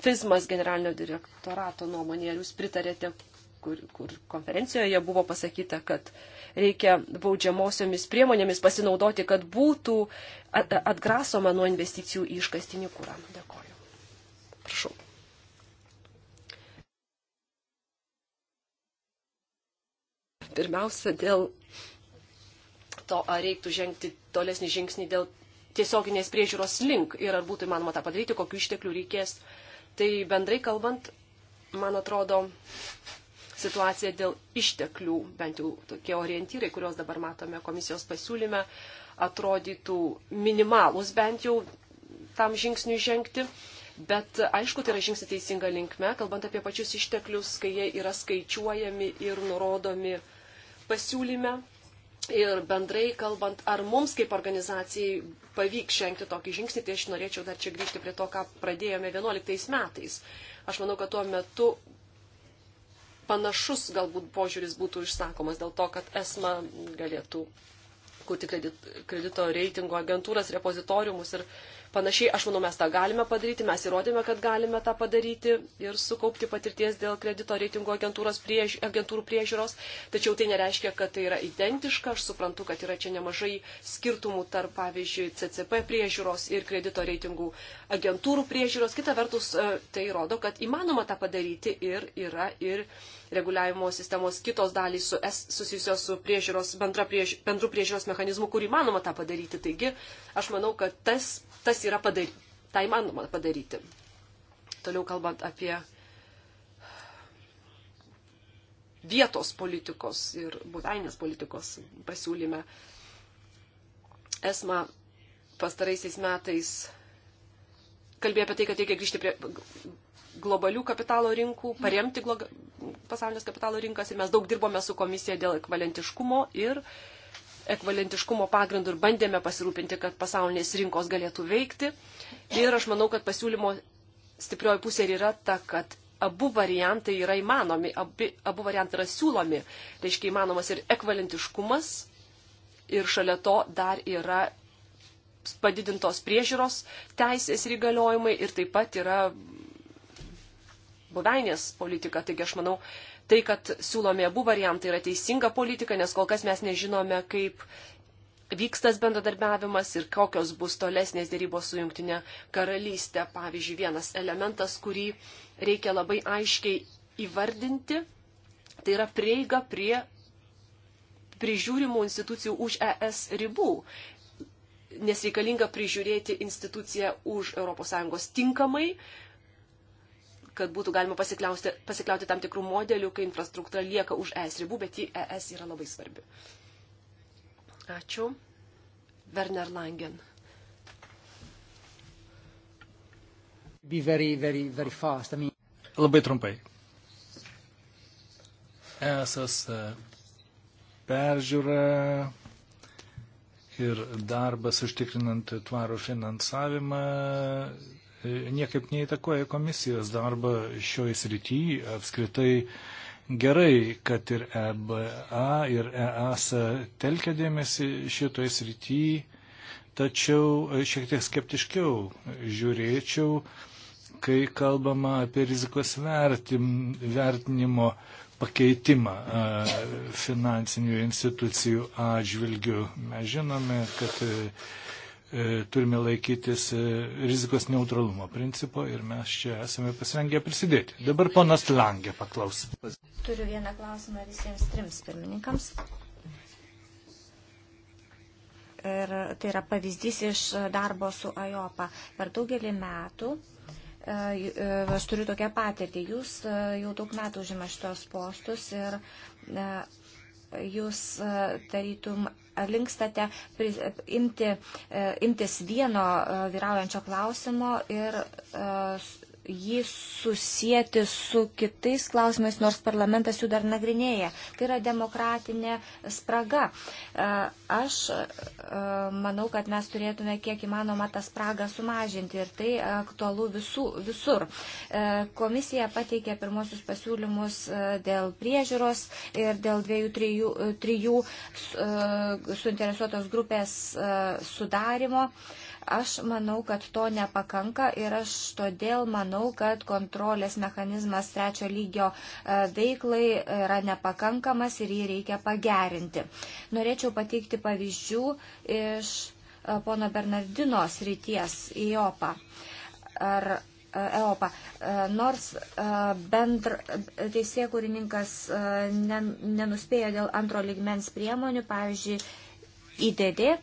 S2: FISMAS generalinio direktorato nuomonė, ar jūs pritarėte kur, kur konferencijoje buvo pasakyta, kad reikia baudžiamosiomis priemonėmis pasinaudoti, kad būtų atgrasoma nuo investicijų į iškastinį kūrą. Dėkoju. Prašau. Pirmiausia, dėl to, ar reiktų žengti tolesnį žingsnį dėl tiesioginės priežiūros link ir ar būtų įmanoma tą padaryti, kokiu išteklių reikės. Tai bendrai kalbant, man atrodo, situacija dėl išteklių, bent jau tokie orientyrai, kuriuos dabar matome komisijos pasiūlyme, atrodytų minimalus bent jau tam žingsniui žengti. Bet aišku, tai yra žingsnis teisinga linkme, kalbant apie pačius išteklius, kai jie yra skaičiuojami ir nurodomi pasiūlyme. Ir bendrai kalbant, ar mums kaip organizacijai pavyks žengti tokį žingsnį, tai aš norėčiau dar čia grįžti prie to, ką pradėjome 11 metais. Aš manau, kad tuo metu panašus galbūt požiūris būtų išsakomas dėl to, kad esma galėtų atkurti kredito reitingo agentūras, repozitoriumus ir panašiai. Aš manau, mes tą galime padaryti, mes įrodėme, kad galime tą padaryti ir sukaupti patirties dėl kredito reitingo priež, agentūrų priežiūros. Tačiau tai nereiškia, kad tai yra identiška. Aš suprantu, kad yra čia nemažai skirtumų tarp, pavyzdžiui, CCP priežiūros ir kredito reitingų agentūrų priežiūros. Kita vertus, e, tai rodo, kad įmanoma tą padaryti ir yra ir reguliavimo sistemos kitos dalys su S susijusios su priežiūros, priež, bendru priežiūros mechanizmu mechanizmų, kur įmanoma tą padaryti. Taigi aš manau, kad tas, tas yra padaryti. Tai įmanoma padaryti. Toliau kalbant apie vietos politikos ir buveinės politikos pasiūlyme. Esma pastaraisiais metais kalbėjo apie tai, kad reikia grįžti prie globalių kapitalo rinkų, paremti gloga, pasaulinės kapitalo rinkas ir mes daug dirbome su komisija dėl ekvalentiškumo ir uh, ekvalentiškumo pagrindų ir bandėme pasirūpinti, kad pasaulinės rinkos galėtų veikti. Ir aš manau, kad pasiūlymo stiprioji pusė yra ta, kad abu variantai yra įmanomi, abi, abu variantai yra siūlomi. Tai reiškia įmanomas ir ekvalentiškumas ir šalia to dar yra padidintos priežiūros teisės ir įgaliojimai ir taip pat yra buveinės politika. Taigi aš manau, tai, kad siūlome abu variantai, yra teisinga politika, nes kol kas mes nežinome, kaip vyks tas bendradarbiavimas ir kokios bus tolesnės dėrybos su Junktinė karalystė. Pavyzdžiui, vienas elementas, kurį reikia labai aiškiai įvardinti, tai yra prieiga prie prižiūrimų institucijų už ES ribų. Nes reikalinga prižiūrėti instituciją už ES tinkamai, kad būtų galima pasikliauti tam tikrų modelių, kai infrastruktūra lieka už ES ribų, bet ji ES yra labai svarbi. Ačiū. Werner Langen.
S1: Very, very, very I mean... Labai trumpai. ESS e, peržiūra ir darbas užtikrinant tvarų finansavimą E, niekaip neįtakoja komisijos darbą šioje srityje. Apskritai gerai, kad ir EBA ir EASA telkia dėmesį šitoje srityje, tačiau e, šiek tiek skeptiškiau žiūrėčiau, kai kalbama apie rizikos vertim, vertinimo pakeitimą e, finansinių institucijų atžvilgių. Mes žinome, kad E, turime laikytis e, rizikos neutralumo principo ir mes čia esame pasirengę prisidėti. Dabar ponas Langė paklaus.
S3: Turiu vieną klausimą visiems trims pirmininkams. Ir tai yra pavyzdys iš darbo su AJOPA. Per daugelį metų e, aš turiu tokią patirtį. Jūs jau daug metų užima šitos postus ir jūs tarytum ar linkstate imti, e, imtis vieno e, vyraujančio klausimo ir e, jį susijęti su kitais klausimais, nors parlamentas jų dar nagrinėja. Tai yra demokratinė spraga. E, aš e, manau, kad mes turėtume kiek įmanoma tą spragą sumažinti ir tai aktualu visų, visur. E, komisija pateikė pirmosius pasiūlymus dėl priežiūros ir dėl dviejų, trijų, trijų suinteresuotos grupės sudarimo. Uh, Aš manau, kad to nepakanka ir aš todėl manau, kad kontrolės mechanizmas trečio lygio e, veiklai yra nepakankamas ir jį reikia pagerinti. Norėčiau pateikti pavyzdžių iš e, pono Bernardino srities į OPA. Ar EOPA. E, nors bendr teisėkurininkas nenuspėjo dėl antro ligmens priemonių, pavyzdžiui, IDD,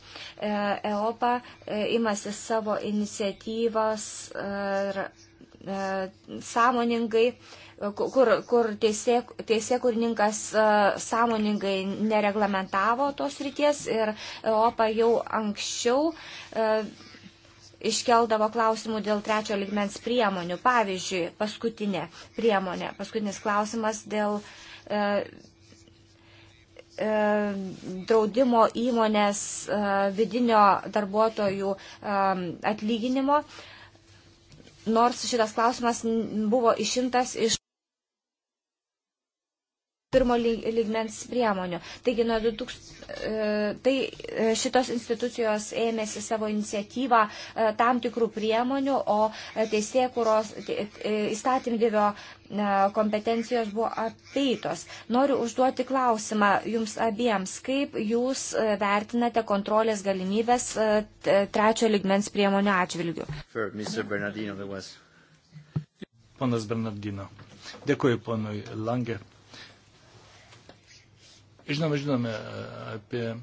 S3: EOPA e, imasi savo iniciatyvas ir e, e, sąmoningai, kur, kur teisė, teisė kūrininkas sąmoningai nereglamentavo tos ryties ir Europa jau anksčiau iškeldavo klausimų dėl trečio ligmens priemonių. Pavyzdžiui, paskutinė priemonė, paskutinis klausimas dėl E, draudimo įmonės e, vidinio darbuotojų e, atlyginimo, nors šitas klausimas buvo išimtas iš pirmo lygmens priemonių. Taigi, nuo 2000, e, tai e, šitos institucijos ėmėsi savo iniciatyvą e, tam tikrų priemonių, o teisėkuros įstatymdėvio kompetencijos buvo apeitos. Noriu užduoti klausimą jums abiems, kaip jūs vertinate kontrolės galimybės trečio lygmens priemonių atžvilgių.
S1: Ponas Bernardino. Dėkuoju ponui Lange Žinoma, žinome e, apie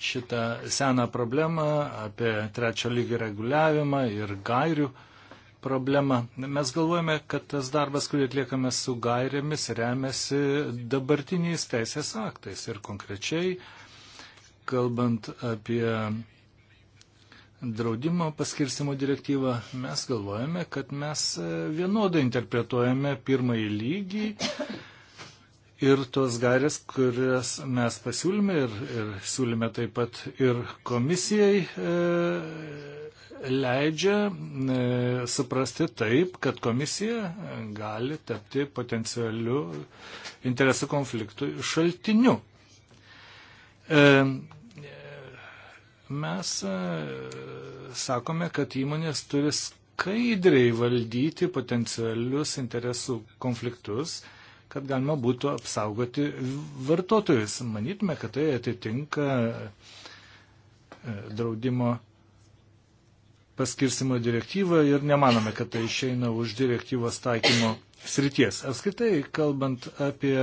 S1: šitą seną problemą, apie trečio lygį reguliavimą ir gairių problemą. Mes galvojame, kad tas darbas, kurį atliekame su gairėmis, remiasi dabartiniais teisės aktais ir konkrečiai, kalbant apie draudimo paskirstimo direktyvą, mes galvojame, kad mes vienodai interpretuojame pirmąjį lygį ir tos gairės, kurias mes pasiūlyme ir, ir siūlyme taip pat ir komisijai, e, leidžia e, suprasti taip, kad komisija gali tapti potencialiu interesų konfliktų šaltiniu. E, mes e, sakome, kad įmonės turi skaidriai valdyti potencialius interesų konfliktus, e, kad galima būtų apsaugoti vartotojus. Manytume, kad tai atitinka e, draudimo paskirsimo direktyvą ir nemanome, kad tai išeina už direktyvos taikymo srities. Apskritai, kalbant apie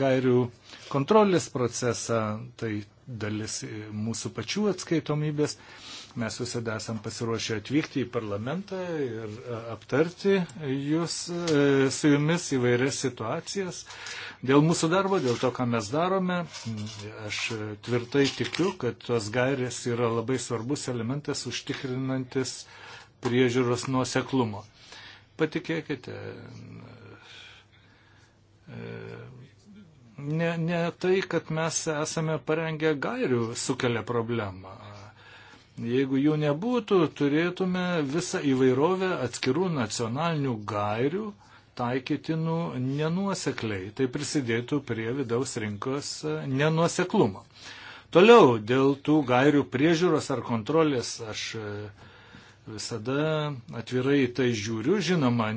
S1: gairių kontrolės procesą, tai dalis mūsų pačių atskaitomybės. Mes visada esam pasiruošę atvykti į parlamentą ir e, aptarti jūs, e, su jumis įvairias situacijas. Dėl mūsų darbo, dėl to, ką mes darome, aš tvirtai tikiu, kad tos gairės yra labai svarbus elementas užtikrinantis priežiūros nuoseklumo. Patikėkite, e, ne, ne tai, kad mes esame parengę gairių, sukelia problemą. Jeigu jų nebūtų, turėtume visą įvairovę atskirų nacionalinių gairių taikytinų nenuosekliai. Tai prisidėtų prie vidaus rinkos e, nenuoseklumo. Toliau, dėl tų gairių priežiūros ar kontrolės aš e, visada atvirai tai žiūriu, žinoma,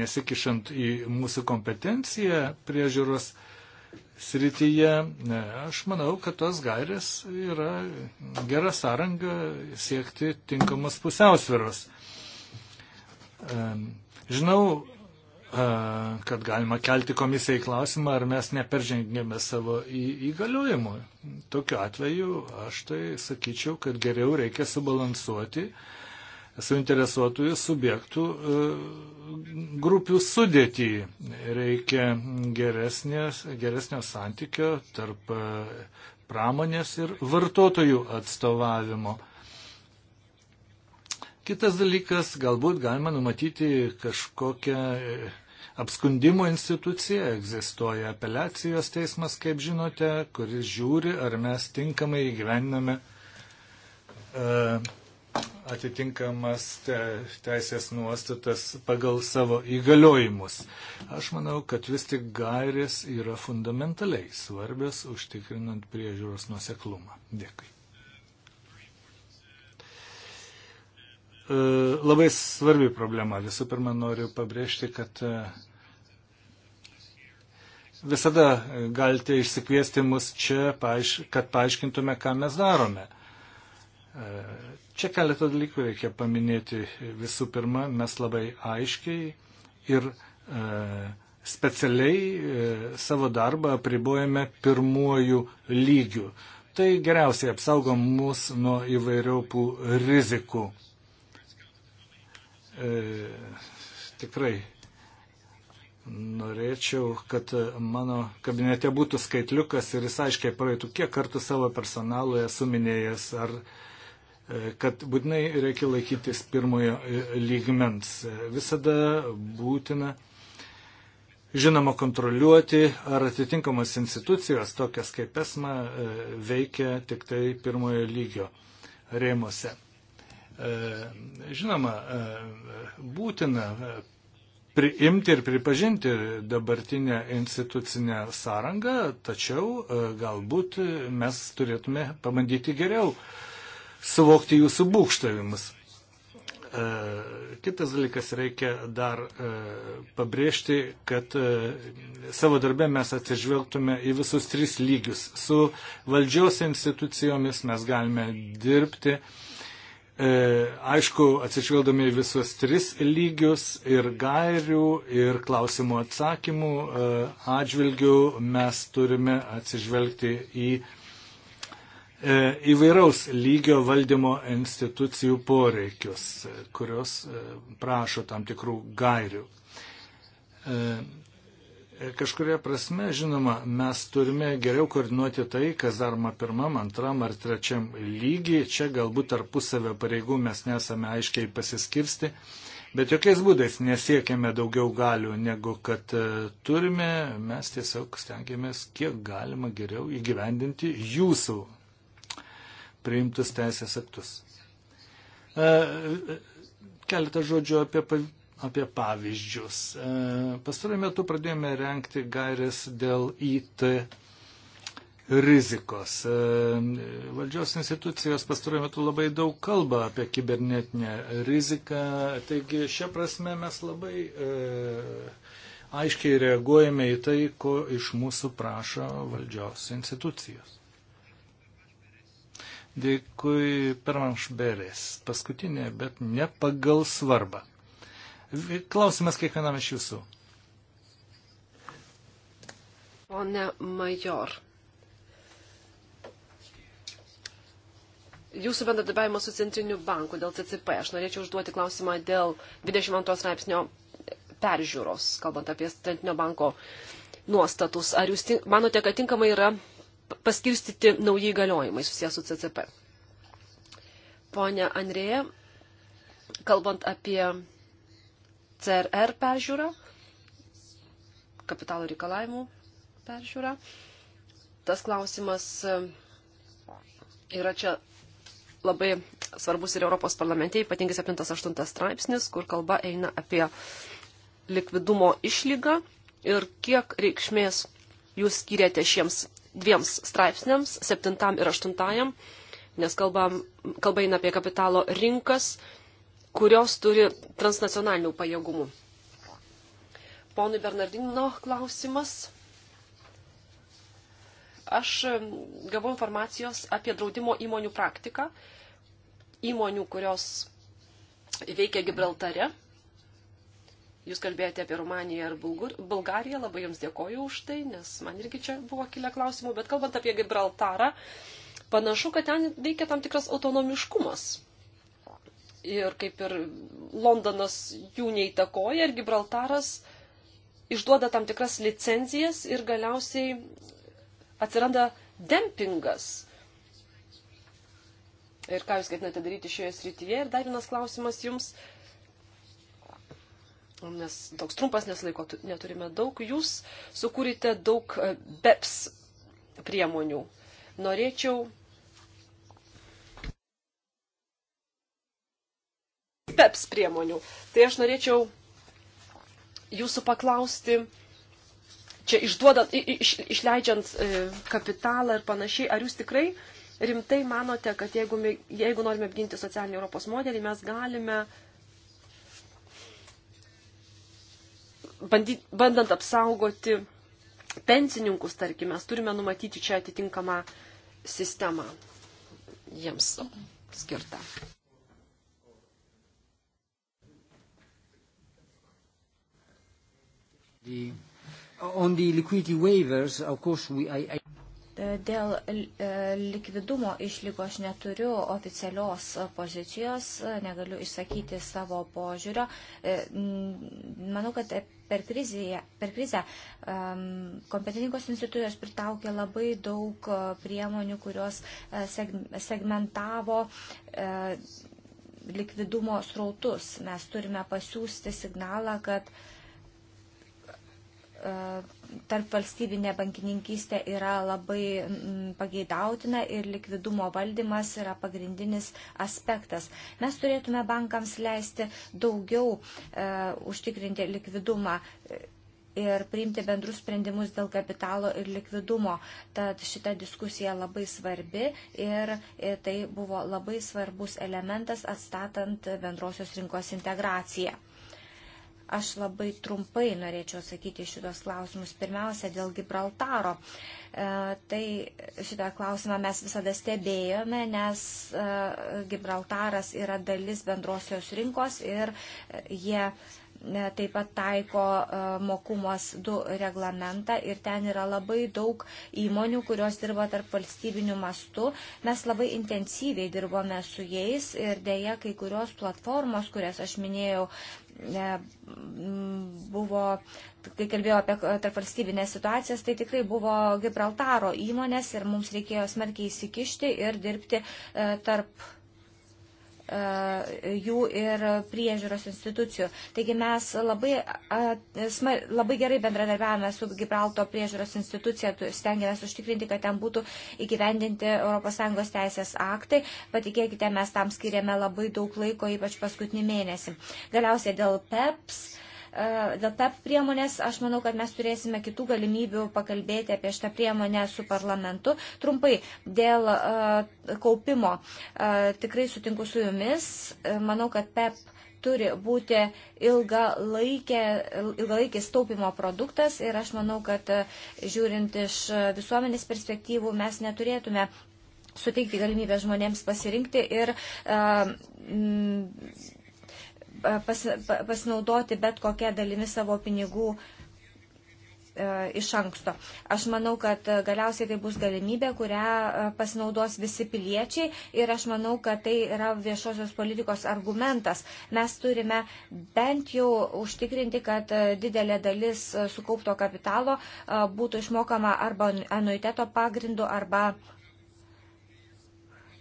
S1: nesikišant į mūsų kompetenciją priežiūros srityje. Aš manau, kad tos gairės yra gera sąranga siekti tinkamos pusiausviros. Žinau, kad galima kelti komisijai klausimą, ar mes neperžengėme savo įgaliojimų. Tokiu atveju aš tai sakyčiau, kad geriau reikia subalansuoti uh, suinteresuotųjų subjektų e, grupių sudėtį. Reikia geresnės, geresnio santykio tarp e, pramonės ir vartotojų atstovavimo. Kitas dalykas, galbūt galima numatyti kažkokią e, apskundimo instituciją, egzistuoja apeliacijos teismas, kaip žinote, kuris žiūri, ar mes tinkamai įgyvendiname uh, atitinkamas te, teisės nuostatas pagal savo įgaliojimus. Aš manau, kad vis tik gairės yra fundamentaliai svarbios užtikrinant priežiūros nuoseklumą. Dėkui. E, labai svarbi problema. Visų pirma, noriu pabrėžti, kad e, visada galite išsikviesti mus čia, paaiš, kad paaiškintume, ką mes darome. E, Čia keletą dalykų reikia paminėti. Visų pirma, mes labai aiškiai ir e, specialiai e, savo darbą apribojame pirmuoju lygiu. Tai geriausiai apsaugo mus nuo įvairiopų rizikų. E, tikrai Norėčiau, kad mano kabinete būtų skaitliukas ir jis aiškiai praeitų, kiek kartų savo personalui esu minėjęs ar kad būtinai reikia laikytis pirmojo lygmens. Visada būtina, žinoma, kontroliuoti, ar atitinkamos institucijos, tokias kaip esma, e, veikia tik tai pirmojo lygio rėmose. E, žinoma, e, būtina priimti ir pripažinti dabartinę institucinę sąrangą, tačiau galbūt mes turėtume pabandyti geriau suvokti jūsų būkštavimus. E, kitas dalykas reikia dar e, pabrėžti, kad e, savo darbę mes atsižvelgtume į visus tris lygius. Su valdžios institucijomis mes galime dirbti, aišku, atsižvelgdami į visus tris lygius ir gairių, ir klausimų atsakymų atžvilgių mes turime atsižvelgti į E, įvairaus lygio valdymo institucijų poreikius, kurios e, prašo tam tikrų gairių. E, kažkuria prasme, žinoma, mes turime geriau koordinuoti tai, kas daroma pirmam, antram ar trečiam lygiai. Čia galbūt tarpusavio pareigų mes nesame aiškiai pasiskirsti, bet jokiais būdais nesiekime daugiau galių, negu kad turime. Mes tiesiog stengiamės kiek galima geriau įgyvendinti jūsų priimtus teisės aktus. E, e, keletą žodžių apie, apie pavyzdžius. E, pastaruoju metu pradėjome renkti gairės dėl IT rizikos. Valdžios institucijos pastaruoju metu labai daug kalba apie kibernetinę riziką, taigi šią prasme mes labai e, aiškiai reaguojame į tai, ko iš mūsų prašo valdžios institucijos. Dėkui permanšberės. Paskutinė, bet ne pagal svarbą. Klausimas kiekvienam iš jūsų.
S2: Pone Major. Jūsų bendradarbiavimo su Centriniu banku dėl CCP. Aš norėčiau užduoti klausimą dėl 22 straipsnio peržiūros, kalbant apie Centrinio banko nuostatus. Ar jūs manote, kad tinkamai yra paskirstyti naujai galiojimai susijęs su CCP. Pone Andrėja, kalbant apie CRR peržiūrą, kapitalo reikalavimų peržiūrą, tas klausimas e, yra čia labai svarbus ir Europos parlamente, ypatingai 7-8 straipsnis, kur kalba eina apie likvidumo išlygą ir kiek reikšmės jūs skiriate šiems dviems straipsniams, septintam ir aštuntajam, nes kalbam, kalba eina apie kapitalo rinkas, kurios turi transnacionalinių pajėgumų. Ponui Bernardino klausimas. Aš gavau informacijos apie draudimo įmonių praktiką, įmonių, kurios veikia Gibraltare Jūs kalbėjote apie Rumaniją ir Bulgur, Bulgariją, labai Jums dėkoju už tai, nes man irgi čia buvo kilę klausimų, bet kalbant apie Gibraltarą, panašu, kad ten veikia tam tikras autonomiškumas. Ir kaip ir Londonas jų neįtakoja ir Gibraltaras išduoda tam tikras licenzijas ir galiausiai atsiranda dempingas. Ir ką jūs ketinate daryti šioje srityje? Ir dar vienas klausimas jums. Uh, nes toks trumpas, nes laiko neturime daug. Jūs sukūrite daug e, BEPS priemonių. Norėčiau. BEPS priemonių. Tai aš norėčiau jūsų paklausti, čia išduodant, iš, išleidžiant e, kapitalą ir panašiai, ar jūs tikrai rimtai manote, kad jeigu, jeigu norime apginti socialinį Europos modelį, mes galime uh, bandy, bandant apsaugoti pensininkus, tarkime, mes turime numatyti čia atitinkamą sistemą jiems skirtą. The, on the liquidity waivers, of course, we, I, I... Dėl
S3: e, likvidumo išlygo aš neturiu oficialios pozicijos, negaliu išsakyti savo požiūrio. E, manau, kad per, krizėje, per krizę um, kompetentingos institucijos pritaukė labai daug uh, priemonių, kurios uh, segmentavo uh, likvidumo srautus. Mes turime pasiūsti signalą, kad uh, tarp valstybinė bankininkystė yra labai mm, pageidautina ir likvidumo valdymas yra pagrindinis aspektas. Mes turėtume bankams leisti daugiau e, užtikrinti likvidumą e, ir priimti bendrus sprendimus dėl kapitalo ir likvidumo. Tad šita diskusija labai svarbi ir e, tai buvo labai svarbus elementas atstatant bendrosios rinkos integraciją. Aš labai trumpai norėčiau sakyti šitos klausimus. Pirmiausia, dėl Gibraltaro. E, tai šitą klausimą mes visada stebėjome, nes e, Gibraltaras yra dalis bendrosios rinkos ir e, jie taip pat taiko mokumas 2 reglamentą ir ten yra labai daug įmonių, kurios dirba tarp valstybinių mastų. Mes labai intensyviai dirbome su jais ir dėja kai kurios platformos, kurias aš minėjau, buvo, kai kalbėjau apie tarpvalstybinės situacijas, tai tikrai buvo Gibraltaro įmonės ir mums reikėjo smarkiai įsikišti ir dirbti e, tarp E, jų ir priežiūros institucijų. Taigi mes labai, labai gerai bendradarbiavame su Gibralto priežiūros institucija, stengiamės užtikrinti, kad ten būtų įgyvendinti ES teisės aktai. Patikėkite, mes tam skiriame labai daug laiko, ypač paskutinį mėnesį. Galiausiai dėl PEPS. Uh, E, dėl TAP priemonės, aš manau, kad mes turėsime kitų galimybių pakalbėti apie šitą priemonę su parlamentu. Trumpai, dėl e, kaupimo e, tikrai sutinku su jumis. Manau, kad PEP turi būti ilgalaikė, ilgalaikis taupimo produktas ir aš manau, kad žiūrint iš visuomenės perspektyvų mes neturėtume suteikti galimybę žmonėms pasirinkti ir uh, m, E, pas, pasinaudoti bet kokią dalimi savo pinigų e, iš anksto. Aš manau, kad galiausiai tai bus galimybė, kurią e, pasinaudos visi piliečiai ir aš manau, kad tai yra viešosios politikos argumentas. Mes turime bent jau užtikrinti, kad didelė dalis sukaupto kapitalo būtų išmokama arba anuiteto pagrindu, arba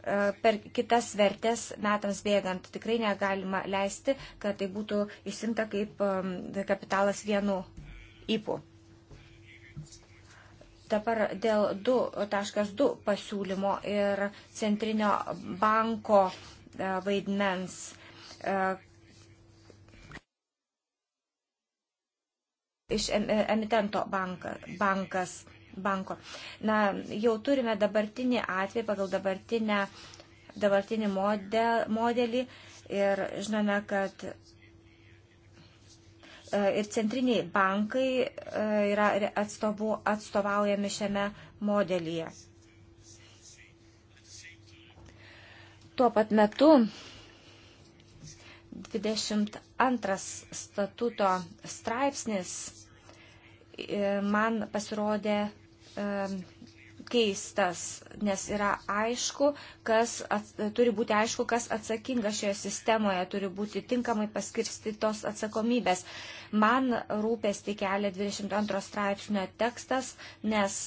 S3: E, per kitas vertės metams bėgant. Tikrai negalima leisti, kad tai būtų išsimta kaip e, kapitalas vienu įpu. Dabar dėl 2.2 pasiūlymo ir centrinio banko e, vaidmens. Iš emitento bankas. bankas banko. Na, jau turime dabartinį atvejį pagal dabartinę, dabartinį model, modelį ir žinome, kad e, ir centriniai bankai e, yra atstovu, atstovaujami šiame modelyje. Tuo pat metu 22 statuto straipsnis e, man pasirodė keistas, nes yra aišku, kas at, turi būti aišku, kas atsakinga šioje sistemoje, turi būti tinkamai paskirstytos atsakomybės. Man rūpesti kelia 22 straipsnio tekstas, nes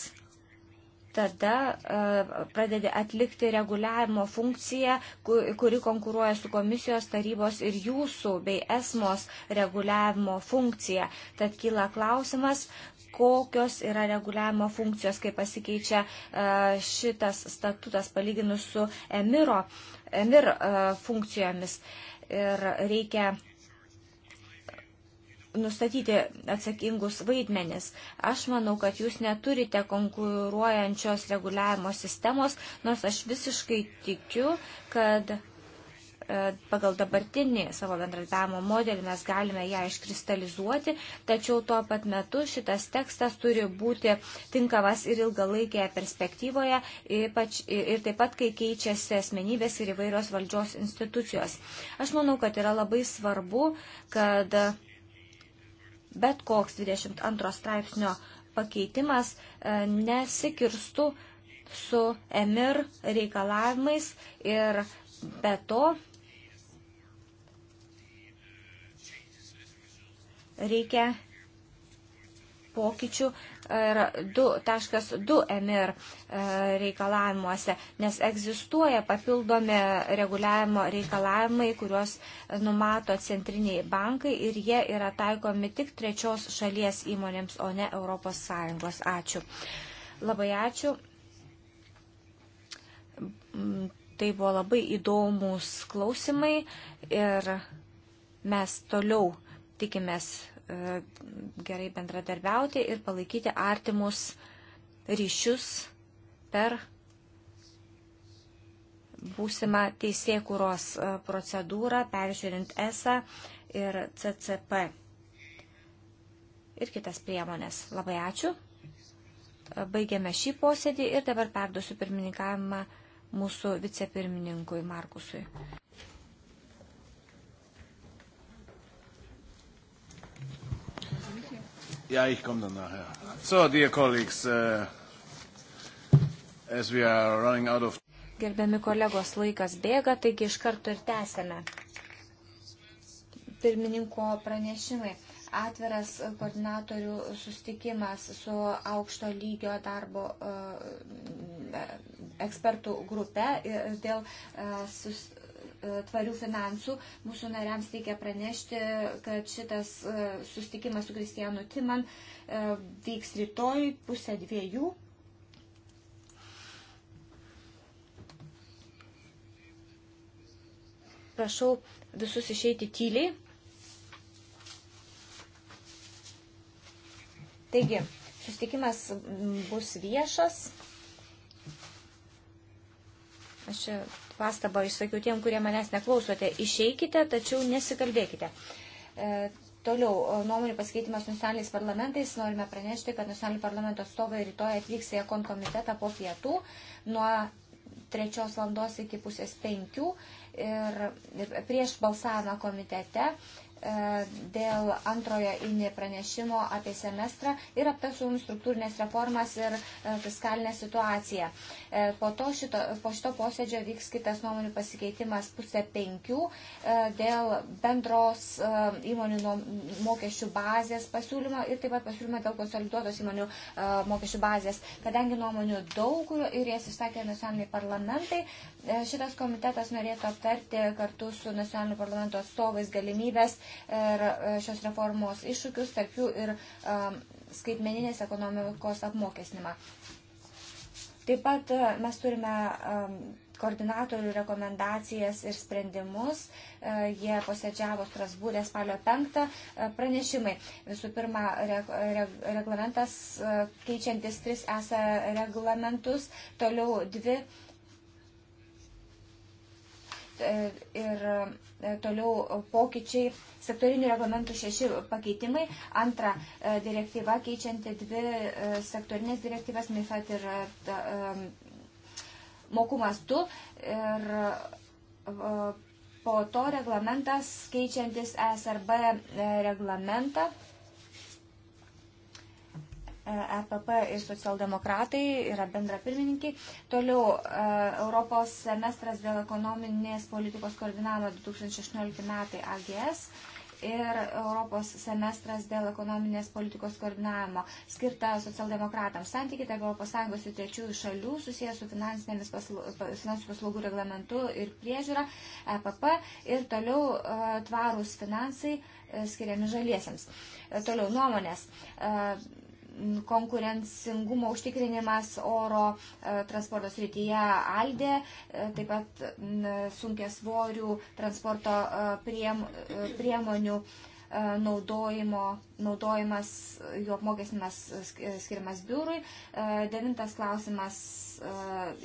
S3: tada e, pradedi atlikti reguliavimo funkciją, kuri konkuruoja su komisijos tarybos ir jūsų bei esmos reguliavimo funkcija. Tad kyla klausimas, kokios yra reguliavimo funkcijos, kaip pasikeičia e, šitas statutas palyginus su emiro, emir e, funkcijomis. Ir reikia nustatyti atsakingus vaidmenis. Aš manau, kad jūs neturite konkuruojančios reguliavimo sistemos, nors aš visiškai tikiu, kad e, pagal dabartinį savo bendradarbiavimo modelį mes galime ją iškristalizuoti, tačiau tuo pat metu šitas tekstas turi būti tinkamas ir ilgalaikėje perspektyvoje, ypač ir taip pat, kai keičiasi asmenybės ir įvairios valdžios institucijos. Aš manau, kad yra labai svarbu, kad bet koks 22 straipsnio pakeitimas e, nesikirstų su emir reikalavimais ir be to reikia pokyčių yra 2.2 emir e, reikalavimuose, nes egzistuoja papildomi reguliavimo reikalavimai, kuriuos numato centriniai bankai ir jie yra taikomi tik trečios šalies įmonėms, o ne ES. Ačiū. Labai ačiū. Tai buvo labai įdomus klausimai ir mes toliau tikimės E, gerai bendradarbiauti ir palaikyti artimus ryšius per būsimą teisėkūros e, procedūrą, peržiūrint ESA ir CCP ir kitas priemonės. Labai ačiū. E, baigiame šį posėdį ir dabar perduosiu pirmininkavimą mūsų vicepirmininkui Markusui.
S1: Ja, ich komme dann nachher. Ja. So, dear colleagues, uh, as we are running out of...
S3: Gerbiami kolegos, laikas bėga, taigi iš karto ir tęsėme. Pirmininko pranešimai. Atviras koordinatorių sustikimas su aukšto lygio darbo uh, ekspertų grupe dėl uh, sus, E, tvarių finansų. Mūsų nariams reikia pranešti, kad šitas e, sustikimas su Kristijanu Timan e, vyks rytoj pusę dviejų. Prašau visus išeiti tyliai. Taigi, susitikimas bus viešas. Aš čia pastabą išsakiau tiem, kurie manęs neklausote. Išeikite, tačiau nesikalbėkite. E, toliau, e, nuomonių pasikeitimas nacionaliniais parlamentais. Norime pranešti, kad nacionalinių parlamento atstovai rytoj atvyks į Ekon komitetą po pietų nuo 3 valandos iki pusės 5 ir, ir prieš balsavimą komitete. E, E, dėl antrojo INI pranešimo apie semestrą ir aptars su jums struktūrinės reformas ir e, fiskalinę situaciją. E, po, to šito, po šito posėdžio vyks kitas nuomonių pasikeitimas pusė penkių dėl bendros įmonių mokesčių bazės pasiūlymo ir taip pat pasiūlymo dėl konsoliduotos įmonių mokesčių bazės. Kadangi nuomonių daug ir jas išsakė nacionaliniai parlamentai, šitas komitetas norėtų aptarti kartu su nacionaliniu parlamento atstovais galimybės ir e, šios reformos iššūkius, tarp jų ir e, skaitmeninės ekonomikos apmokesnimą. Taip pat e, mes turime koordinatorių rekomendacijas ir sprendimus. Jie posėdžiavo Strasbūrė spalio 5 pranešimai. Visų pirma, reglamentas keičiantis tris esą reglamentus, toliau dvi ir e, toliau pokyčiai, sektorinių reglamentų šeši pakeitimai. Antra e, direktyva keičianti dvi e, sektorinės direktyvas MIFAT ir mokumas tu. Ir po to reglamentas keičiantis SRB reglamentą EPP ir socialdemokratai yra bendra pirmininkai. Toliau e, Europos semestras dėl ekonominės politikos koordinavimo 2016 metai AGS ir Europos semestras dėl ekonominės politikos koordinavimo skirta socialdemokratams. Santykiai tarp ES ir trečiųjų šalių susijęs su finansinėmis paslu, finansų paslaugų reglamentu ir priežiūra EPP ir toliau e, tvarūs finansai e, skiriami žaliesiems. Toliau nuomonės konkurencingumo užtikrinimas oro e, transporto srityje Aldė, e, taip pat sunkia svorių transporto e, priemonių naudojimo, naudojimas, jų apmokestinimas skiriamas biurui. Devintas klausimas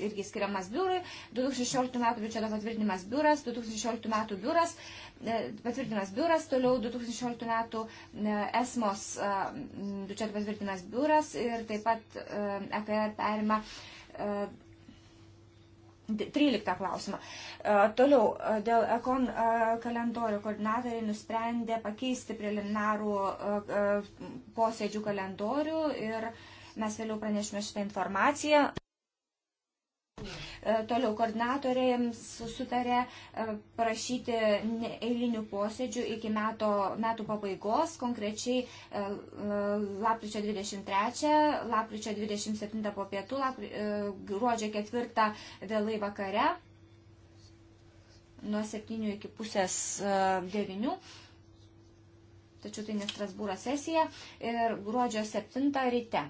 S3: irgi skiriamas biurui. 2016 metų biudžeto patvirtinimas biuras, 2016 metų biuras E, patvirtinęs biuras, toliau 2016 metų e, esmos e, biudžeto patvirtinęs biuras ir taip pat EKR perima 13 klausimą. Toliau, dėl ekon kalendorio koordinatoriai nusprendė pakeisti preliminarų posėdžių kalendorių ir mes vėliau pranešime šitą informaciją. E, toliau koordinatoriams sutarė e, prašyti eilinių posėdžių iki meto, metų pabaigos, konkrečiai e, lapkričio 23, lapkričio 27 po pietų, lapri, gruodžio 4 vėlai vakare nuo 7 iki pusės 9. Tačiau tai ne Strasbūro sesija ir gruodžio 7 ryte.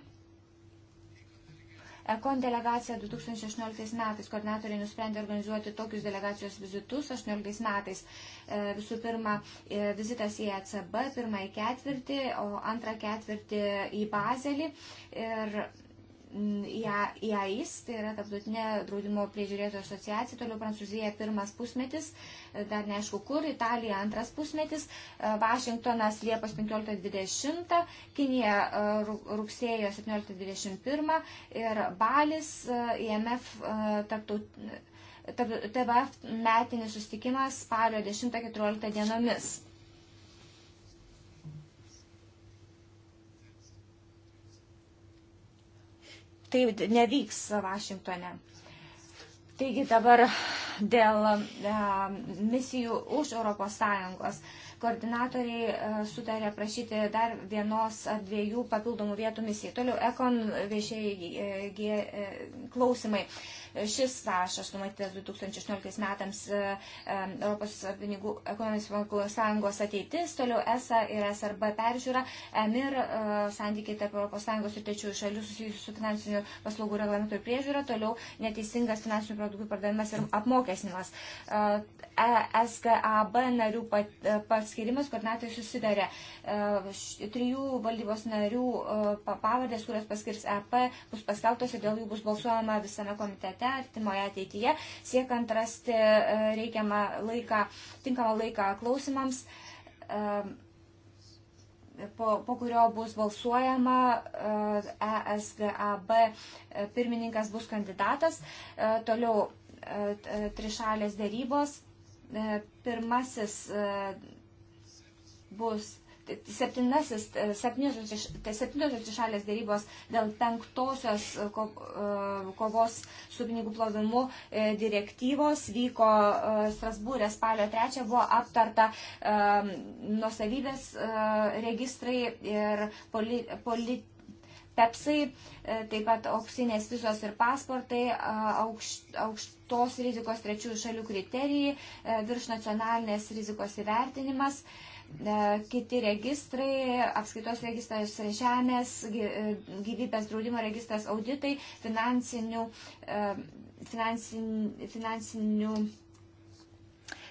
S3: Ekon delegacija 2016 metais koordinatoriai nusprendė organizuoti tokius delegacijos vizitus 18 metais. E, visų pirma, e, vizitas į ECB, pirmąjį ketvirtį, o antrą ketvirtį į Bazelį. Ir E e IAIS, tai yra Taptutinė draudimo priežiūrėtojų asociacija, toliau Prancūzija pirmas pusmetis, e, dar neaišku kur, Italija antras pusmetis, Vašingtonas Liepos 15-20, Kinija rugsėjo 17-21 ir Balis IMF tarptaut, TVF metinis sustikimas spalio 10-14 dienomis. tai nevyks Vašingtone. Taigi dabar dėl e, misijų už ES koordinatoriai e, sutarė prašyti dar vienos ar dviejų papildomų vietų misijai. Toliau ekon viešieji e, e, klausimai. E, Šis sąrašas numatytas 2018 metams e, e, Europos pinigų ekonominės sąjungos ateitis, toliau ESA ir SRB peržiūra, EMIR e, santykiai tarp ES ir trečiųjų šalių susijusių su finansinių paslaugų reglamentu ir priežiūra, toliau neteisingas finansinių produktų pardavimas ir apmokesnimas. SKAB narių paskirimas, koordinatoriai susidarė trijų valdybos narių pavardės, kurias paskirs EP, bus paskeltos ir dėl jų bus balsuojama visame komitete artimoje ateityje, siekant rasti e, reikiamą laiką, tinkamą laiką klausimams, e, po, po kurio bus balsuojama, ESGAB e pirmininkas bus kandidatas, toliau trišalės dėrybos, pirmasis bus septynasis, e, septyniosios tai šalės dėrybos dėl penktosios e, e, kovos su pinigų plovimu direktyvos vyko Strasbūrė spalio 3, buvo aptarta nusavybės registrai ir politika. Pepsai, taip pat auksinės vizos ir pasportai, aukš, aukštos rizikos trečiųjų šalių kriterijai, virš nacionalinės rizikos įvertinimas. E, E, kiti registrai, apskaitos registras žemės, e, gyvybės draudimo registras auditai, finansinių, e, finansin, finansinių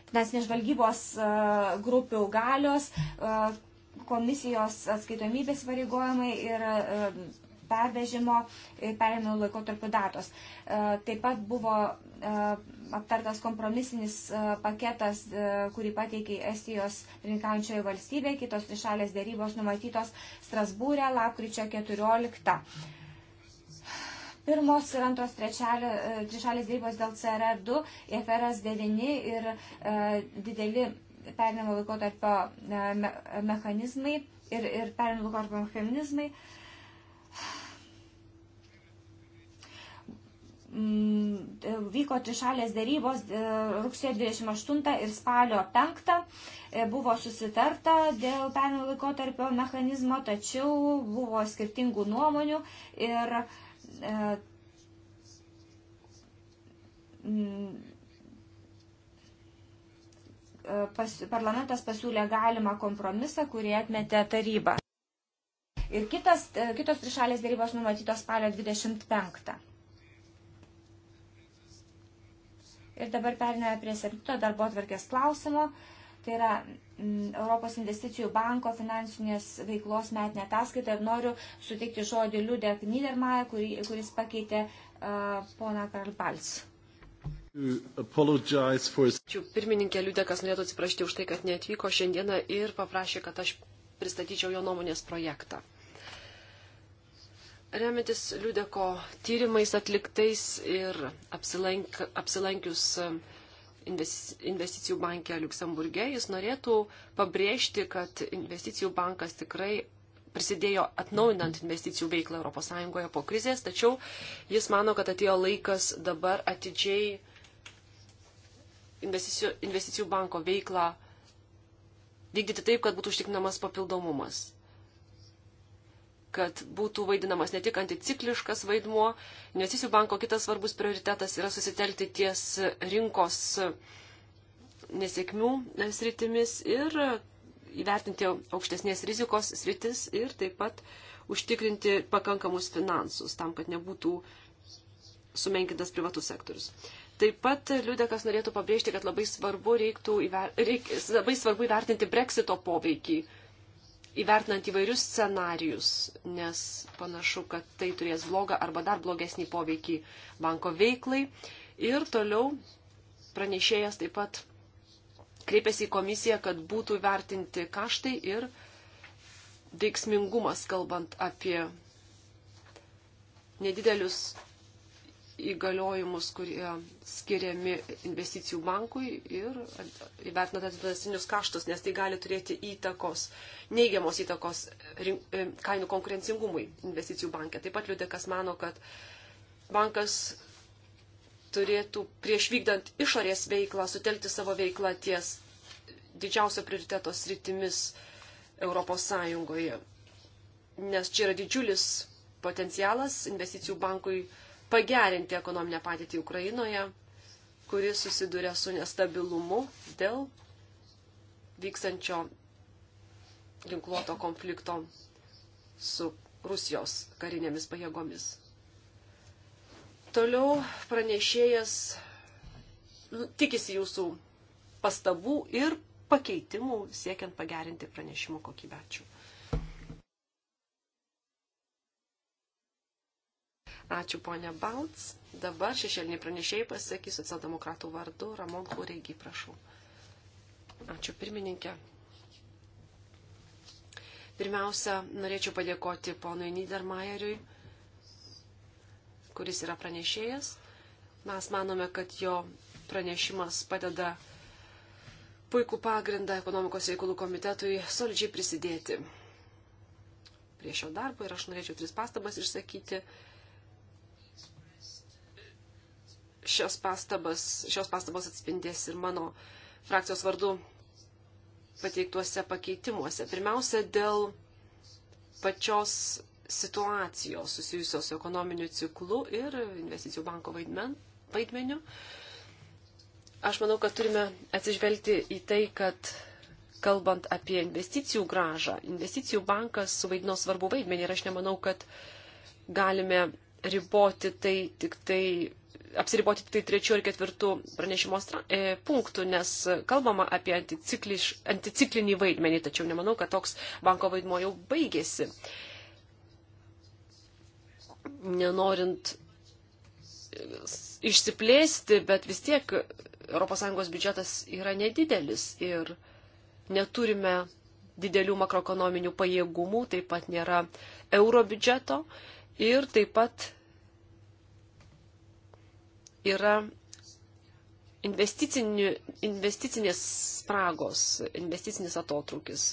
S3: finansinės žvalgybos grupių galios, komisijos atskaitomybės varygojimai ir pervežimo perėmimo laikotarpio datos. Taip pat buvo E, aptartas kompromisinis e, paketas, e, kurį pateikė Estijos rinkaujančioje valstybė, kitos trišalės dėrybos numatytos Strasbūrė lapkričio 14. Pirmos ir antros trišalės dėrybos dėl CRR2, FRS 9 ir e, dideli perinimo laikotarpio me, mechanizmai ir, ir perinimo laikotarpio mechanizmai. E, Mm, vyko trišalės dėrybos e, rugsėjo 28 ir spalio 5. E, buvo susitarta dėl pernų laikotarpio mechanizmo, tačiau buvo skirtingų nuomonių ir e, mm, pas, parlamentas pasiūlė galimą kompromisą, kurį atmetė taryba. Ir kitas, kitos trišalės dėrybos numatytos spalio 25. Ir dabar periname prie septinto darbo atvarkės klausimo. Tai yra mm, Europos investicijų banko finansinės veiklos metinė ataskaita. Ir noriu sutikti žodį Liudek Niedermaja, kuris pakeitė uh, poną Karlpals.
S1: For...
S2: Pirmininkė Liudekas norėtų atsiprašyti už tai, kad neatvyko šiandieną ir paprašė, kad aš pristatyčiau jo nuomonės projektą. Remiantis Liudeko tyrimais atliktais ir apsilank, apsilankius um, investicijų bankė Luksemburgė, jis norėtų pabrėžti, kad investicijų bankas tikrai prisidėjo atnaujinant investicijų veiklą ES po krizės, tačiau jis mano, kad atėjo laikas dabar atidžiai investicijų, investicijų banko veiklą vykdyti taip, kad būtų užtikrinamas papildomumas kad būtų vaidinamas ne tik anticikliškas vaidmuo, investicijų banko kitas svarbus prioritetas yra susitelkti ties rinkos nesėkmių sritimis ir įvertinti aukštesnės rizikos sritis ir taip pat užtikrinti pakankamus finansus tam, kad nebūtų sumenkintas privatus sektorius. Taip pat Liudekas norėtų pabrėžti, kad labai svarbu, reiktų, įver... reik... labai svarbu įvertinti breksito poveikį įvertinant įvairius scenarius, nes panašu, kad tai turės blogą arba dar blogesnį poveikį banko veiklai. Ir toliau pranešėjas taip pat kreipėsi į komisiją, kad būtų vertinti kaštai ir veiksmingumas, kalbant apie nedidelius įgaliojimus, kurie skiriami investicijų bankui ir įvertinant administracinius kaštus, nes tai gali turėti įtakos, neigiamos įtakos rink, e, kainų konkurencingumui investicijų bankė. Taip pat Liudekas mano, kad bankas turėtų prieš vykdant išorės veiklą sutelkti savo veiklą ties didžiausio prioriteto sritimis Europos Sąjungoje, nes čia yra didžiulis potencialas investicijų bankui pagerinti ekonominę padėtį Ukrainoje, kuris susiduria su nestabilumu dėl vykstančio ginkluoto konflikto su Rusijos karinėmis pajėgomis. Toliau pranešėjas nu, tikisi jūsų pastabų ir pakeitimų siekiant pagerinti pranešimo kokybę. Ačiū. Ačiū, ponė Balts. Dabar šešėliniai pranešėjai pasakys socialdemokratų vardu. Ramon Hureigi, prašau. Ačiū, pirmininkė. Pirmiausia, norėčiau padėkoti ponui Niedermayeriui, kuris yra pranešėjas. Mes manome, kad jo pranešimas padeda puikų pagrindą ekonomikos reikalų komitetui solidžiai prisidėti prie šio darbo ir aš norėčiau tris pastabas išsakyti. šios pastabas, šios pastabos atspindės ir mano frakcijos vardu pateiktuose pakeitimuose. Pirmiausia, dėl pačios situacijos susijusios su ekonominiu ciklu ir investicijų banko vaidmen, vaidmeniu. Aš manau, kad turime atsižvelgti į tai, kad kalbant apie investicijų gražą, investicijų bankas suvaidino svarbu vaidmenį ir aš nemanau, kad galime riboti tai tik tai apsiriboti tik tai trečių ir ketvirtų pranešimo e, punktų, nes kalbama apie anticiklinį vaidmenį, tačiau nemanau, kad toks banko vaidmo jau baigėsi. Nenorint e, išsiplėsti, bet vis tiek ES biudžetas yra nedidelis ir neturime didelių makroekonominių pajėgumų, taip pat nėra euro biudžeto ir taip pat yra investicinės spragos, investicinis atotrukis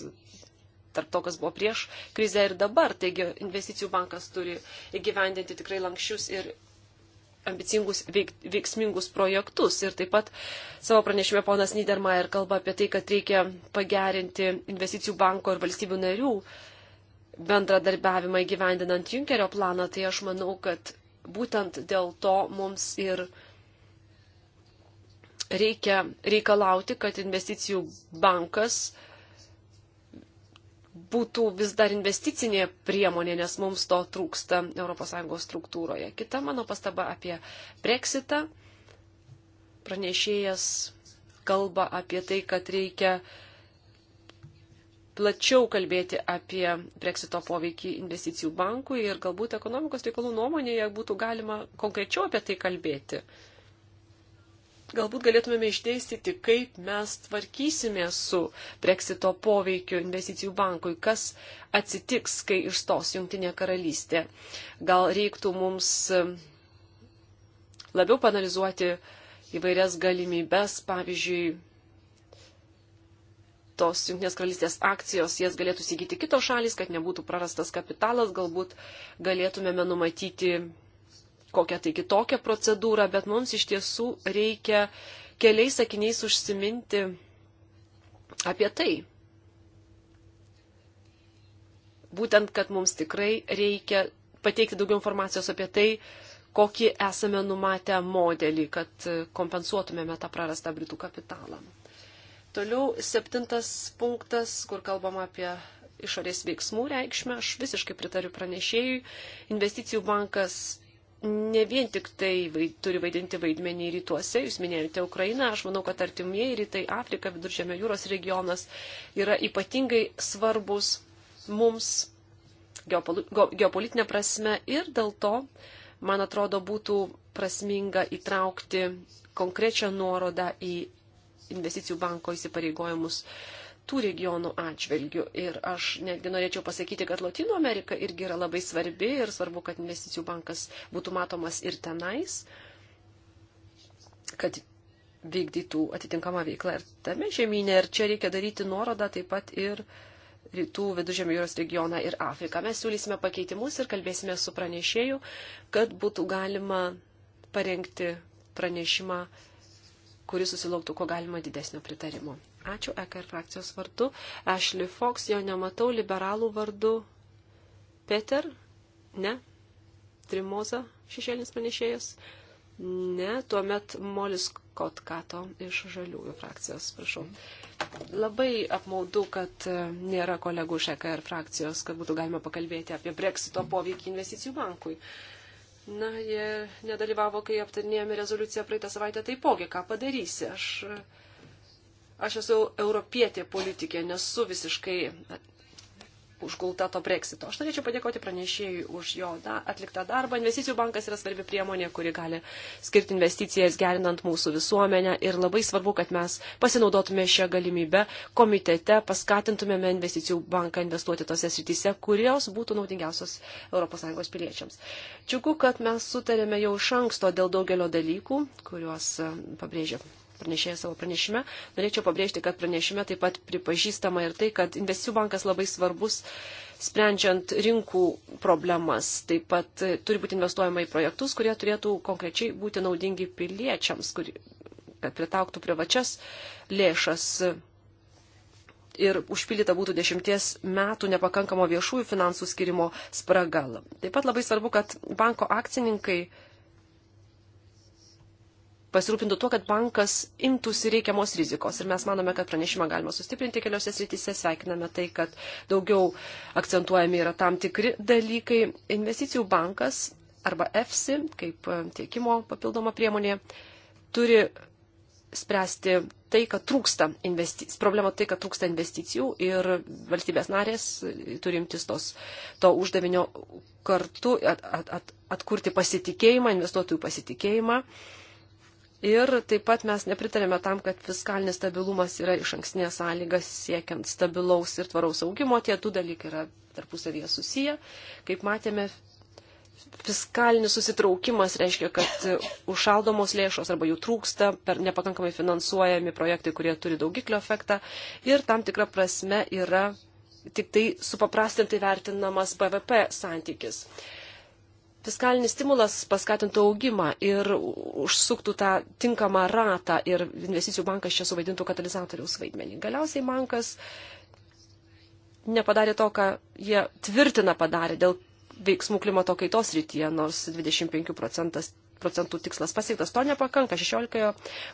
S2: tarp to, kas buvo prieš krizę ir dabar. Taigi investicijų bankas turi įgyvendinti tikrai lankščius ir ambicingus veik, veiksmingus projektus. Ir taip pat savo pranešime ponas Niedermayer kalba apie tai, kad reikia pagerinti investicijų banko ir valstybių narių bendradarbiavimą įgyvendinant Junkerio planą. Tai aš manau, kad būtent dėl to mums ir reikia reikalauti, kad investicijų bankas būtų vis dar investicinė priemonė, nes mums to trūksta ES struktūroje. Kita mano pastaba apie Brexitą. Pranešėjas kalba apie tai, kad reikia plačiau kalbėti apie Brexito poveikį investicijų bankui ir galbūt ekonomikos reikalų nuomonėje būtų galima konkrečiau apie tai kalbėti. Uh, galbūt galėtumėme išdėstyti, kaip mes tvarkysime su breksito poveikiu investicijų bankui, kas atsitiks, kai išstos Junktinė karalystė. Gal reiktų mums um, labiau panalizuoti įvairias galimybes, pavyzdžiui, tos Junktinės karalystės akcijos, jas galėtų įsigyti kitos šalis, kad nebūtų prarastas kapitalas, galbūt galėtumėme numatyti kokią tai kitokią procedūrą, bet mums iš tiesų reikia keliais sakiniais užsiminti apie tai. Būtent, kad mums tikrai reikia pateikti daugiau informacijos apie tai, kokį esame numatę modelį, kad kompensuotumėme tą prarastą britų kapitalą. Toliau septintas punktas, kur kalbama apie išorės veiksmų reikšmę, aš visiškai pritariu pranešėjui. Investicijų bankas ne vien tik tai vaid, turi vaidinti vaidmenį rytuose, jūs minėjote Ukrainą, aš manau, kad artimieji rytai Afrika, viduržėmio jūros regionas yra ypatingai svarbus mums geopolitinė prasme ir dėl to, man atrodo, būtų prasminga įtraukti konkrečią nuorodą į investicijų banko įsipareigojimus uh, tų regionų atžvilgių. Ir aš netgi norėčiau pasakyti, kad Latino Amerika irgi yra labai svarbi ir svarbu, kad investicijų bankas būtų matomas ir tenais, kad vykdytų atitinkamą veiklą ir tame žemynė. Ir čia reikia daryti nuorodą taip pat ir rytų viduržėmio jūros regioną ir Afriką. Mes siūlysime pakeitimus ir kalbėsime su pranešėju, kad būtų galima parengti pranešimą, kuris susilauktų ko galima didesnio pritarimo. Ačiū EKR frakcijos vardu. Ashley Fox, jo nematau, liberalų vardu. Peter? Ne? Trimoza, šešėlinis panešėjas? Ne, tuomet Molis Kotkato iš žaliųjų frakcijos, prašau. Labai apmaudu, kad e, nėra kolegų iš EKR frakcijos, kad būtų galima pakalbėti apie breksito poveikį investicijų bankui. Na, jie nedalyvavo, kai aptarnėjome rezoliuciją praeitą savaitę, taipogi, ką padarysi. Aš Aš esu europietė politikė, nesu visiškai užgulta to breksito. Aš norėčiau padėkoti pranešėjui už jo da, atliktą darbą. Investicijų bankas yra svarbi priemonė, kuri gali skirti investicijas gerinant mūsų visuomenę ir labai svarbu, kad mes pasinaudotume šią galimybę komitete, paskatintumėme investicijų banką investuoti tose srityse, kurios būtų naudingiausios ES piliečiams. Čiugu, kad mes sutarėme jau iš anksto dėl daugelio dalykų, kuriuos pabrėžė pranešėja savo pranešime. Norėčiau pabrėžti, kad pranešime taip pat pripažįstama ir tai, kad investicijų bankas labai svarbus sprendžiant rinkų problemas. Taip pat e, turi būti investuojama į projektus, kurie turėtų konkrečiai būti naudingi piliečiams, kur, kad pritauktų privačias lėšas. Ir užpildyta būtų dešimties metų nepakankamo viešųjų finansų skirimo spraga. Taip pat labai svarbu, kad banko akcininkai pasirūpintų tuo, kad bankas imtųsi reikiamos rizikos. Ir mes manome, kad pranešimą galima sustiprinti keliose srityse. Sveikiname tai, kad daugiau akcentuojami yra tam tikri dalykai. Investicijų bankas arba EFSI, kaip e, tiekimo papildoma priemonė, turi spręsti tai, kad trūksta investicijų, problema tai, kad trūksta investicijų ir valstybės narės e, turi imtis tos, to uždavinio kartu at, at, at, atkurti pasitikėjimą, investuotojų pasitikėjimą. Uh, Ir taip pat mes nepritarėme tam, kad fiskalinis stabilumas yra iš ankstinės sąlygas siekiant stabilaus ir tvaraus augimo. Tie du dalykai yra tarpusavyje susiję. Kaip matėme, fiskalinis susitraukimas reiškia, kad užšaldomos lėšos arba jų trūksta, per nepakankamai finansuojami projektai, kurie turi daugiklio efektą ir tam tikra prasme yra tik tai supaprastintai vertinamas BVP santykis fiskalinis stimulas paskatintų augimą ir užsuktų tą tinkamą ratą ir investicijų bankas čia suvaidintų katalizatoriaus vaidmenį. Galiausiai bankas nepadarė to, ką jie tvirtina padarė dėl veiksmų klimato kaitos rytyje, nors 25 procentas procentų tikslas pasiektas. To nepakanka. 16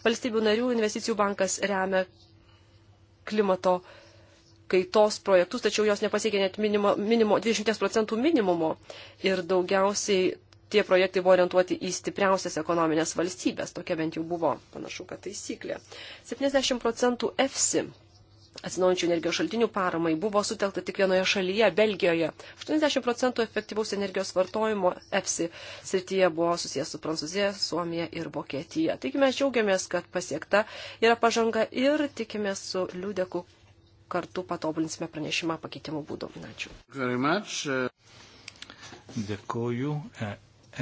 S2: valstybių narių investicijų bankas remia klimato kaitą kaitos projektus, tačiau jos nepasiekė net minimo, minimo, 20 procentų minimumo ir daugiausiai tie projektai buvo orientuoti į stipriausias ekonominės valstybės, tokia bent jau buvo panašu, kad taisyklė. 70 procentų EFSI atsinaujančių energijos šaltinių paramai buvo sutelkta tik vienoje šalyje, Belgijoje. 80 procentų efektyvaus energijos vartojimo EFSI srityje buvo susijęs su Prancūzija, Suomija ir Vokietija. Taigi mes džiaugiamės, kad pasiekta yra pažanga ir tikimės su Liudeku kartu patobulinsime pranešimą pakeitimų būdų.
S1: Ačiū. Dėkoju. E,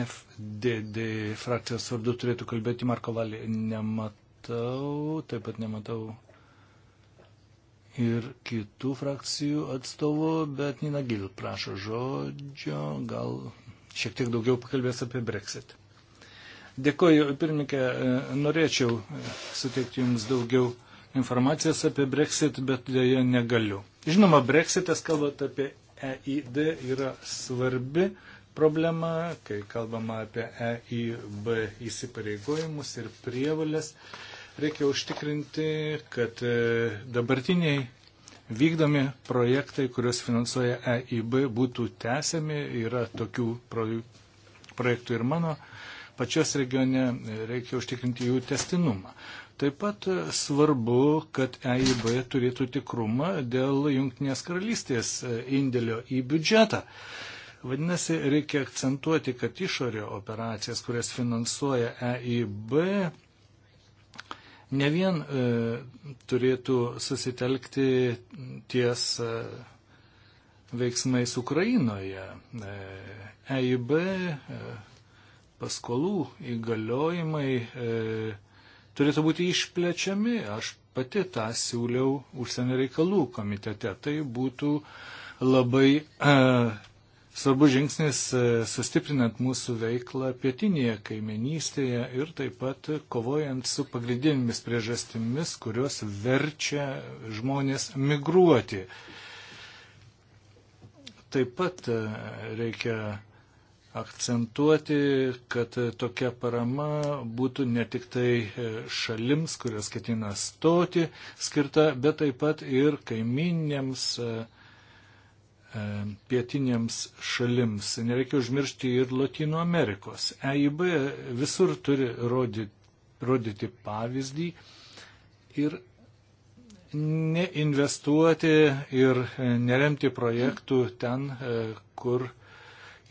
S1: FDD frakcijos vardu turėtų kalbėti Marko Valį. Nematau, taip pat nematau ir kitų frakcijų atstovų, bet Nina Gil prašo žodžio, gal šiek tiek daugiau pakalbės apie Brexit. Dėkoju, pirmininkė, e, norėčiau e, suteikti Jums daugiau informacijos apie Brexit, bet dėja negaliu. Žinoma, Brexitas, kalbant apie EID, yra svarbi problema, kai kalbama apie EIB įsipareigojimus ir prievalės. Reikia užtikrinti, kad e, dabartiniai vykdomi projektai, kuriuos finansuoja EIB, būtų tęsiami. Yra tokių projektų ir mano pačios regione e, reikia užtikrinti jų testinumą. Taip pat e, svarbu, kad EIB turėtų tikrumą dėl Junktinės karalystės e, indėlio į biudžetą. Vadinasi, reikia akcentuoti, kad išorio operacijas, kurias finansuoja EIB, ne vien e, turėtų susitelkti ties e, veiksmais Ukrainoje. E, EIB e, paskolų įgaliojimai e, turėtų būti išplečiami. Aš pati tą siūliau užsienio reikalų komitete. Tai būtų labai e, svarbus žingsnis e, sustiprinant mūsų veiklą pietinėje kaiminystėje ir taip pat kovojant su pagrindinėmis priežastimis, kurios verčia žmonės migruoti. Taip pat e, reikia akcentuoti, kad tokia parama būtų ne tik tai e, šalims, kurios ketina stoti, skirta, bet taip pat ir kaiminėms e, e, pietinėms šalims. Nereikia užmiršti ir Latino Amerikos. EIB visur turi rodyti, rodyti pavyzdį ir neinvestuoti ir neremti projektų ten, kur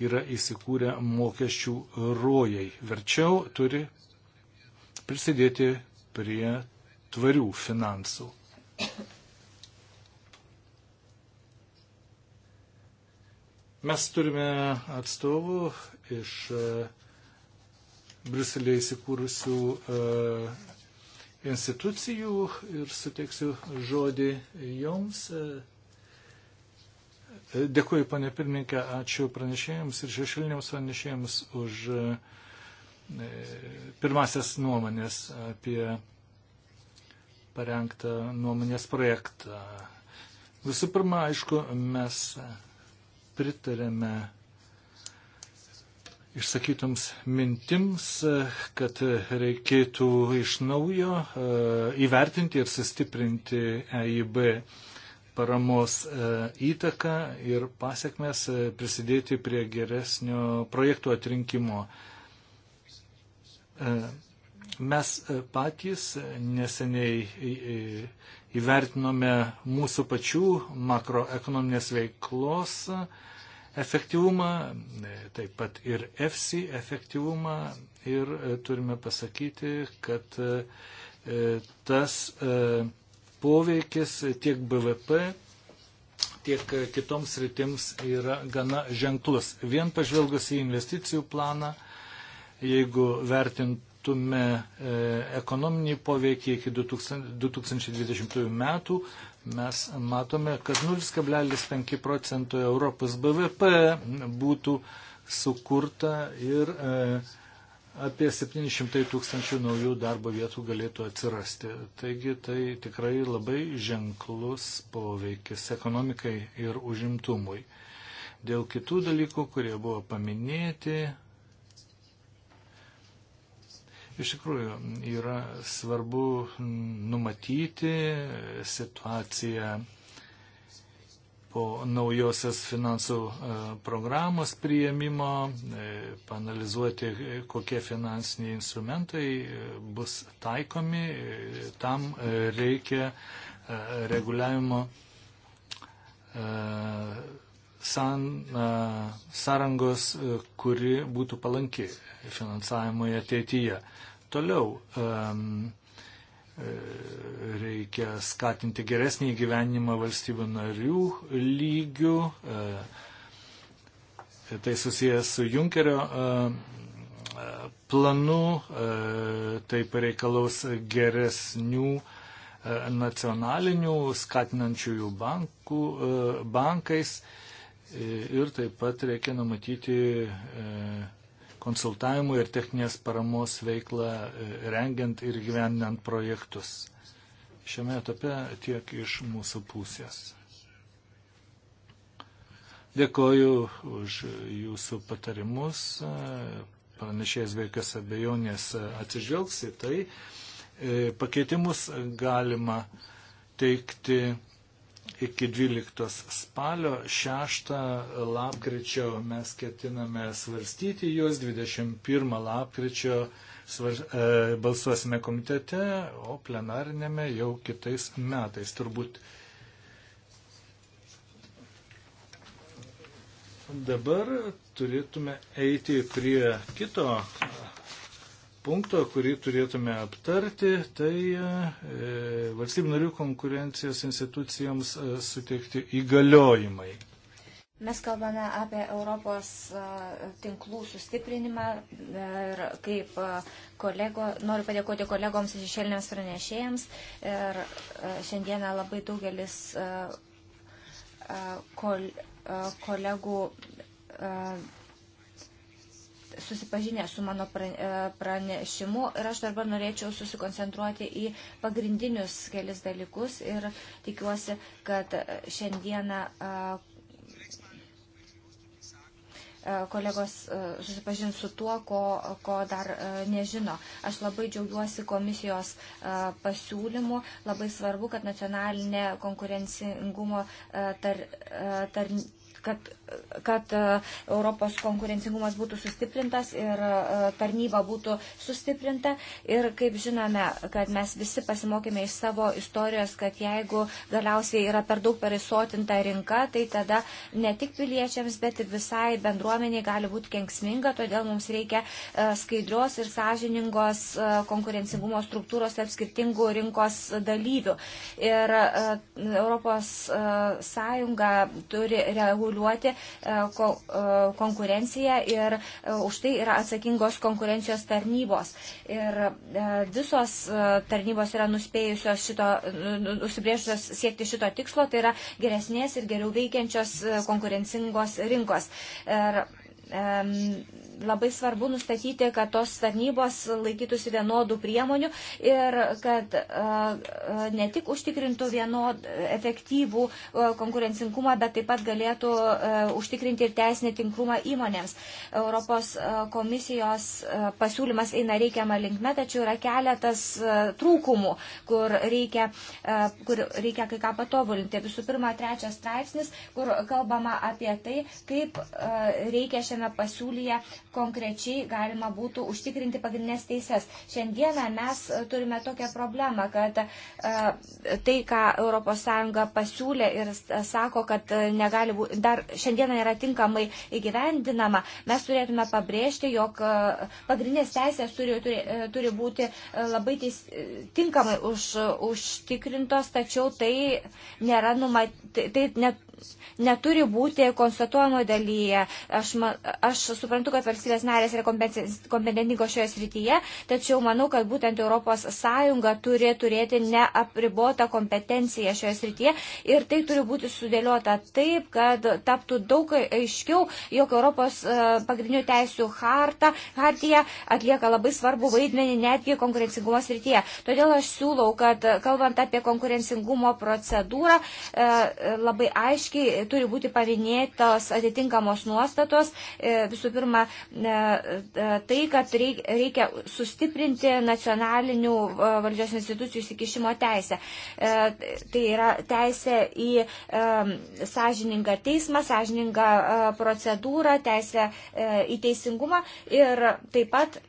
S1: yra įsikūrę mokesčių rojai. Verčiau turi prisidėti prie tvarių finansų. Mes turime atstovų iš e, Briuselėje įsikūrusių e, institucijų ir suteiksiu žodį joms. E, Dėkuoju, panė pirmininkė, ačiū pranešėjams ir šešiliniams pranešėjams už e, pirmasias nuomonės apie parengtą nuomonės projektą. Visų pirma, aišku, mes pritarėme išsakytoms mintims, kad reikėtų iš naujo e, įvertinti ir sustiprinti EIB paramos e, įtaką ir pasiekmes e, prisidėti prie geresnio projektų atrinkimo. E, mes patys neseniai įvertinome mūsų pačių makroekonominės veiklos efektyvumą, taip pat ir EFSI efektyvumą ir turime pasakyti, kad tas poveikis tiek BVP, tiek kitoms rytims yra gana ženklus. Vien pažvelgus į investicijų planą, jeigu vertintume e, ekonominį poveikį iki 2020 metų, mes matome, kad 0,5 procentų Europos BVP būtų sukurta ir e, apie 700 tūkstančių naujų darbo vietų galėtų atsirasti. Taigi tai tikrai labai ženklus poveikis ekonomikai ir užimtumui. Dėl kitų dalykų, kurie buvo paminėti, Iš tikrųjų, yra svarbu numatyti situaciją po naujosios finansų e, programos prieimimo, e, panalizuoti, e, kokie finansiniai instrumentai bus taikomi. Tam reikia reguliavimo san, sąrangos, kuri būtų palanki finansavimui ateityje. Toliau. Um, E, reikia skatinti geresnį įgyvenimą valstybių narių lygių. E, tai susijęs su Junkerio e, planu, tai pareikalaus geresnių nacionalinių skatinančiųjų bankų, bankais ir taip pat reikia numatyti konsultavimų ir techninės paramos veiklą e, rengiant ir gyveninant projektus. Šiame etape tiek iš mūsų pusės. Dėkoju už jūsų patarimus. E, Pranešėjas veikas abejonės atsižvelgs į tai. E, pakeitimus galima teikti iki 12 spalio, 6 lapkričio mes ketiname svarstyti juos, 21 lapkričio svar, e, balsuosime komitete, o plenarinėme jau kitais metais turbūt. Dabar turėtume eiti prie kito punkto, kurį turėtume aptarti, tai e, valstybių narių konkurencijos institucijoms e, suteikti įgaliojimai.
S3: Mes kalbame apie Europos e, tinklų sustiprinimą ir kaip kolego, noriu padėkoti kolegoms iš išėlinės pranešėjams ir šiandieną labai daugelis kol, kolegų susipažinę su mano e, pranešimu ir aš dabar norėčiau susikoncentruoti į pagrindinius kelis dalykus ir tikiuosi, kad šiandieną kolegos e, susipažins su tuo, ko, ko dar e, nežino. Aš labai džiaugiuosi komisijos pasiūlymu. Labai svarbu, kad nacionalinė konkurencingumo tar, tar, kad kad e, Europos konkurencingumas būtų sustiprintas ir e, tarnyba būtų sustiprinta. Ir kaip žinome, kad mes visi pasimokėme iš savo istorijos, kad jeigu galiausiai yra per daug perisotinta rinka, tai tada ne tik piliečiams, bet ir visai bendruomeniai gali būti kenksminga. Todėl mums reikia e, skaidrios ir sąžiningos konkurencingumo struktūros tarp skirtingų rinkos dalyvių. Ir Europos Sąjunga turi reguliuoti E, e, konkurenciją ir e, už tai yra atsakingos konkurencijos tarnybos. Ir visos tarnybos yra nuspėjusios šito, nusibrėžusios nu, siekti šito tikslo, tai yra geresnės ir geriau veikiančios konkurencingos rinkos. Ir labai svarbu nustatyti, kad tos tarnybos laikytųsi vienodų priemonių ir kad e, e, ne tik užtikrintų vienod efektyvų e, konkurencingumą, bet taip pat galėtų užtikrinti ir teisinį tinklumą įmonėms. Europos komisijos pasiūlymas eina reikiamą linkmę, tačiau yra keletas trūkumų, kur reikia, kur reikia kai ką patobulinti. Visų pirma, trečias straipsnis, kur kalbama apie tai, kaip reikia šiame pasiūlyje konkrečiai galima būtų užtikrinti pagrindinės teises. Šiandieną mes e, turime tokią problemą, kad e, tai, ką ES pasiūlė ir e, sako, kad negali būti, dar šiandieną yra tinkamai įgyvendinama, mes turėtume pabrėžti, jog pagrindinės teisės turi, turi, turi būti labai teis, tinkamai už, užtikrintos, tačiau tai nėra numatyti, tai net neturi būti konstatuojamo dalyje. Aš, aš suprantu, kad valstybės narės yra kompetentingos šioje srityje, tačiau manau, kad būtent ES turi turėti neapribotą kompetenciją šioje srityje ir tai turi būti sudėliota taip, kad taptų daug aiškiau, jog Europos e, pagrindinių teisių harta, hartija atlieka labai svarbu vaidmenį netgi konkurencingumo srityje. Todėl aš siūlau, kad kalbant apie konkurencingumo procedūrą, e, e, labai aiškiai aiškiai e, turi būti pavinėtos atitinkamos nuostatos. E, visų pirma, e, tai, kad reikia sustiprinti nacionalinių valdžios institucijų įsikišimo teisę. Tai yra teisė į sąžiningą teismą, sąžiningą procedūrą, teisę į teisingumą ir taip pat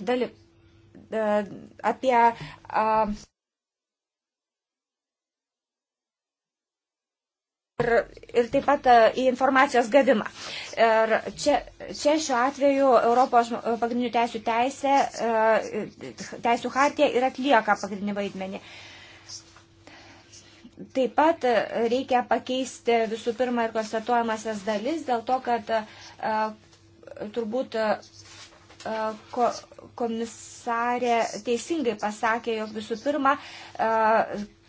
S3: dalyvauti apie ir, ir taip pat e, į informacijos gavimą. Ir čia, čia šiuo atveju Europos pagrindinių teisų teisė, e, teisų hartija ir atlieka pagrindinį vaidmenį. Taip pat e, reikia pakeisti visų pirma ir konstatuojamasias dalis dėl to, kad turbūt komisarė teisingai pasakė, jog visų pirma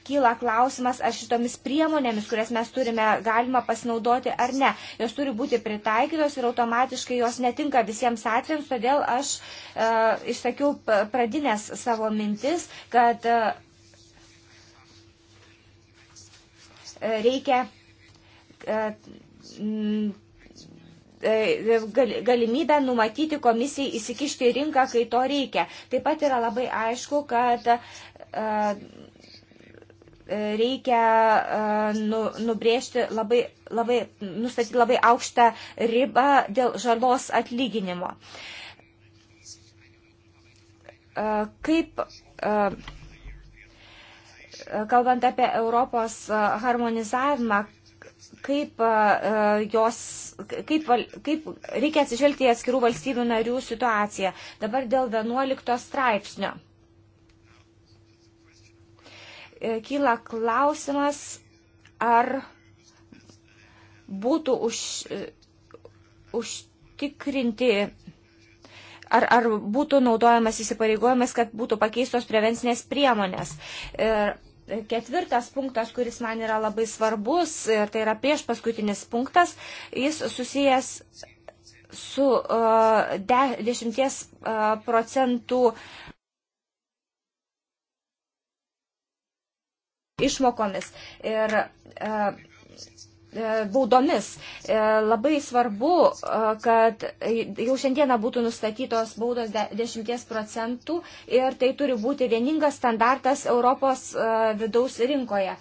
S3: kyla klausimas, ar šitomis priemonėmis, kurias mes turime, galima pasinaudoti ar ne. Jos turi būti pritaikytos ir automatiškai jos netinka visiems atvejams, todėl aš e, išsakiau pradinės savo mintis, kad e, reikia. E, m, e, galimybę numatyti komisijai įsikišti į rinką, kai to reikia. Taip pat yra labai aišku, kad e, reikia e, nu, nubrėžti labai, labai, nustatyti labai aukštą ribą dėl žalos atlyginimo. E, kaip e, kalbant apie Europos harmonizavimą, kaip, jos, kaip, kaip reikia atsižvelgti į atskirų valstybių narių situaciją. Dabar dėl 11 straipsnio. E, kyla klausimas, ar būtų už, e, užtikrinti, ar, ar būtų naudojamas įsipareigojimas, kad būtų pakeistos prevencinės priemonės. Ir e, ketvirtas punktas, kuris man yra labai svarbus, tai yra prieš paskutinis punktas, jis susijęs su uh, de, dešimties uh, procentų išmokomis ir e, e, baudomis. E, labai svarbu, kad jau šiandieną būtų nustatytos baudos 10 procentų ir tai turi būti vieningas standartas Europos vidaus rinkoje.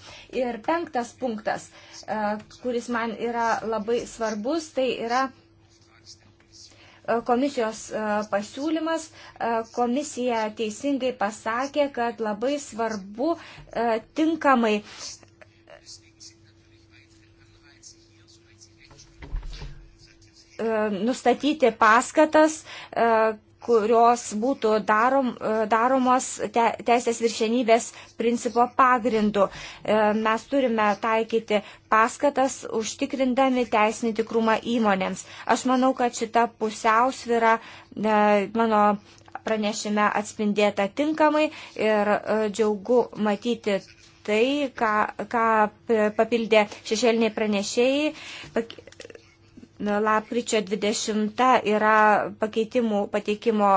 S3: Ir penktas punktas, kuris man yra labai svarbus, tai yra E, komisijos e, pasiūlymas. E, komisija teisingai pasakė, kad labai svarbu tinkamai nustatyti paskatas, kurios būtų darom, e, daromos te, teisės viršenybės principo pagrindu. E, mes turime taikyti paskatas užtikrindami teisinį tikrumą įmonėms. Aš manau, kad šita pusiausvyra e, mano pranešime atspindėta tinkamai ir džiaugu matyti tai, ką, ką papildė šešėliniai pranešėjai, lapkričio 20 yra pakeitimų pateikimo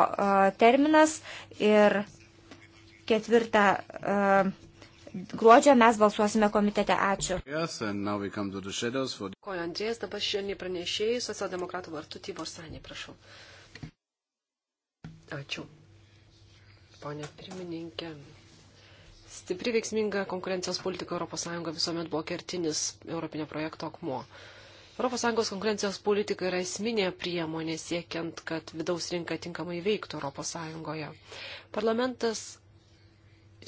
S3: terminas ir ketvirtą gruodžio mes balsuosime komitete. Ačiū.
S1: Yes, for...
S2: Koja Andrės, dabar šiandien pranešėjai, socialdemokratų vartų Tibor Sanė, prašau. Ačiū. Pone pirmininkė. Stipri veiksminga konkurencijos politika ES visuomet buvo kertinis Europinio projekto akmuo. ES konkurencijos politika yra esminė priemonė siekiant, kad vidaus rinka tinkamai veiktų ES. Parlamentas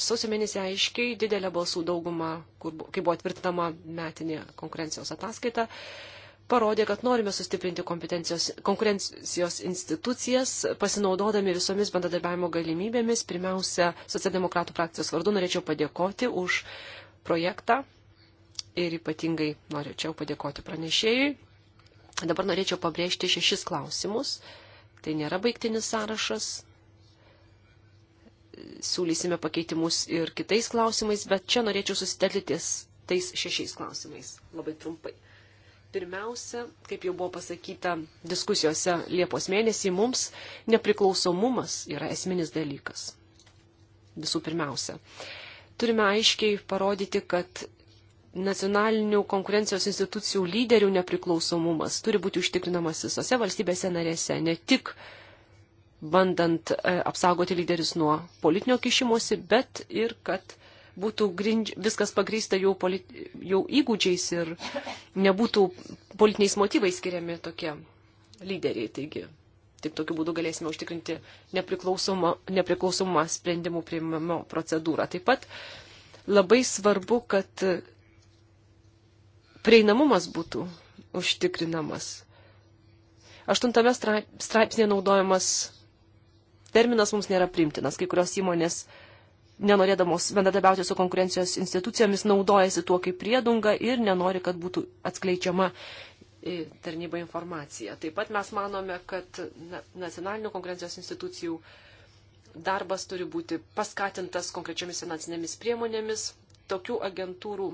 S2: sausio mėnesį aiškiai didelę balsų daugumą, kur, kai buvo atvirtinama metinė konkurencijos ataskaita, parodė, kad norime sustiprinti konkurencijos institucijas, pasinaudodami visomis bendradarbiavimo galimybėmis. Pirmiausia, socialdemokratų frakcijos vardu norėčiau padėkoti už projektą ir ypatingai norėčiau padėkoti pranešėjui. Dabar norėčiau pabrėžti šešis klausimus. Tai nėra baigtinis sąrašas. Siūlysime pakeitimus ir kitais klausimais, bet čia norėčiau susitelktis tais šešiais klausimais. Labai trumpai. Pirmiausia, kaip jau buvo pasakyta diskusijose Liepos mėnesį, mums nepriklausomumas yra esminis dalykas. Visų pirmiausia turime aiškiai parodyti, kad nacionalinių konkurencijos institucijų lyderių nepriklausomumas turi būti užtikrinamas visose valstybėse narėse, ne tik bandant e, apsaugoti lyderius nuo politinio kišimosi, bet ir kad būtų grindž... viskas pagrįsta jau, polit... jau įgūdžiais ir nebūtų politiniais motyvais skiriami tokie lyderiai. Taigi tik tokiu būdu galėsime užtikrinti nepriklausomą sprendimų priimimo procedūrą. Taip pat labai svarbu, kad prieinamumas būtų užtikrinamas. Aštuntame straipsnėje naudojamas terminas mums nėra primtinas. Kai kurios įmonės, nenorėdamos bendradarbiauti su konkurencijos institucijomis, naudojasi tuo kaip priedunga ir nenori, kad būtų atskleidžiama e, tarnyba informacija. Taip pat mes manome, kad nacionalinių konkurencijos institucijų darbas turi būti paskatintas konkrečiomis finansinėmis priemonėmis. Tokių agentūrų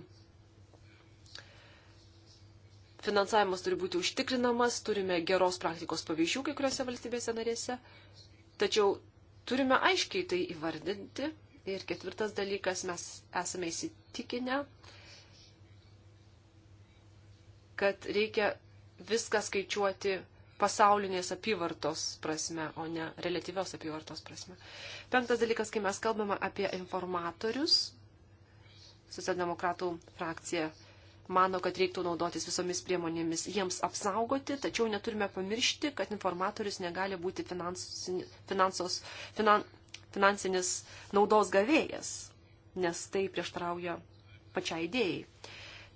S2: finansavimas turi būti užtikrinamas, turime geros praktikos pavyzdžių kai kuriuose valstybėse narėse, tačiau turime aiškiai tai įvardinti. Ir ketvirtas dalykas, mes esame įsitikinę, kad reikia viską skaičiuoti pasaulinės apyvartos prasme, o ne relatyvios apyvartos prasme. Penktas dalykas, kai mes kalbame apie informatorius, socialdemokratų frakcija mano, kad reiktų naudotis visomis priemonėmis jiems apsaugoti, tačiau neturime pamiršti, kad informatorius negali būti finansos, finan, finansinis naudos gavėjas, nes tai prieštrauja pačiai idėjai.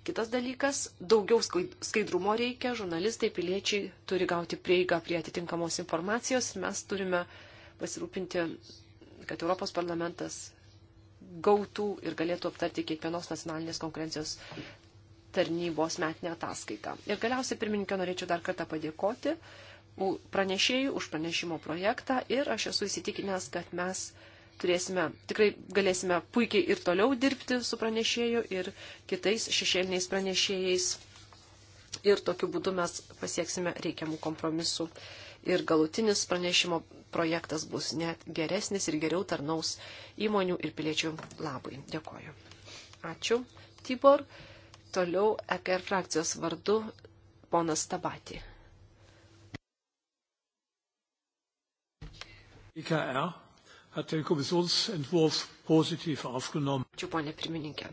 S2: Kitas dalykas - daugiau skaidrumo reikia, žurnalistai, piliečiai turi gauti prieigą prie atitinkamos informacijos, mes turime pasirūpinti, kad Europos parlamentas gautų ir galėtų aptarti kiekvienos nacionalinės konkurencijos tarnybos metinę ataskaitą. Ir galiausiai, pirmininkė, norėčiau dar kartą padėkoti pranešėjų už pranešimo projektą ir aš esu įsitikinęs, kad mes turėsime, tikrai galėsime puikiai ir toliau dirbti su pranešėju ir kitais šešėliniais pranešėjais. Ir tokiu būdu mes pasieksime reikiamų kompromisų. Ir galutinis pranešimo projektas bus net geresnis ir geriau tarnaus įmonių ir piliečių labui. Dėkoju. Ačiū, Tibor. Toliau EKR frakcijos vardu ponas Tabatį.
S1: IKR e hat den Kommissionsentwurf positiv aufgenommen. Ačiū, ponė pirmininkė.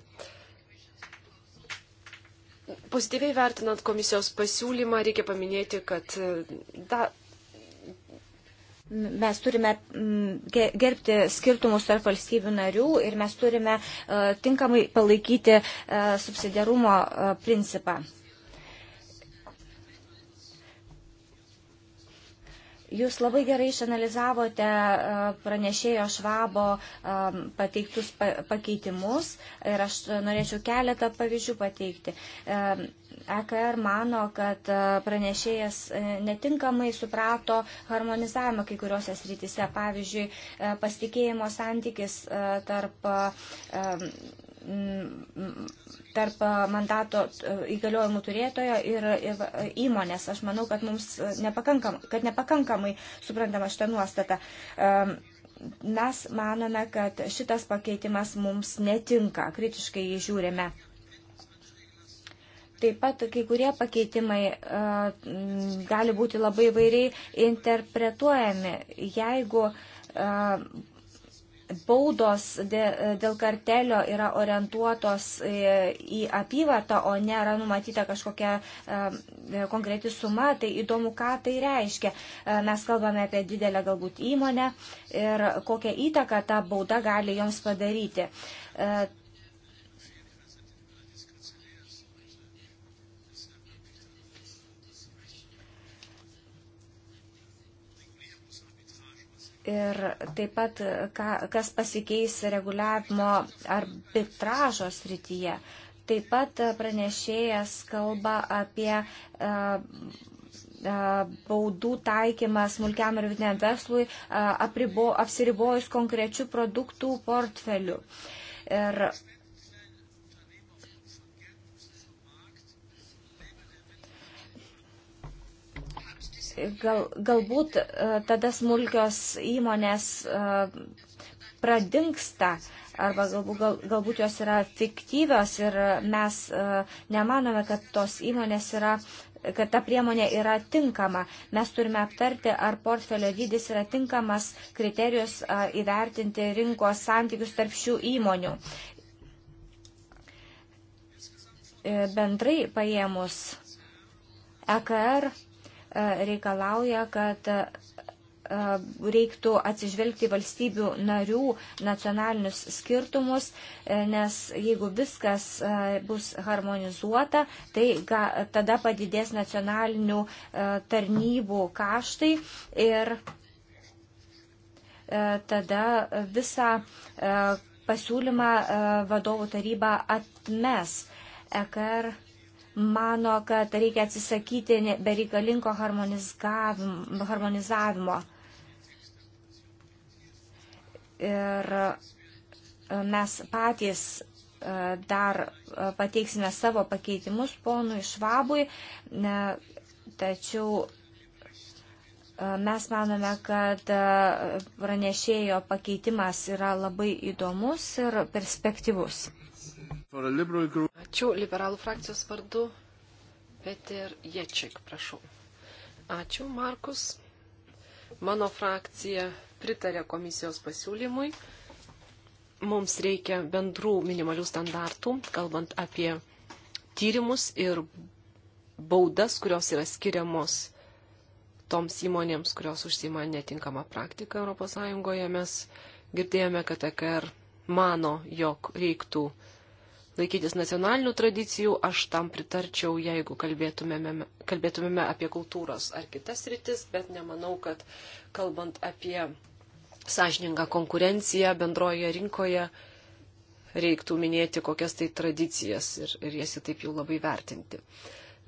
S2: Pozityviai vertinant komisijos pasiūlymą, reikia paminėti, kad da,
S3: Mes turime mm, gerbti skirtumus tarp valstybių narių ir mes turime e, tinkamai palaikyti e, subsidiarumo e, principą. Jūs labai gerai išanalizavote pranešėjo Švabo pateiktus pakeitimus ir aš norėčiau keletą pavyzdžių pateikti. EKR mano, kad e, pranešėjas e, netinkamai suprato harmonizavimą kai kuriuose srityse. Pavyzdžiui, e, pasitikėjimo santykis tarp, tarp mandato įgaliojimų turėtojo ir įmonės. Aš manau, kad mums nepakankam, kad nepakankamai suprantama šitą nuostatą. Mes manome, kad šitas pakeitimas mums netinka, kritiškai jį žiūrime. Taip pat kai kurie pakeitimai uh, gali būti labai vairiai interpretuojami. Jeigu uh, baudos dėl kartelio yra orientuotos į apyvartą, o nėra numatyta kažkokia konkreti suma, tai įdomu, ką tai reiškia. Mes kalbame apie didelę galbūt įmonę ir kokią įtaką ta bauda gali joms padaryti. Ir taip pat, ka, kas pasikeis reguliavimo arbitražo srityje. Taip pat e, pranešėjas kalba apie a, e, a, e, baudų taikymą smulkiam ir vidiniam verslui, a, apribo, apsiribojus konkrečių produktų portfelių. Ir Gal, galbūt e, tada smulkios įmonės e, pradingsta arba galbūt, gal, galbūt jos yra fiktyvios ir mes e, nemanome, kad tos įmonės yra kad ta priemonė yra tinkama. Mes turime aptarti, ar portfelio dydis yra tinkamas kriterijus įvertinti rinkos santykius tarp šių įmonių. Bendrai paėmus, EKR E, reikalauja, kad e, reiktų atsižvelgti valstybių narių nacionalinius skirtumus, e, nes jeigu viskas bus harmonizuota, tai ga, tada padidės nacionalinių tarnybų kaštai ir tada visą pasiūlymą vadovų taryba atmes. EKR mano, kad reikia atsisakyti bereikalinko harmonizavimo. Ir e, mes patys e, dar e, pateiksime savo pakeitimus ponui Švabui, tačiau mes manome, kad pranešėjo pakeitimas yra labai
S2: įdomus ir perspektyvus. Ačiū liberalų frakcijos vardu. Peter Ječik, prašau. Ačiū, Markus. Mano frakcija pritarė komisijos pasiūlymui. Mums reikia bendrų minimalių standartų, kalbant apie tyrimus ir baudas, kurios yra skiriamos toms įmonėms, kurios užsima netinkamą praktiką ES. Mes girdėjome, kad EKR mano, jog reiktų laikytis nacionalinių tradicijų, aš tam pritarčiau, jeigu kalbėtumėme, kalbėtumėme apie kultūros ar kitas rytis, bet nemanau, kad kalbant apie sąžiningą konkurenciją bendroje rinkoje, reiktų minėti kokias tai tradicijas ir, ir jas taip jau labai vertinti.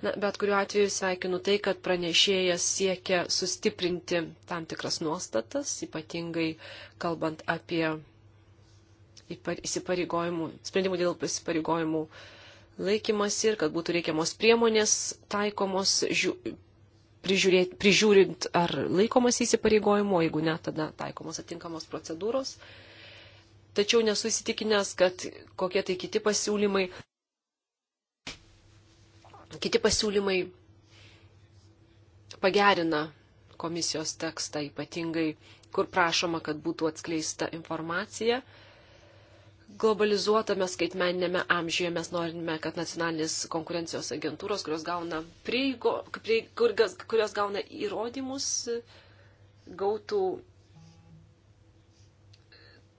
S2: Na, bet kuriuo atveju sveikinu tai, kad pranešėjas siekia sustiprinti tam tikras nuostatas, ypatingai kalbant apie įsipareigojimų, sprendimų dėl įsipareigojimų laikymas ir kad būtų reikiamos priemonės taikomos žiū, prižiūrėt, prižiūrint, ar laikomas įsipareigojimo, jeigu ne, tada taikomos atinkamos procedūros. Tačiau nesu įsitikinęs, kad kokie tai kiti pasiūlymai, kiti pasiūlymai pagerina komisijos tekstą ypatingai, kur prašoma, kad būtų atskleista informacija. Uh, globalizuotame skaitmeninėme amžiuje mes norime, kad nacionalinės konkurencijos agentūros, kurios gauna, prieigo, prie, kur, kurios gauna įrodymus, gautų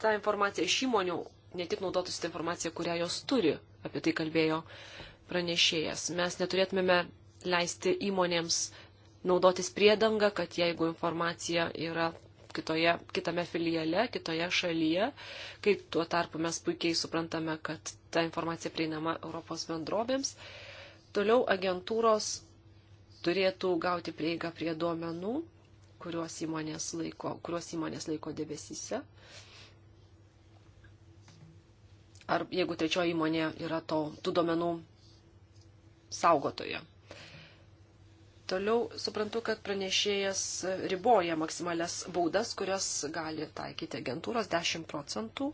S2: tą informaciją iš įmonių, ne tik naudotųsi tą informaciją, kurią jos turi, apie tai kalbėjo pranešėjas. Mes neturėtumėme leisti įmonėms naudotis priedanga, kad jeigu informacija yra kitoje, kitame filiale, kitoje šalyje, kai tuo tarpu mes puikiai suprantame, kad ta informacija prieinama Europos bendrovėms. Toliau agentūros turėtų gauti prieigą prie duomenų, kuriuos įmonės laiko, kuriuos įmonės laiko debesyse. Ar jeigu trečioji įmonė yra to, tų duomenų saugotoje. Toliau suprantu, kad pranešėjas riboja maksimalias baudas, kurias gali taikyti agentūros 10 procentų,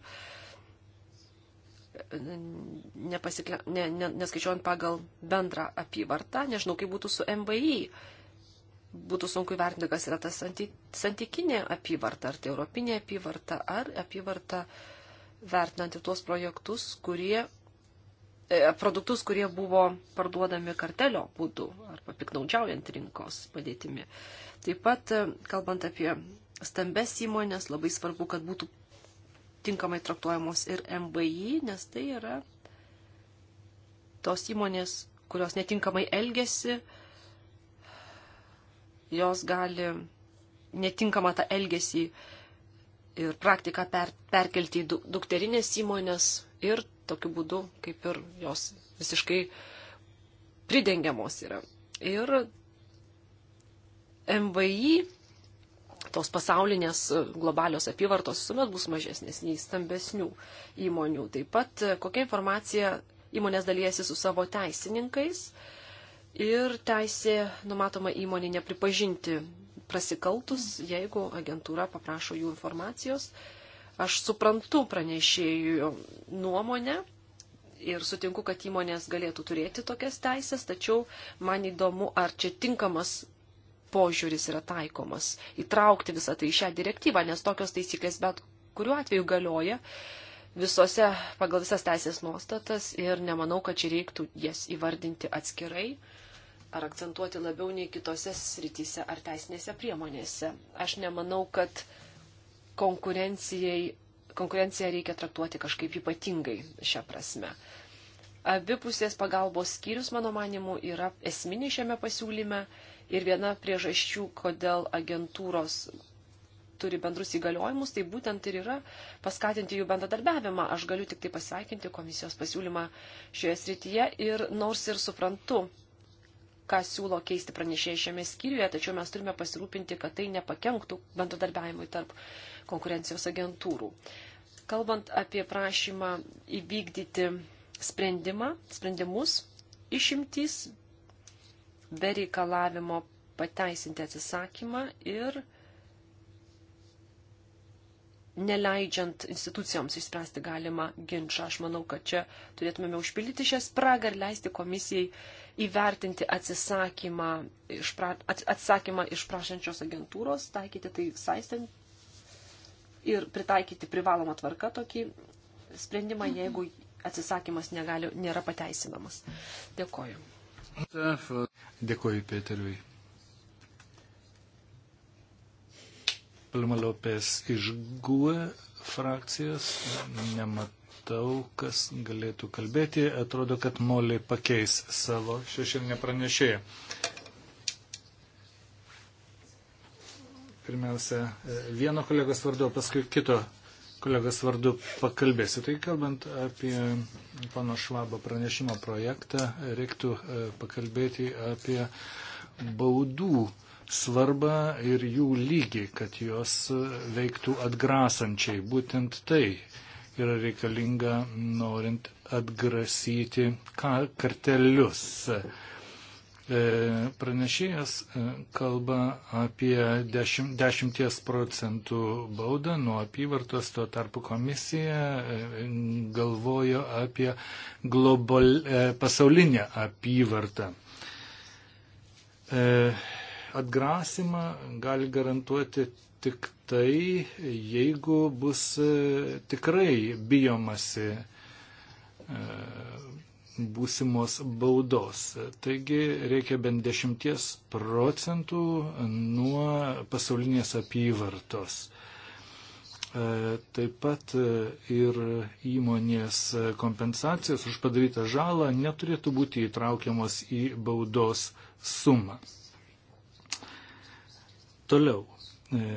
S2: nepasikle... ne, ne, neskaičiuojant pagal bendrą apyvartą. Nežinau, kaip būtų su MVI. Būtų sunku įvertinti, kas yra ta santy... santykinė apyvarta, ar tai europinė apyvarta, ar apyvarta vertinant ir tuos projektus, kurie E, produktus, kurie buvo parduodami kartelio būdu arba piknaudžiaujant rinkos padėtimi. Taip pat, e, kalbant apie stambes įmonės, labai svarbu, kad būtų tinkamai traktuojamos ir MBI, nes tai yra tos įmonės, kurios netinkamai elgesi, jos gali netinkamą tą elgesį ir praktiką per, perkelti į dukterinės įmonės ir tokiu būdu kaip ir jos visiškai pridengiamos yra. Ir MVI tos pasaulinės globalios apyvartos visuomet bus mažesnės nei stambesnių įmonių. Taip pat kokia informacija įmonės dalyjasi su savo teisininkais ir teisė numatoma įmonė nepripažinti prasikaltus, jeigu agentūra paprašo jų informacijos. Uh, Aš suprantu pranešėjų nuomonę ir sutinku, kad įmonės galėtų turėti tokias teisės, tačiau man įdomu, ar čia tinkamas požiūris yra taikomas įtraukti visą tai į šią direktyvą, nes tokios taisyklės bet kuriuo atveju galioja visose pagal visas teisės nuostatas ir nemanau, kad čia reiktų jas įvardinti atskirai ar akcentuoti labiau nei kitose srityse ar teisinėse priemonėse. Aš nemanau, kad uh, konkurenciją reikia traktuoti kažkaip ypatingai šią prasme. Abipusės pagalbos skyrius, mano manimu, yra esminiai šiame pasiūlyme ir viena priežasčių, kodėl agentūros turi bendrus įgaliojimus, tai būtent ir yra paskatinti jų bendradarbiavimą. Aš galiu tik tai pasveikinti komisijos pasiūlymą šioje srityje ir nors ir suprantu ką siūlo keisti pranešėjai šiame skyriuje, tačiau mes turime pasirūpinti, kad tai nepakenktų bendradarbiavimui tarp konkurencijos agentūrų. Kalbant apie prašymą įvykdyti sprendimą, sprendimus, išimtys be reikalavimo pateisinti atsisakymą ir neleidžiant institucijoms išspręsti galimą ginčą. Aš manau, kad čia turėtumėme užpildyti šią spragą ir leisti komisijai uh, įvertinti atsisakymą, išpra, atsisakymą išprašančios agentūros, taikyti tai saistant ir pritaikyti privalomą tvarką tokį sprendimą, mhm. jeigu atsisakymas negali, nėra pateisinamas. Dėkoju.
S1: Dėkoju, Peteriui. Palma Lopes iš GUE frakcijos, nematau matau, kas galėtų kalbėti. Atrodo, kad Molė pakeis savo šešėlinę pranešėją. Pirmiausia, e, vieno kolegos vardu, paskui kito kolegos vardu pakalbėsiu. Tai kalbant apie pano Švabo pranešimo projektą, reiktų e, pakalbėti apie baudų svarbą ir jų lygį, kad jos veiktų atgrasančiai. Būtent tai yra reikalinga norint atgrasyti kartelius. E, pranešėjas e, kalba apie 10 dešimt, procentų baudą nuo apyvartos, tuo tarpu komisija e, galvojo apie global, pasaulinę apyvartą atgrasimą gali garantuoti tik tai, jeigu bus e, tikrai bijomasi e, būsimos baudos. Taigi reikia bent 10 procentų nuo pasaulinės apyvartos. E, taip pat ir įmonės kompensacijos už padarytą žalą neturėtų būti įtraukiamos į baudos sumą. Toliau. E,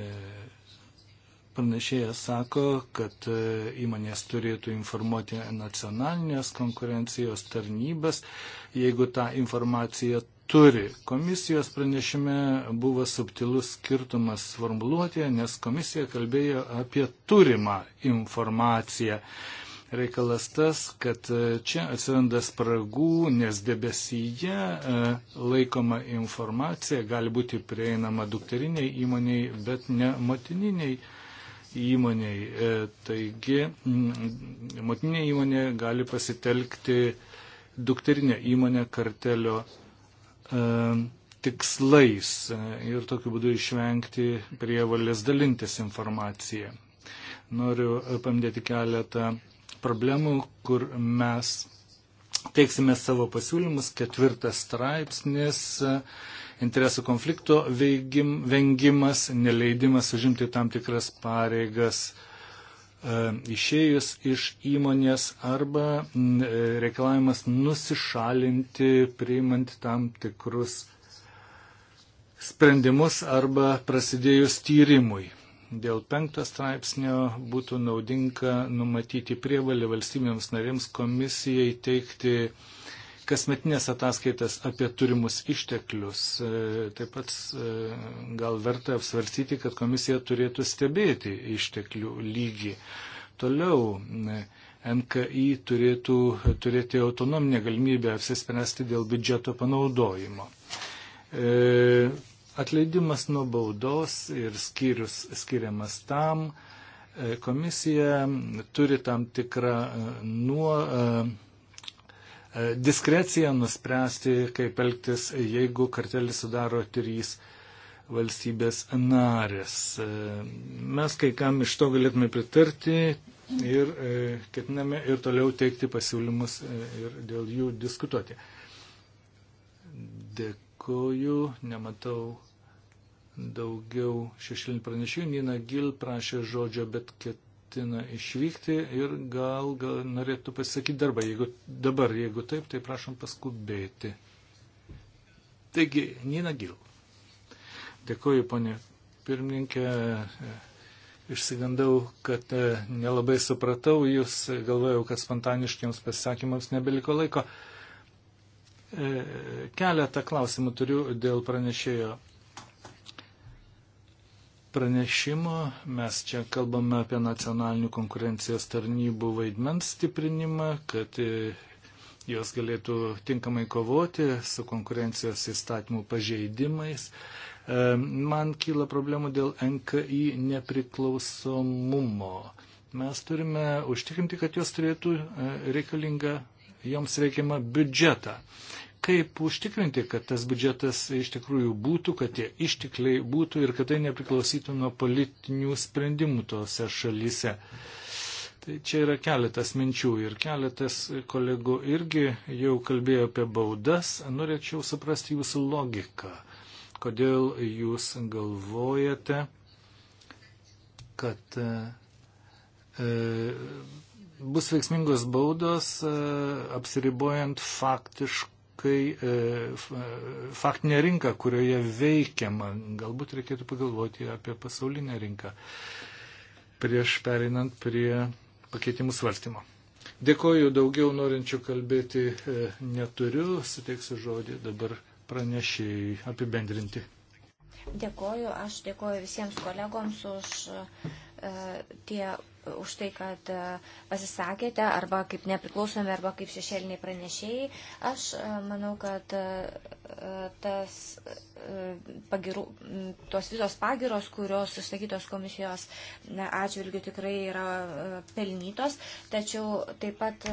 S1: Pranešėjas sako, kad e, įmonės turėtų informuoti nacionalinės konkurencijos tarnybas, jeigu tą informaciją turi. Komisijos pranešime buvo subtilus skirtumas formuluotėje, nes komisija kalbėjo apie turimą informaciją. E, Reikalas tas, kad e, čia atsiranda spragų, nes debesyje e, laikoma informacija gali būti prieinama dukteriniai įmoniai, bet ne motininiai įmoniai. E, taigi, motininė įmonė gali pasitelkti dukterinę įmonę kartelio tikslais ir tokiu būdu išvengti prievalės dalintis informaciją. Noriu paminėti keletą problemų, kur mes teiksime savo pasiūlymus. Ketvirtas straipsnis - interesų konflikto veigim, vengimas, neleidimas užimti tam tikras pareigas e, išėjus iš įmonės arba e, reikalavimas nusišalinti, priimant tam tikrus sprendimus arba prasidėjus tyrimui. Dėl penktas straipsnio būtų naudinga numatyti prievalį valstybėms narėms komisijai teikti kasmetinės ataskaitas apie turimus išteklius. E, taip pat e, gal verta apsvarstyti, kad komisija turėtų stebėti išteklių lygį. Toliau e, NKI turėtų turėti autonominę galimybę apsispręsti dėl biudžeto panaudojimo. Atleidimas nuo baudos ir skyrius skiriamas tam, e, komisija turi tam tikrą e, nuo e, diskreciją nuspręsti, kaip elgtis, jeigu kartelį sudaro trys valstybės narės. Mes kai kam iš to galėtume pritarti ir ketiname ir toliau teikti pasiūlymus ir dėl jų diskutuoti. Dėkui Dėkoju, nematau daugiau šešėlinių pranešėjų. Nina Gil prašė žodžio, bet ketina išvykti ir gal, gal norėtų pasisakyti darbą. Jeigu, dabar, jeigu taip, tai prašom paskubėti. Taigi, Nina Gil. Dėkoju, ponė pirmininkė. Išsigandau, kad e, nelabai supratau jūs, galvojau, kad spontaniškiams pasisakymams nebeliko laiko. Uh, E, keletą klausimų turiu dėl pranešėjo pranešimo. Mes čia kalbame apie nacionalinių konkurencijos tarnybų vaidmens stiprinimą, kad e, jos galėtų tinkamai kovoti su konkurencijos įstatymų pažeidimais. E, man kyla problemų dėl NKI nepriklausomumo. Mes turime užtikrinti, kad jos turėtų reikalingą joms reikiamą biudžetą. Uh, kaip užtikrinti, kad tas biudžetas iš tikrųjų būtų, kad tie ištikliai būtų ir kad tai nepriklausytų nuo politinių sprendimų tose šalyse. Tai čia yra keletas minčių ir keletas kolegų irgi jau kalbėjo apie baudas. Norėčiau suprasti jūsų logiką. Kodėl jūs galvojate, kad e, e bus veiksmingos baudos, e, apsiribojant faktiš, kai e, e, faktinė rinka, kurioje veikiama, galbūt reikėtų pagalvoti apie pasaulinę rinką prieš pereinant prie pakeitimų svarstymo. Dėkoju, daugiau norinčių kalbėti e, neturiu, suteiksiu žodį dabar pranešėjai apibendrinti.
S3: Dėkoju, aš dėkoju visiems kolegoms už tie už tai, kad e, pasisakėte arba kaip nepriklausomi, arba kaip šešėliniai pranešėjai. Aš e, manau, kad e, tas pagirų, tos visos pagiros, kurios išsakytos komisijos atžvilgių tikrai yra pelnytos, tačiau taip pat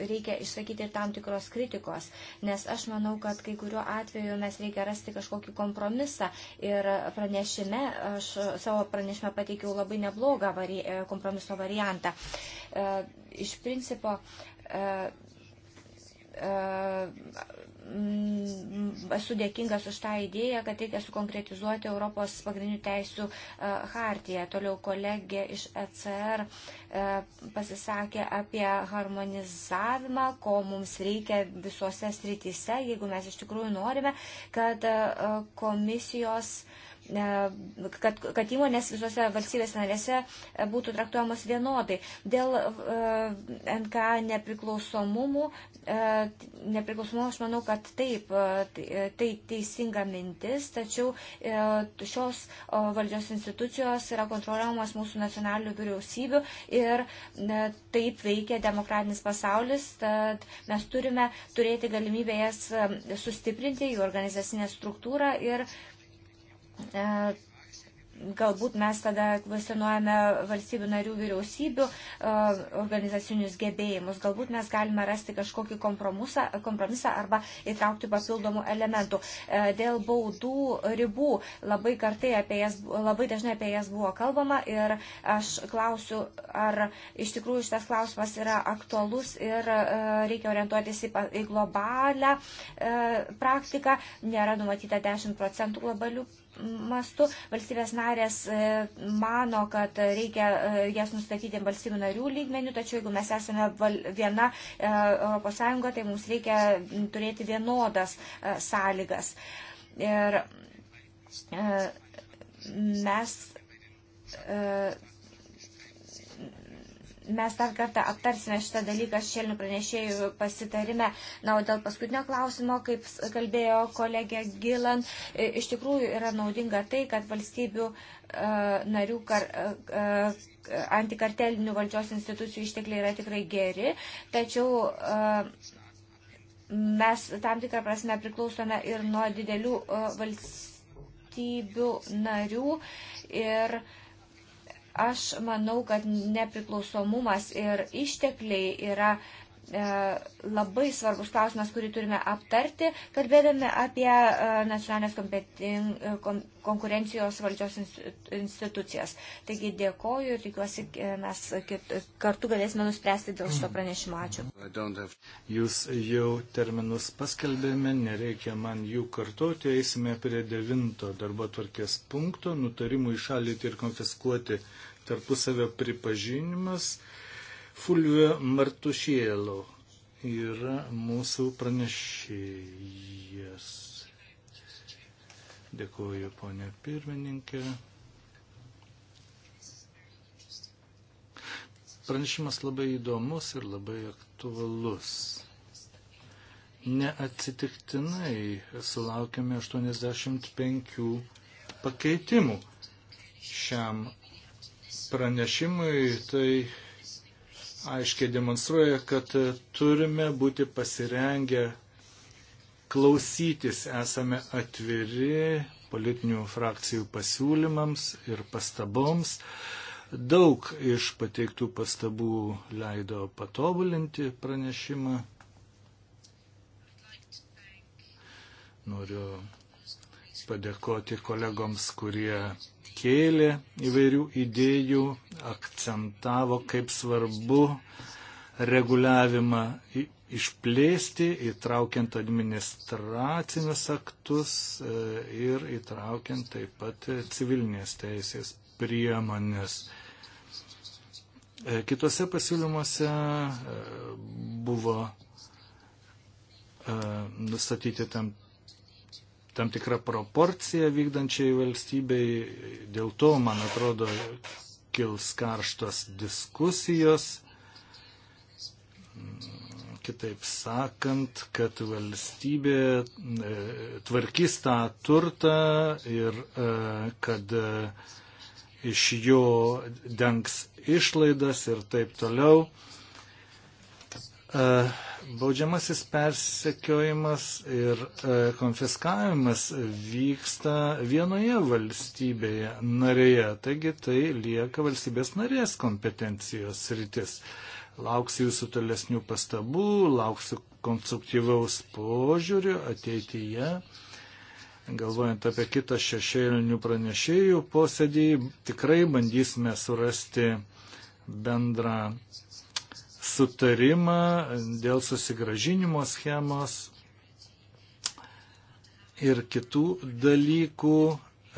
S3: reikia išsakyti ir tam tikros kritikos, nes aš manau, kad kai kuriuo atveju mes reikia rasti kažkokį kompromisą ir pranešime, aš savo pranešime pateikiau labai neblogą kompromisą kompromiso variantą. E, iš principo e, e, esu dėkingas už tą idėją, kad reikia sukonkretizuoti Europos pagrindinių teisų hartiją. Toliau kolegė iš ECR pasisakė apie harmonizavimą, ko mums reikia visose srityse, jeigu mes iš tikrųjų norime, kad komisijos uh, E, kad, kad įmonės visose valstybės narėse e, būtų traktuojamos vienodai. Dėl e, NK nepriklausomumų, nepriklausomumo aš manau, kad taip, tai, tai teisinga mintis, tačiau šios valdžios institucijos yra kontroliuojamos mūsų nacionalinių vyriausybių ir taip veikia demokratinis pasaulis, tad mes turime turėti galimybę jas sustiprinti, jų organizacinę struktūrą ir uh, E, galbūt mes tada kvestionuojame valstybių narių vyriausybių e, organizacinius gebėjimus. Galbūt mes galime rasti kažkokį kompromisą, kompromisą arba įtraukti papildomų elementų. E, dėl baudų ribų labai, apie jas, labai dažnai apie jas buvo kalbama ir aš klausiu, ar iš tikrųjų šitas klausimas yra aktualus ir reikia orientuotis į, į globalią praktiką. Nėra numatyta 10 procentų globalių mastu. Valstybės narės e, mano, kad reikia e, jas nustatyti valstybių narių lygmenių, tačiau jeigu mes esame viena ES, tai mums reikia turėti vienodas e, sąlygas. Ir mes mes dar kartą aptarsime šitą dalyką šešėlinių pranešėjų pasitarime. Na, o dėl paskutinio klausimo, kaip kalbėjo kolegė Gilan, iš tikrųjų yra naudinga tai, kad valstybių e, narių kar, e, e, antikartelinių valdžios institucijų ištekliai yra tikrai geri, tačiau mes tam tikrą prasme priklausome ir nuo didelių valstybių narių ir uh, Aš manau, kad nepriklausomumas ir ištekliai yra E, labai svarbus klausimas, kurį turime aptarti, kalbėdami apie e, nacionalinės kompetin... E, konkurencijos valdžios institucijas. Taigi dėkoju ir tikiuosi, mes kartu galėsime nuspręsti dėl šito pranešimo. Ačiū.
S1: Jūs jau terminus paskelbėme, nereikia man jų kartuoti, eisime prie devinto darbo tvarkės punkto, nutarimų išalyti ir konfiskuoti tarpusavio pripažinimas Fulvio Martušėlo yra mūsų pranešėjas. Dėkuoju, ponė pirmininkė. Pranešimas labai įdomus ir labai aktualus. Neatsitiktinai sulaukėme 85 pakeitimų šiam pranešimui. Tai aiškiai demonstruoja, kad turime būti pasirengę klausytis, esame atviri politinių frakcijų pasiūlymams ir pastaboms. Daug iš pateiktų pastabų leido patobulinti pranešimą. Noriu padėkoti kolegoms, kurie kėlė įvairių idėjų, akcentavo, kaip svarbu reguliavimą išplėsti, įtraukiant administracinius aktus e, ir įtraukiant taip pat civilinės teisės priemonės. E, Kitose pasiūlymuose e, buvo nustatyti tam tam tikrą proporciją vykdančiai valstybei. Dėl to, man atrodo, kils karštos diskusijos. Kitaip sakant, kad valstybė e, tvarkys tą turtą ir e, kad e, iš jo dengs išlaidas ir taip toliau. Uh, baudžiamasis persekiojimas ir e, konfiskavimas vyksta vienoje valstybėje narėje, taigi tai lieka valstybės narės kompetencijos rytis. Lauksiu jūsų tolesnių pastabų, lauksiu konstruktyvaus požiūrio ateityje. Galvojant apie kitą šešėlinių pranešėjų posėdį, tikrai bandysime surasti bendrą sutarimą dėl susigražinimo schemos ir kitų dalykų,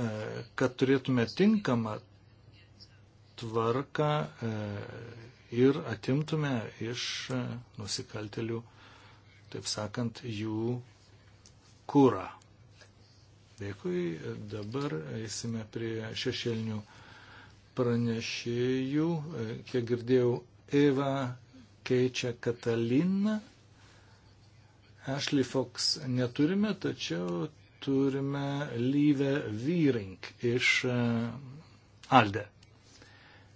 S1: e, kad turėtume tinkamą tvarką e, ir atimtume iš e, nusikaltelių, taip sakant, jų kūrą. Dėkui, dabar eisime prie šešėlinių pranešėjų. Kiek girdėjau, Eva keičia Katalin. Ashley Fox neturime, tačiau turime Lyvę Vyrink iš e, Alde.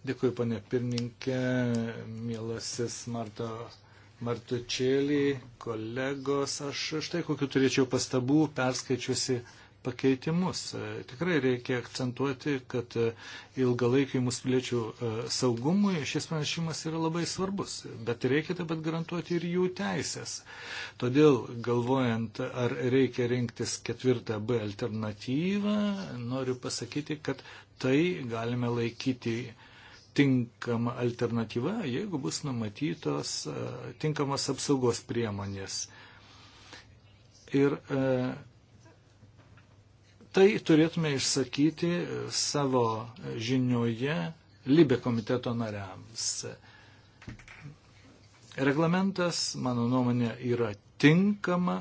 S1: Dėkui, panė pirmininkė, mielasis Marto Martučėlį, kolegos. Aš štai kokiu turėčiau pastabų perskaičiusi pakeitimus. E, tikrai reikia akcentuoti, kad e, ilgalaikiai mūsų piliečių e, saugumui šis pranešimas yra labai svarbus, bet reikia taip pat garantuoti ir jų teisės. Todėl, galvojant, ar reikia rinktis ketvirtą B alternatyvą, noriu pasakyti, kad tai galime laikyti tinkama alternatyva, jeigu bus numatytos tinkamas apsaugos priemonės. Ir e, Tai turėtume išsakyti e, savo žinioje Libė komiteto nariams. Reglamentas, mano nuomonė, yra tinkama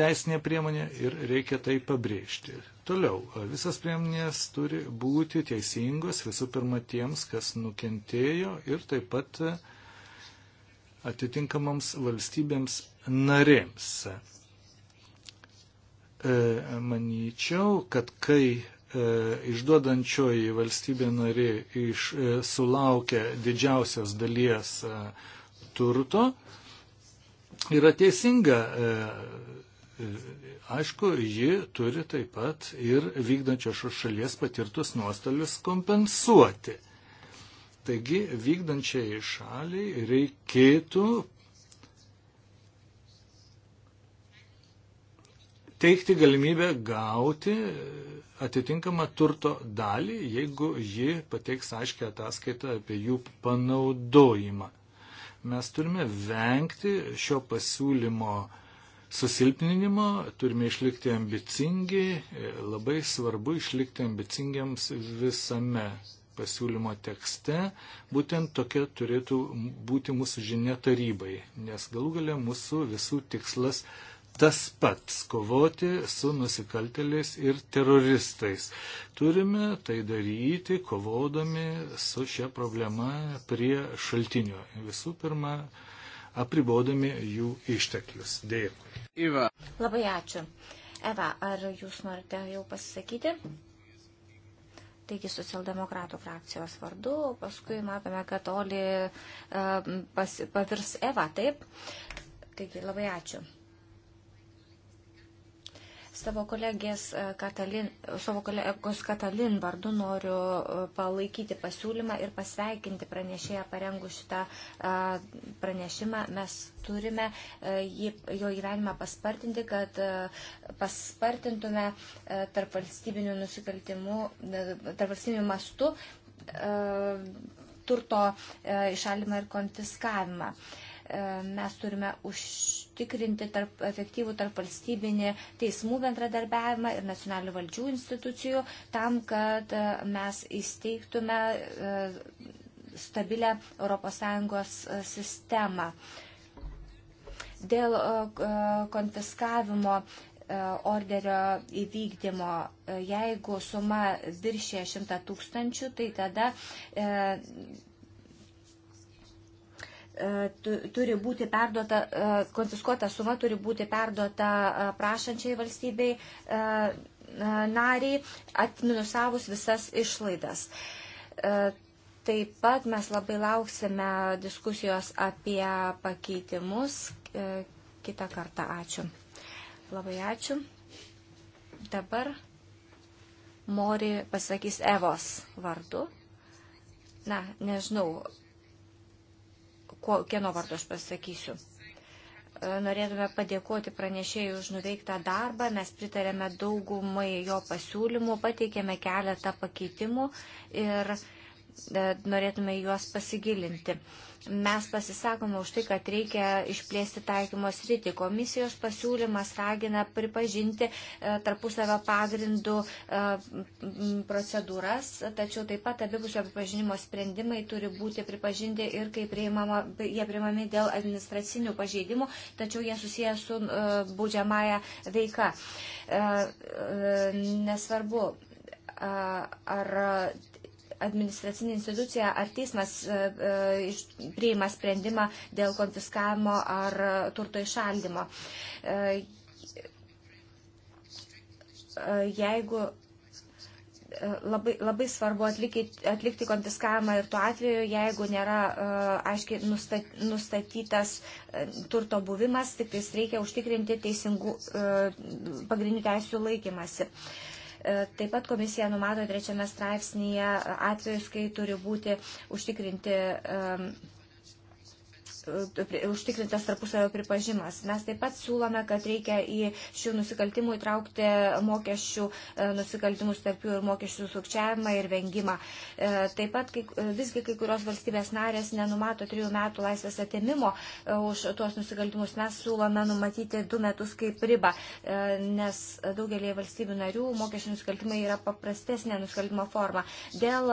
S1: teisinė priemonė ir reikia tai pabrėžti. Toliau, e, visas priemonės turi būti teisingos visų pirma tiems, kas nukentėjo ir taip pat e, atitinkamams valstybėms narėms. E, manyčiau, kad kai e, išduodančioji valstybė narė iš, e, sulaukia didžiausios dalies turto, yra teisinga. Aišku, ji turi taip pat ir vykdančios šalies patirtus nuostolius kompensuoti. Taigi vykdančiai šaliai reikėtų teikti galimybę gauti atitinkamą turto dalį, jeigu ji pateiks aiškę ataskaitą apie jų panaudojimą. Mes turime vengti šio pasiūlymo susilpninimo, turime išlikti ambicingi, labai svarbu išlikti ambicingiams visame pasiūlymo tekste, būtent tokia turėtų būti mūsų žinia tarybai, nes galų galę mūsų visų tikslas tas pats - kovoti su nusikalteliais ir teroristais. Turime tai daryti, kovodami su šia problema prie šaltinio. Visų pirma, apribodami jų išteklius. Dėkui. Iva.
S3: Labai ačiū. Eva, ar jūs norite jau pasisakyti? Taigi socialdemokratų frakcijos vardu, paskui matome, kad Oli uh, pavirs Eva, taip? Taigi labai ačiū. Savo kolegės e, Katalin, savo kolegos Katalin vardu noriu e, palaikyti pasiūlymą ir pasveikinti pranešėją parengus šitą e, pranešimą. Mes turime jį, jo gyvenimą paspartinti, kad paspartintume tarp valstybinių nusikaltimų, tarp valstybinių mastų turto išalimą ir konfiskavimą. Uh, E, mes turime užtikrinti tarp, efektyvų tarp valstybinį teismų bendradarbiavimą ir nacionalinių valdžių institucijų tam, kad e, mes įsteigtume e, stabilę ES sistemą. Dėl konfiskavimo orderio įvykdymo, jeigu suma viršė 100 tūkstančių, tai tada E, turi būti perduota, e, konfiskuota suma turi būti perduota e, prašančiai valstybei nariai, atminusavus visas išlaidas. Taip pat mes labai lauksime diskusijos apie pakeitimus kitą kartą. Ačiū. Labai ačiū. Dabar Mori pasakys Evos vardu. Na, nežinau, kieno vardu aš pasakysiu. E, norėtume padėkoti pranešėjai už nuveiktą darbą, mes pritarėme daugumai jo pasiūlymų, pateikėme keletą pakeitimų ir E, norėtume juos pasigilinti. Mes pasisakome už tai, kad reikia išplėsti taikymo sritį. Komisijos pasiūlymas ragina pripažinti e, tarpusavio pagrindų e, procedūras, tačiau taip pat abipusio pripažinimo sprendimai turi būti pripažinti ir kai priimama, jie priimami dėl administracinių pažeidimų, tačiau jie susiję su būdžiamąją veiką. Nesvarbu, ar administracinė institucija ar teismas e, e, priima sprendimą dėl konfiskavimo ar turto išaldimo. E, jeigu labai, labai svarbu atlikti, atlikti konfiskavimą ir tuo atveju, jeigu nėra aiškiai nustatytas turto buvimas, tik tais reikia užtikrinti teisingų pagrindinių teisų laikymasi. Uh, E, taip pat komisija numato trečiame straipsnėje e, atvejus, kai turi būti užtikrinti e, užtikrintas tarpusavio pripažimas. Mes taip pat siūlome, kad reikia į šių nusikaltimų įtraukti mokesčių e, nusikaltimus tarp jų ir mokesčių sukčiavimą ir vengimą. E, taip pat kai, e, visgi kai kurios valstybės narės nenumato trijų metų laisvės atėmimo už tuos nusikaltimus. Mes siūlome numatyti du metus kaip ribą, nes daugelį valstybių narių mokesčių nusikaltimai yra paprastesnė nusikaltimo forma. Dėl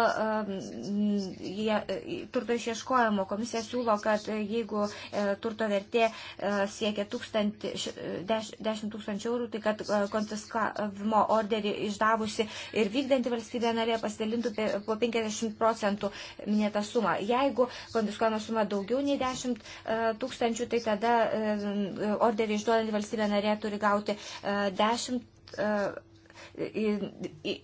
S3: turto išieškojimo komisija siūlo, kad jeigu jeigu e, turto vertė e, siekia 10 e, tūkstančių eurų, tai kad konfiskavimo orderį išdavusi ir vykdanti valstybė narė pasidalintų po 50 procentų minėtą sumą. Jeigu konfiskuojama suma daugiau nei 10 tūkstančių, tai tada orderį išduodanti valstybė narė turi gauti 10 tūkstančių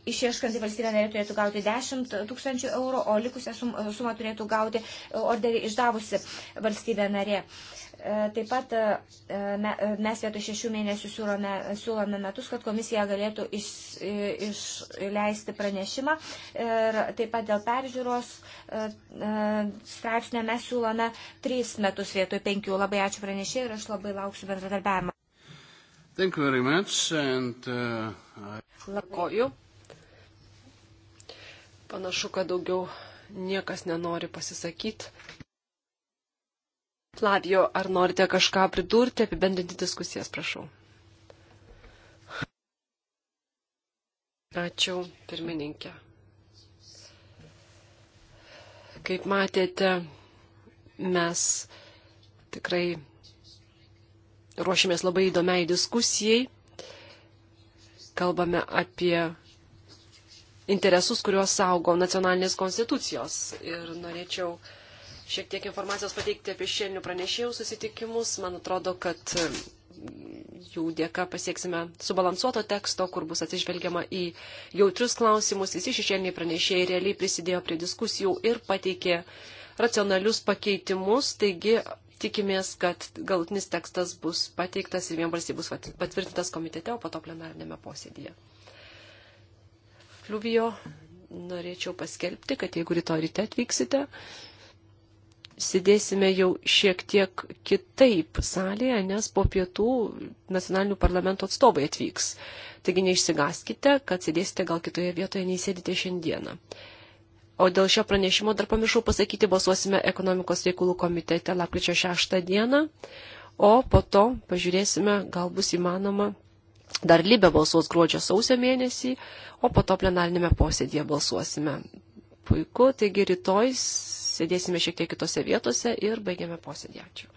S3: Išieškanti valstybė narė turėtų gauti 10 tūkstančių eurų, o likusią sumą turėtų gauti orderį išdavusi valstybė narė. E, taip pat e, e, mes vietoj šešių mėnesių siūlome, siūlome metus, kad komisija galėtų iš, išleisti pranešimą. Ir taip pat dėl peržiūros straipsnio mes siūlome tris metus vietoj penkių. Labai ačiū pranešėjai ir aš labai lauksiu bendradarbiavimo.
S1: Thank you very much and uh...
S2: Lakoju. Panašu, kad daugiau niekas nenori pasisakyti. Flavio, ar norite kažką pridurti, apibendrinti diskusijas, prašau. Ačiū, pirmininkė. Kaip matėte, mes tikrai ruošimės labai įdomiai diskusijai kalbame apie interesus, kuriuos saugo nacionalinės konstitucijos. Ir norėčiau šiek tiek informacijos pateikti apie šiandien pranešėjų susitikimus. Man atrodo, kad mm, jų dėka pasieksime subalansuoto teksto, kur bus atsižvelgiama į jautrius klausimus. Visi šešėliniai pranešėjai realiai prisidėjo prie diskusijų ir pateikė racionalius pakeitimus. Taigi tikimės, kad galutinis tekstas bus pateiktas ir vienbalsiai bus patvirtintas komitete, o po to plenarinėme posėdėje. Fliuvijo norėčiau paskelbti, kad jeigu rytoj ryte atvyksite, sėdėsime jau šiek tiek kitaip salėje, nes po pietų nacionalinių parlamento atstovai atvyks. Taigi neišsigaskite, kad sėdėsite gal kitoje vietoje, nei sėdite šiandieną. O dėl šio pranešimo dar pamiršau pasakyti, balsuosime ekonomikos reikalų komitete lapkričio 6 dieną, o po to pažiūrėsime, gal bus įmanoma dar libę balsuos gruodžio sausio mėnesį, o po to plenarinėme posėdėje balsuosime. Puiku, taigi rytoj sėdėsime šiek tiek kitose vietose ir baigiame posėdį. Ačiū.